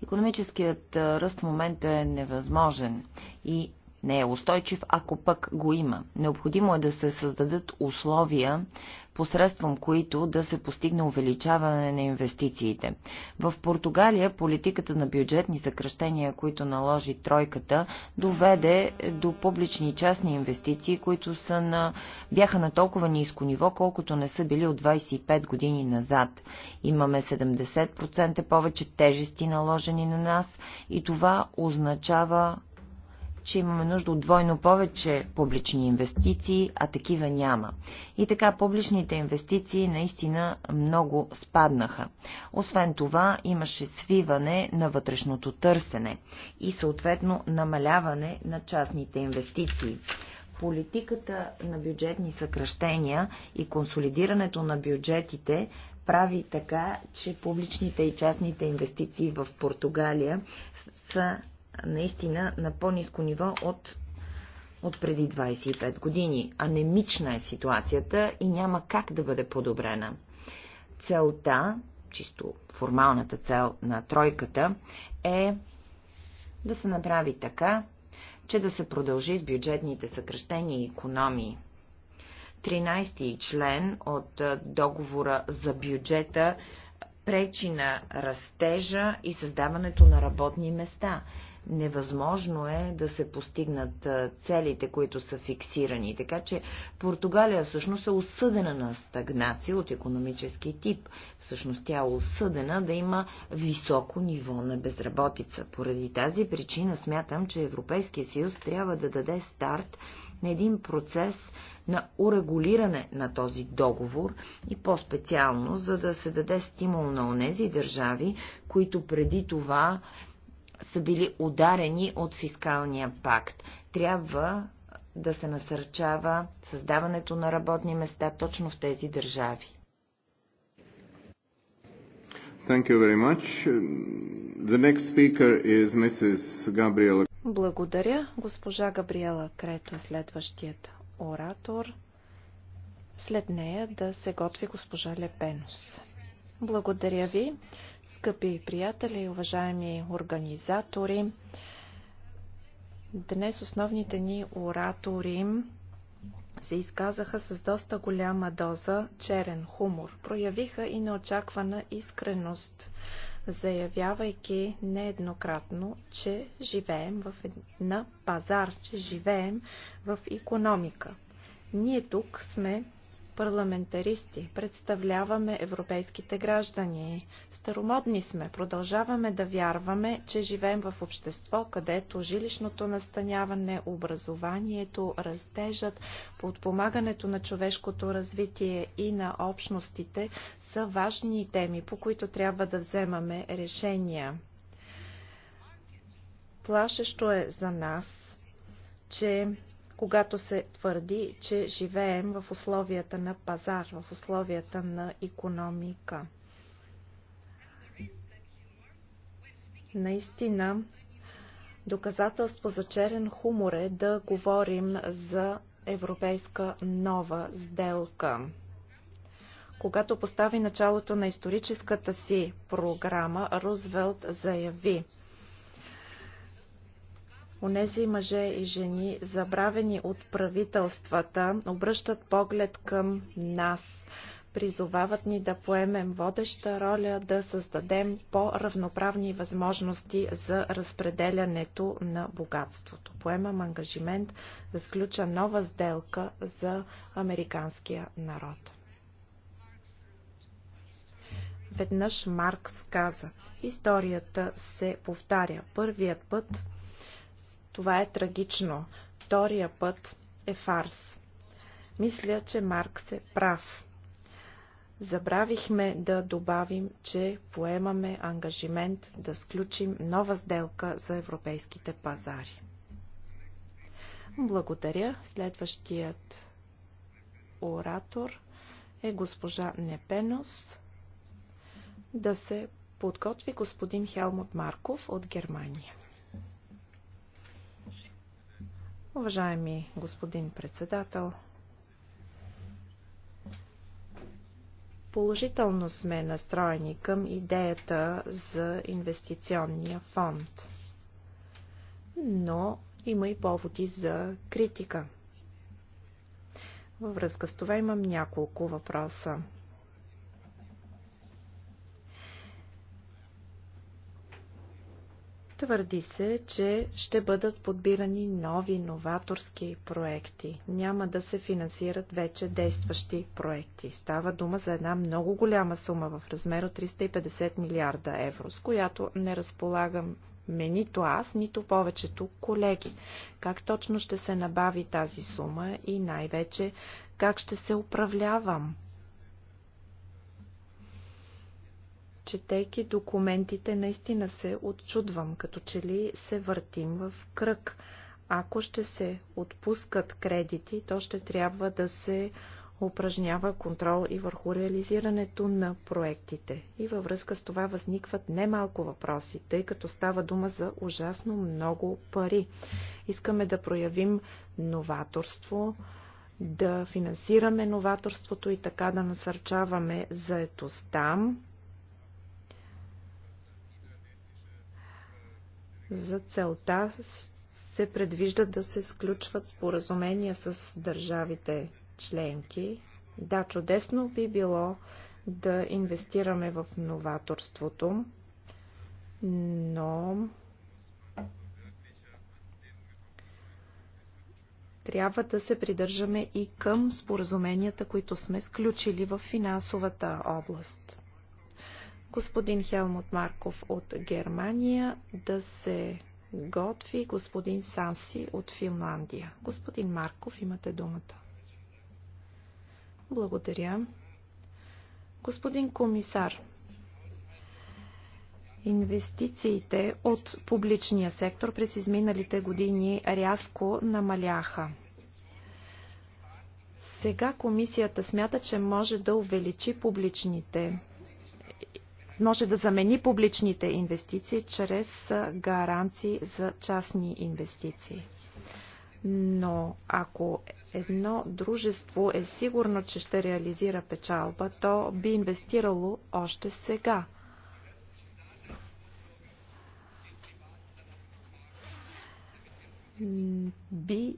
Економическият ръст в момента е невъзможен и не е устойчив, ако пък го има. Необходимо е да се създадат условия, посредством които да се постигне увеличаване на инвестициите. В Португалия политиката на бюджетни съкръщения, които наложи тройката, доведе до публични и частни инвестиции, които са на... бяха на толкова ниско ниво, колкото не са били от 25 години назад. Имаме 70% повече тежести наложени на нас и това означава че имаме нужда от двойно повече публични инвестиции, а такива няма. И така публичните инвестиции наистина много спаднаха. Освен това имаше свиване на вътрешното търсене и съответно намаляване на частните инвестиции политиката на бюджетни съкръщения и консолидирането на бюджетите прави така, че публичните и частните инвестиции в Португалия са наистина на по-низко ниво от, от преди 25 години. Анемична е ситуацията и няма как да бъде подобрена. Целта, чисто формалната цел на тройката, е да се направи така, че да се продължи с бюджетните съкръщения и економии. 13 член от договора за бюджета пречи на растежа и създаването на работни места невъзможно е да се постигнат целите, които са фиксирани. Така че Португалия всъщност е осъдена на стагнация от економически тип. Всъщност тя е осъдена да има високо ниво на безработица. Поради тази причина смятам, че Европейския съюз трябва да даде старт на един процес на урегулиране на този договор и по-специално, за да се даде стимул на онези държави, които преди това са били ударени от фискалния пакт. Трябва да се насърчава създаването на работни места точно в тези държави. Thank you very much. The next speaker is Mrs. Gabriela. Благодаря. Госпожа Габриела Крето е следващият оратор. След нея да се готви госпожа Лепенос. Благодаря ви. Скъпи приятели, уважаеми организатори, днес основните ни оратори се изказаха с доста голяма доза черен хумор. Проявиха и неочаквана искреност, заявявайки нееднократно, че живеем в една пазар, че живеем в економика. Ние тук сме парламентаристи, представляваме европейските граждани. Старомодни сме, продължаваме да вярваме, че живеем в общество, където жилищното настаняване, образованието, растежът, подпомагането на човешкото развитие и на общностите са важни теми, по които трябва да вземаме решения. Плашещо е за нас, че когато се твърди, че живеем в условията на пазар, в условията на економика. Наистина, доказателство за черен хумор е да говорим за европейска нова сделка. Когато постави началото на историческата си програма, Рузвелт заяви – Онези мъже и жени, забравени от правителствата, обръщат поглед към нас. Призовават ни да поемем водеща роля, да създадем по-равноправни възможности за разпределянето на богатството. Поемам ангажимент да сключа нова сделка за американския народ. Веднъж Маркс каза, историята се повтаря. Първият път това е трагично. Втория път е фарс. Мисля, че Маркс е прав. Забравихме да добавим, че поемаме ангажимент да сключим нова сделка за европейските пазари. Благодаря. Следващият оратор е госпожа Непенос. Да се подготви господин Хелмут Марков от Германия. Уважаеми господин председател, положително сме настроени към идеята за инвестиционния фонд. Но има и поводи за критика. Във връзка с това имам няколко въпроса. Твърди се, че ще бъдат подбирани нови новаторски проекти. Няма да се финансират вече действащи проекти. Става дума за една много голяма сума в размер от 350 милиарда евро, с която не разполагам ме нито аз, нито повечето колеги. Как точно ще се набави тази сума и най-вече как ще се управлявам четейки документите, наистина се отчудвам, като че ли се въртим в кръг. Ако ще се отпускат кредити, то ще трябва да се упражнява контрол и върху реализирането на проектите. И във връзка с това възникват немалко въпроси, тъй като става дума за ужасно много пари. Искаме да проявим новаторство, да финансираме новаторството и така да насърчаваме заетостта. За целта се предвижда да се сключват споразумения с държавите членки. Да, чудесно би било да инвестираме в новаторството, но трябва да се придържаме и към споразуменията, които сме сключили в финансовата област господин Хелмут Марков от Германия да се готви господин Санси от Финландия. Господин Марков, имате думата. Благодаря. Господин комисар, инвестициите от публичния сектор през изминалите години рязко намаляха. Сега комисията смята, че може да увеличи публичните може да замени публичните инвестиции чрез гаранции за частни инвестиции. Но ако едно дружество е сигурно, че ще реализира печалба, то би инвестирало още сега. Би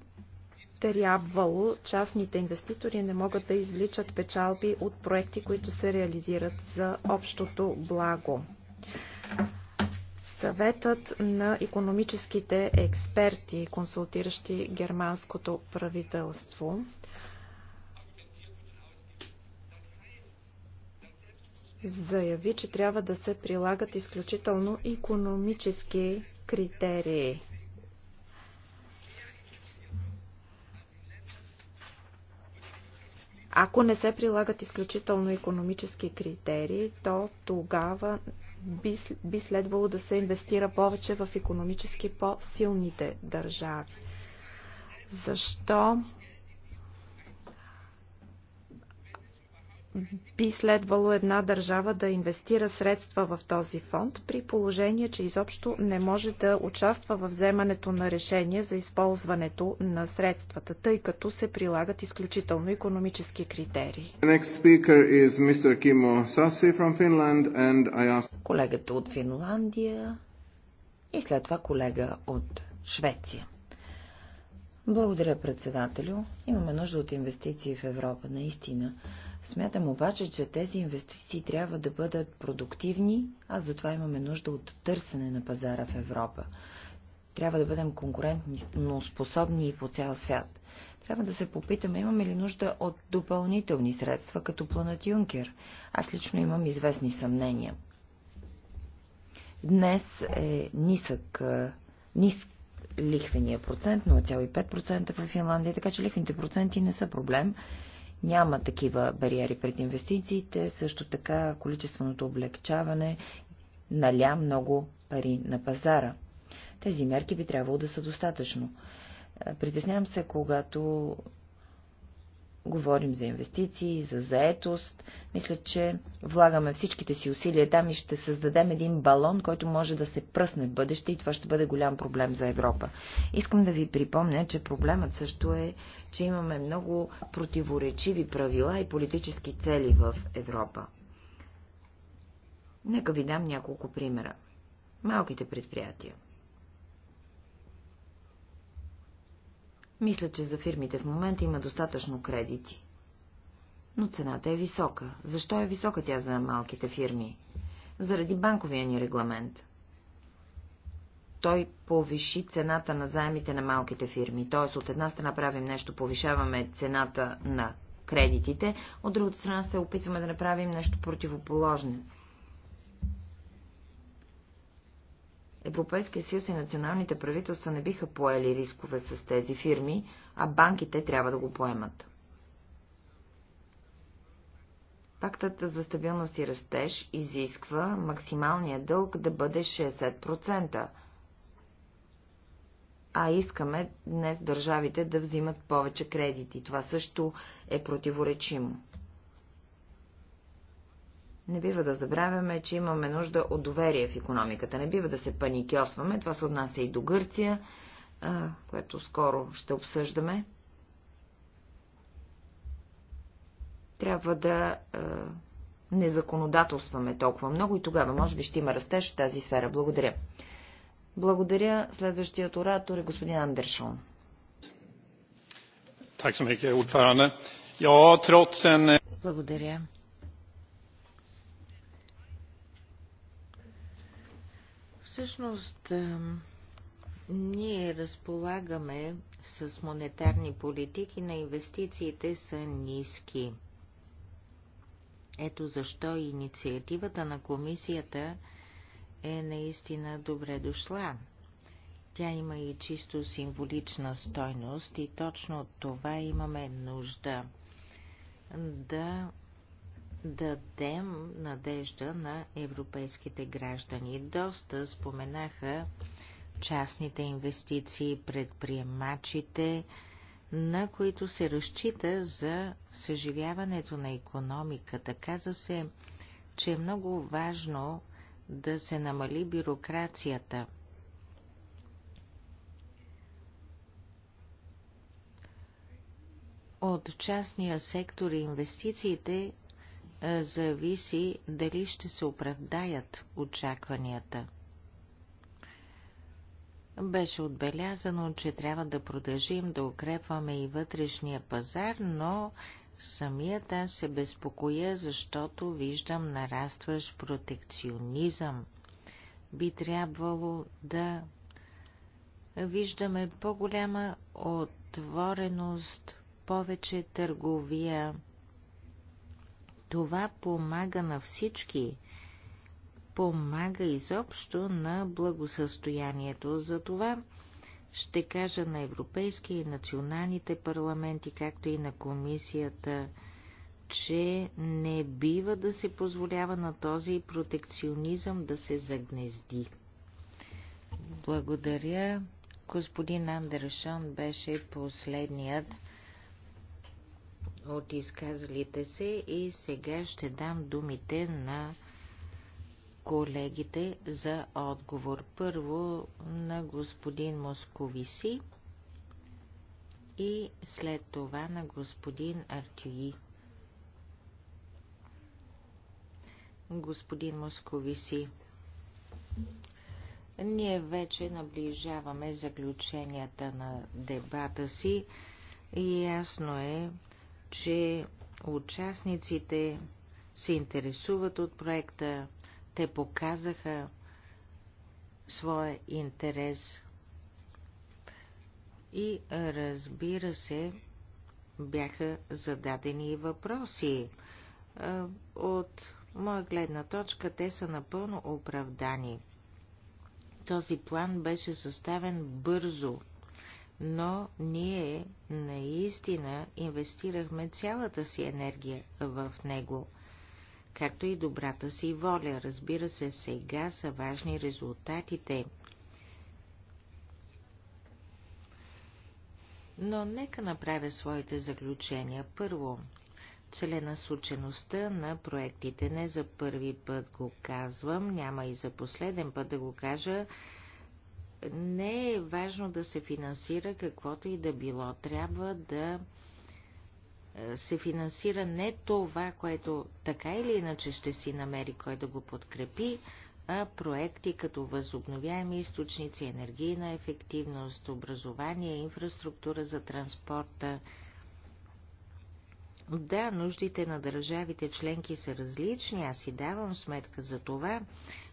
трябвало частните инвеститори не могат да извличат печалби от проекти, които се реализират за общото благо. Съветът на економическите експерти, консултиращи германското правителство, заяви, че трябва да се прилагат изключително економически критерии Ако не се прилагат изключително економически критерии, то тогава би, би следвало да се инвестира повече в економически по-силните държави. Защо би следвало една държава да инвестира средства в този фонд, при положение, че изобщо не може да участва в вземането на решение за използването на средствата, тъй като се прилагат изключително економически критерии. Колегата от Финландия и след това колега от Швеция. Благодаря, председателю. Имаме нужда от инвестиции в Европа, наистина. Смятам обаче, че тези инвестиции трябва да бъдат продуктивни, а затова имаме нужда от търсене на пазара в Европа. Трябва да бъдем конкурентни, но способни и по цял свят. Трябва да се попитаме, имаме ли нужда от допълнителни средства, като планът Юнкер. Аз лично имам известни съмнения. Днес е нисък, е, ниск лихвения процент, 0,5% в Финландия, така че лихвените проценти не са проблем. Няма такива бариери пред инвестициите, също така количественото облегчаване наля много пари на пазара. Тези мерки би трябвало да са достатъчно. Притеснявам се, когато говорим за инвестиции, за заетост. Мисля, че влагаме всичките си усилия там и ще създадем един балон, който може да се пръсне в бъдеще и това ще бъде голям проблем за Европа. Искам да ви припомня, че проблемът също е, че имаме много противоречиви правила и политически цели в Европа. Нека ви дам няколко примера. Малките предприятия – Мисля, че за фирмите в момента има достатъчно кредити. Но цената е висока. Защо е висока тя за малките фирми? Заради банковия ни регламент. Той повиши цената на заемите на малките фирми. Т.е. от една страна правим нещо, повишаваме цената на кредитите, от другата страна се опитваме да направим нещо противоположно. Европейския съюз и националните правителства не биха поели рискове с тези фирми, а банките трябва да го поемат. Пактът за стабилност и растеж изисква максималния дълг да бъде 60%, а искаме днес държавите да взимат повече кредити. Това също е противоречимо. Не бива да забравяме, че имаме нужда от доверие в економиката. Не бива да се паникьосваме. Това се отнася и до Гърция, което скоро ще обсъждаме. Трябва да не законодателстваме толкова много и тогава може би ще има растеж в тази сфера. Благодаря. Благодаря. Следващият оратор е господин Андершон. Е- Благодаря. Всъщност, ние разполагаме с монетарни политики на инвестициите са ниски. Ето защо инициативата на комисията е наистина добре дошла. Тя има и чисто символична стойност и точно от това имаме нужда да дадем надежда на европейските граждани. Доста споменаха частните инвестиции, предприемачите, на които се разчита за съживяването на економиката. Каза се, че е много важно да се намали бюрокрацията. От частния сектор и инвестициите е, зависи дали ще се оправдаят очакванията. Беше отбелязано, че трябва да продължим да укрепваме и вътрешния пазар, но самият аз се безпокоя, защото виждам нарастващ протекционизъм. Би трябвало да виждаме по-голяма отвореност, повече търговия – това помага на всички. Помага изобщо на благосъстоянието. Затова ще кажа на европейския и националните парламенти, както и на комисията, че не бива да се позволява на този протекционизъм да се загнезди. Благодаря. Господин Андершон беше последният от изказалите се и сега ще дам думите на колегите за отговор. Първо на господин Московиси и след това на господин Артюи. Господин Московиси, ние вече наближаваме заключенията на дебата си и ясно е, че участниците се интересуват от проекта, те показаха своя интерес и разбира се, бяха зададени и въпроси. От моя гледна точка те са напълно оправдани. Този план беше съставен бързо но ние наистина инвестирахме цялата си енергия в него, както и добрата си воля. Разбира се, сега са важни резултатите. Но нека направя своите заключения. Първо, целенасочеността на проектите. Не за първи път го казвам, няма и за последен път да го кажа не е важно да се финансира каквото и да било. Трябва да е, се финансира не това, което така или иначе ще си намери кой да го подкрепи, а проекти като възобновяеми източници, енергийна ефективност, образование, инфраструктура за транспорта. Да, нуждите на държавите членки са различни, аз си давам сметка за това.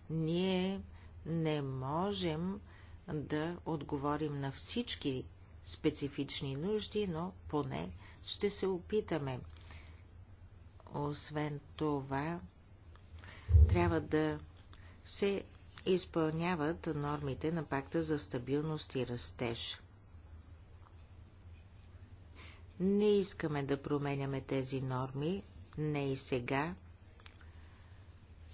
Ние не можем да отговорим на всички специфични нужди, но поне ще се опитаме. Освен това, трябва да се изпълняват нормите на пакта за стабилност и растеж. Не искаме да променяме тези норми, не и сега.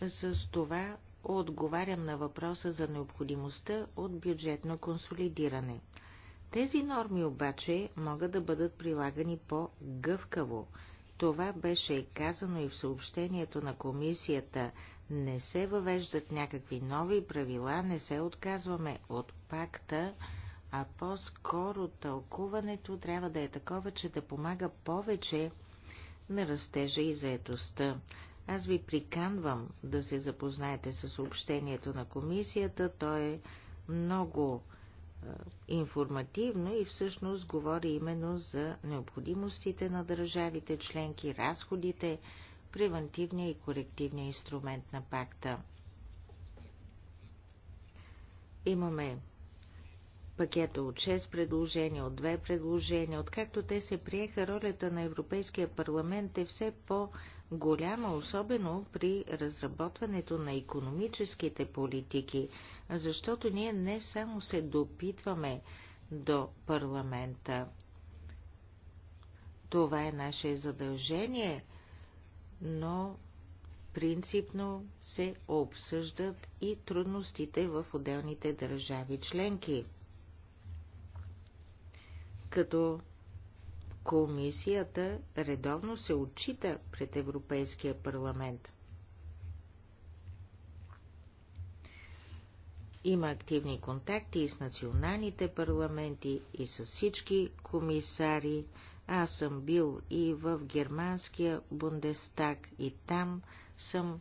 С това отговарям на въпроса за необходимостта от бюджетно консолидиране. Тези норми обаче могат да бъдат прилагани по-гъвкаво. Това беше казано и в съобщението на комисията. Не се въвеждат някакви нови правила, не се отказваме от пакта, а по-скоро тълкуването трябва да е такова, че да помага повече на растежа и заетостта. Аз ви приканвам да се запознаете с съобщението на комисията. То е много информативно и всъщност говори именно за необходимостите на държавите членки, разходите, превентивния и корективния инструмент на пакта. Имаме пакета от 6 предложения, от 2 предложения. Откакто те се приеха, ролята на Европейския парламент е все по- голяма, особено при разработването на економическите политики, защото ние не само се допитваме до парламента. Това е наше задължение, но принципно се обсъждат и трудностите в отделните държави членки. Като комисията редовно се отчита пред Европейския парламент. Има активни контакти и с националните парламенти, и с всички комисари. Аз съм бил и в германския Бундестаг, и там съм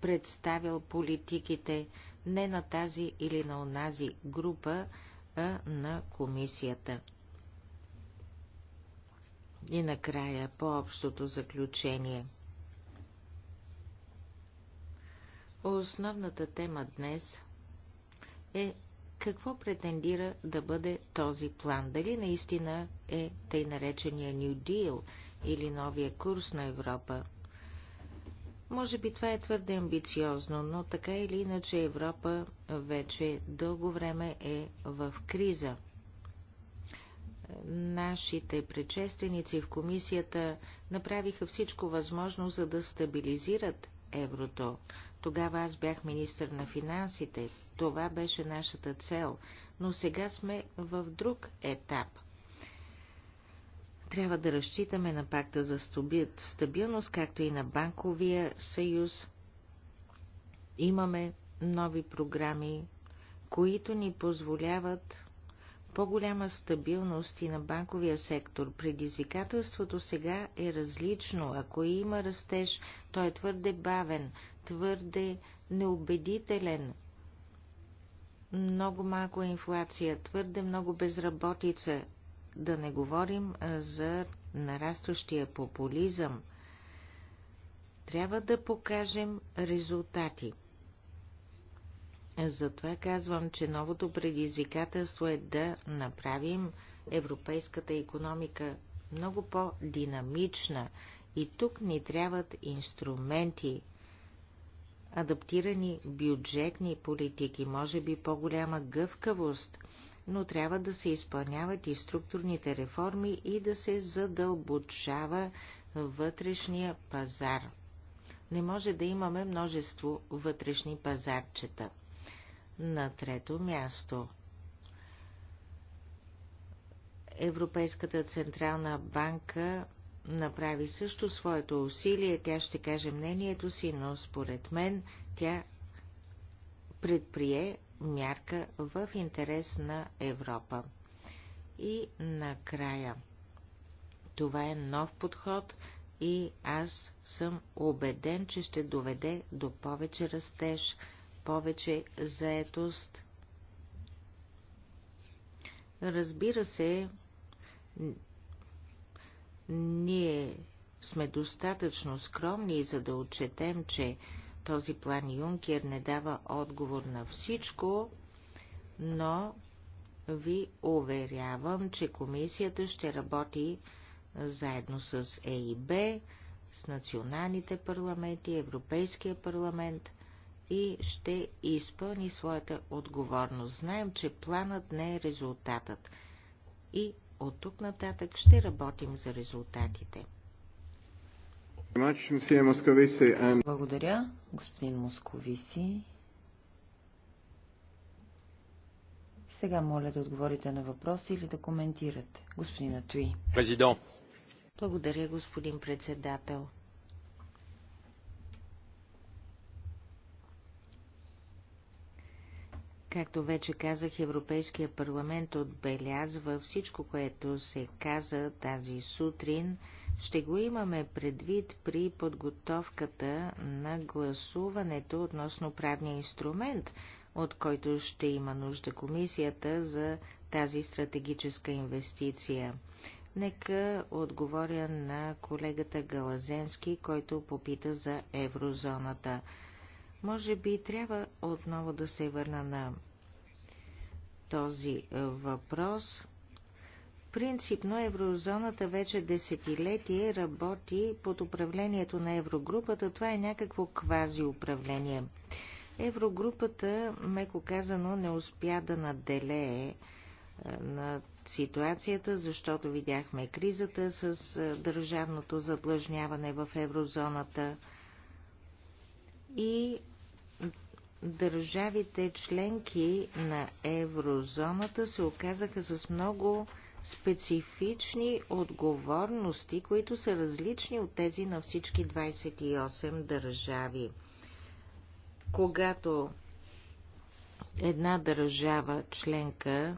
представил политиките не на тази или на онази група, а на комисията. И накрая, по-общото заключение. Основната тема днес е какво претендира да бъде този план. Дали наистина е тъй наречения New Deal или новия курс на Европа. Може би това е твърде амбициозно, но така или иначе Европа вече дълго време е в криза – Нашите предшественици в комисията направиха всичко възможно, за да стабилизират еврото. Тогава аз бях министър на финансите. Това беше нашата цел. Но сега сме в друг етап. Трябва да разчитаме на пакта за стабилност, както и на банковия съюз. Имаме нови програми, които ни позволяват по-голяма стабилност и на банковия сектор. Предизвикателството сега е различно. Ако има растеж, той е твърде бавен, твърде неубедителен. Много малко е инфлация, твърде много безработица. Да не говорим за нарастващия популизъм. Трябва да покажем резултати – затова казвам, че новото предизвикателство е да направим европейската економика много по-динамична и тук ни трябват инструменти, адаптирани бюджетни политики, може би по-голяма гъвкавост, но трябва да се изпълняват и структурните реформи и да се задълбочава вътрешния пазар. Не може да имаме множество вътрешни пазарчета. На трето място Европейската централна банка направи също своето усилие, тя ще каже мнението си, но според мен тя предприе мярка в интерес на Европа. И накрая. Това е нов подход и аз съм убеден, че ще доведе до повече растеж, повече заетост. Разбира се, ние сме достатъчно скромни, за да отчетем, че този план Юнкер не дава отговор на всичко, но ви уверявам, че комисията ще работи заедно с ЕИБ, с националните парламенти, Европейския парламент и ще изпълни своята отговорност. Знаем, че планът не е резултатът и от тук нататък ще работим за резултатите. Благодаря, господин Московиси. Сега моля да отговорите на въпроси или да коментирате. Господин Атуи. Президент. Благодаря, господин председател. Както вече казах, Европейския парламент отбелязва всичко, което се каза тази сутрин. Ще го имаме предвид при подготовката на гласуването относно правния инструмент, от който ще има нужда комисията за тази стратегическа инвестиция. Нека отговоря на колегата Галазенски, който попита за еврозоната. Може би трябва отново да се върна на този е, въпрос. Принципно еврозоната вече десетилетие работи под управлението на еврогрупата. Това е някакво квази управление. Еврогрупата, меко казано, не успя да наделее е, на ситуацията, защото видяхме кризата с е, държавното задлъжняване в еврозоната и държавите членки на еврозоната се оказаха с много специфични отговорности, които са различни от тези на всички 28 държави. Когато една държава членка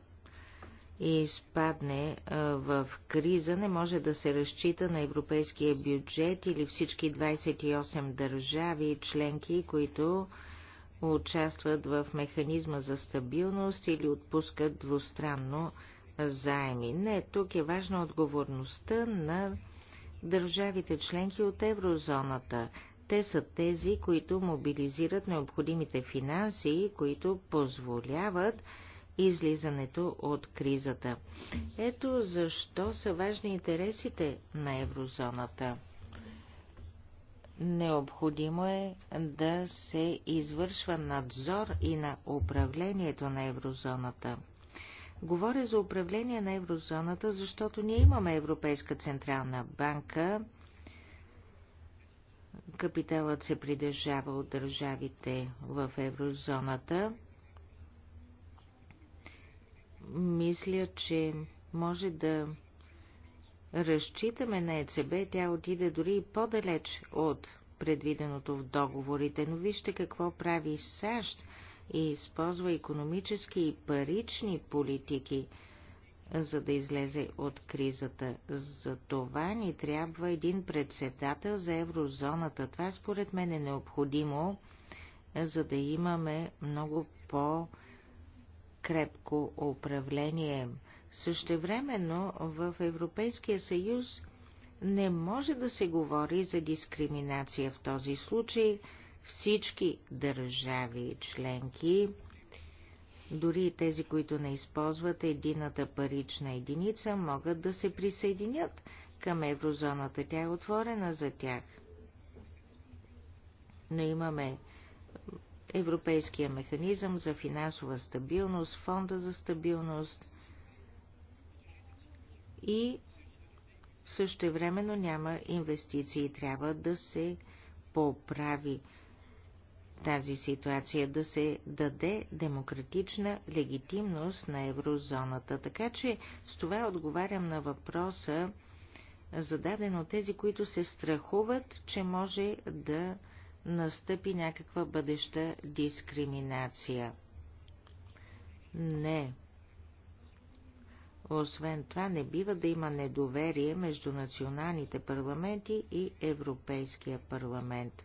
изпадне в криза, не може да се разчита на европейския бюджет или всички 28 държави членки, които участват в механизма за стабилност или отпускат двустранно заеми. Не, тук е важна отговорността на държавите членки от еврозоната. Те са тези, които мобилизират необходимите финанси, които позволяват излизането от кризата. Ето защо са важни интересите на еврозоната. Необходимо е да се извършва надзор и на управлението на еврозоната. Говоря за управление на еврозоната, защото ние имаме Европейска централна банка. Капиталът се придържава от държавите в еврозоната. Мисля, че може да разчитаме на ЕЦБ, тя отиде дори по-далеч от предвиденото в договорите, но вижте какво прави САЩ и използва економически и парични политики, за да излезе от кризата. За това ни трябва един председател за еврозоната. Това според мен е необходимо, за да имаме много по-крепко управление. Същевременно в Европейския съюз не може да се говори за дискриминация в този случай. Всички държави членки, дори тези, които не използват едината парична единица, могат да се присъединят към еврозоната. Тя е отворена за тях. Но имаме Европейския механизъм за финансова стабилност, Фонда за стабилност, и същевременно няма инвестиции. Трябва да се поправи тази ситуация, да се даде демократична легитимност на еврозоната. Така че с това отговарям на въпроса, зададен от тези, които се страхуват, че може да настъпи някаква бъдеща дискриминация. Не, освен това, не бива да има недоверие между националните парламенти и Европейския парламент.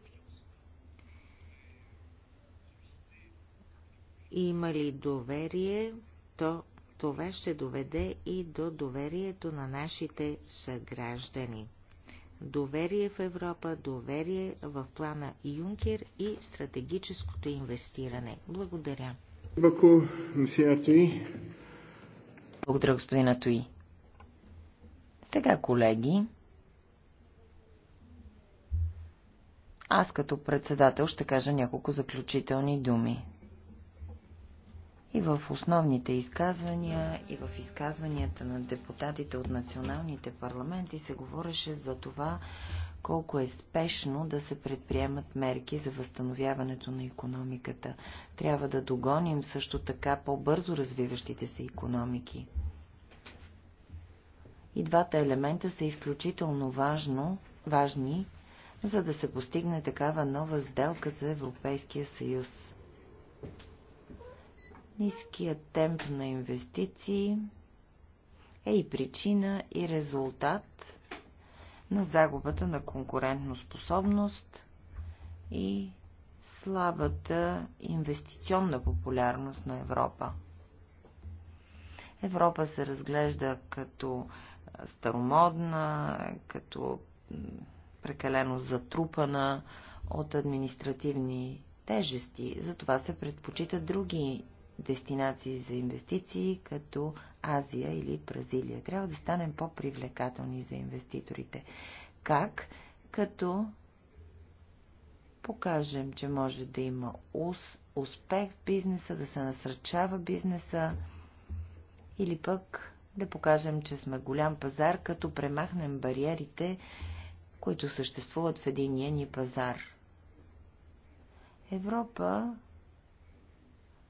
Има ли доверие, то това ще доведе и до доверието на нашите съграждани. Доверие в Европа, доверие в плана Юнкер и стратегическото инвестиране. Благодаря. Благодаря. Благодаря, господина Туи. Сега, колеги, аз като председател ще кажа няколко заключителни думи. И в основните изказвания, и в изказванията на депутатите от националните парламенти се говореше за това, колко е спешно да се предприемат мерки за възстановяването на економиката. Трябва да догоним също така по-бързо развиващите се економики. И двата елемента са изключително важно, важни, за да се постигне такава нова сделка за Европейския съюз. Ниският темп на инвестиции е и причина и резултат на загубата на конкурентноспособност и слабата инвестиционна популярност на Европа. Европа се разглежда като старомодна, като прекалено затрупана от административни тежести. Затова се предпочитат други дестинации за инвестиции, като Азия или Бразилия. Трябва да станем по-привлекателни за инвеститорите. Как? Като покажем, че може да има успех в бизнеса, да се насръчава бизнеса или пък да покажем, че сме голям пазар, като премахнем бариерите, които съществуват в единия ни пазар. Европа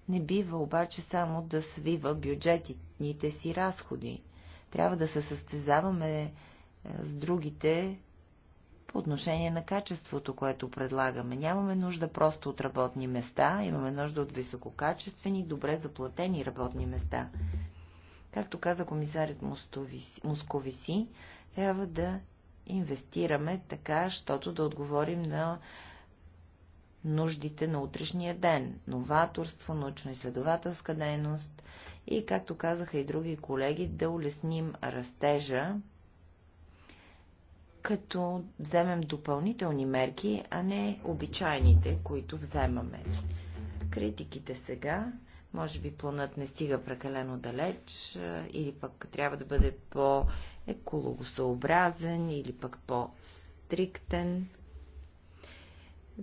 не бива обаче само да свива бюджетните си разходи. Трябва да се състезаваме е, с другите по отношение на качеството, което предлагаме. Нямаме нужда просто от работни места, имаме нужда от висококачествени, добре заплатени работни места. Както каза комисарят Московиси, трябва да инвестираме така, щото да отговорим на нуждите на утрешния ден, новаторство, научно-изследователска дейност и, както казаха и други колеги, да улесним растежа, като вземем допълнителни мерки, а не обичайните, които вземаме. Критиките сега, може би планът не стига прекалено далеч, или пък трябва да бъде по-екологосъобразен, или пък по-стриктен.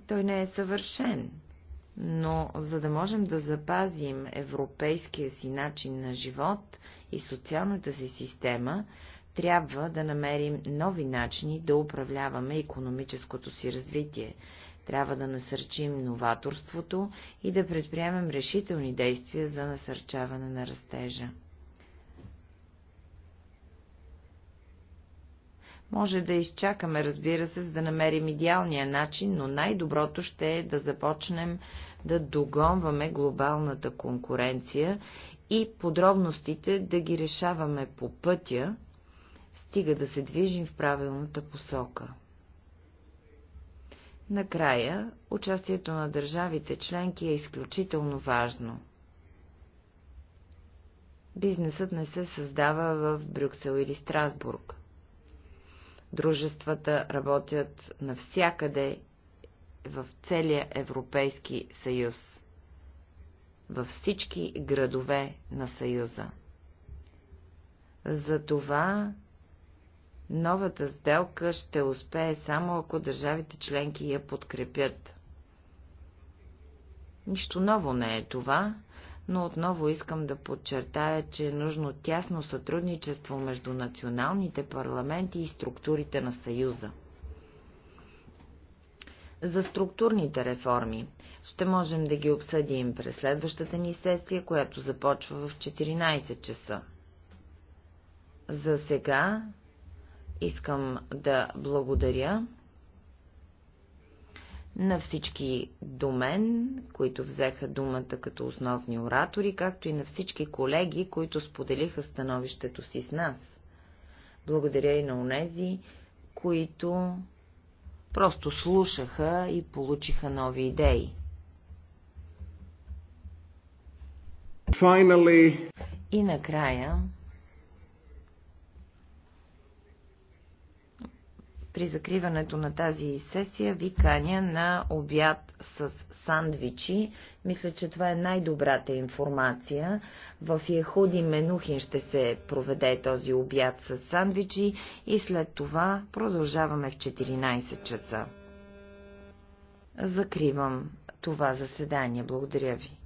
Той не е съвършен, но за да можем да запазим европейския си начин на живот и социалната си система, трябва да намерим нови начини да управляваме економическото си развитие. Трябва да насърчим новаторството и да предприемем решителни действия за насърчаване на растежа. Може да изчакаме, разбира се, за да намерим идеалния начин, но най-доброто ще е да започнем да догонваме глобалната конкуренция и подробностите да ги решаваме по пътя, стига да се движим в правилната посока. Накрая, участието на държавите членки е изключително важно. Бизнесът не се създава в Брюксел или Страсбург. Дружествата работят навсякъде в целия Европейски съюз, във всички градове на съюза. Затова новата сделка ще успее само ако държавите членки я подкрепят. Нищо ново не е това, но отново искам да подчертая, че е нужно тясно сътрудничество между националните парламенти и структурите на Съюза. За структурните реформи ще можем да ги обсъдим през следващата ни сесия, която започва в 14 часа. За сега искам да благодаря на всички до мен, които взеха думата като основни оратори, както и на всички колеги, които споделиха становището си с нас. Благодаря и на унези, които просто слушаха и получиха нови идеи. Finally... И накрая При закриването на тази сесия ви каня на обяд с сандвичи. Мисля, че това е най-добрата информация. В Яхуди Менухин ще се проведе този обяд с сандвичи и след това продължаваме в 14 часа. Закривам това заседание. Благодаря ви.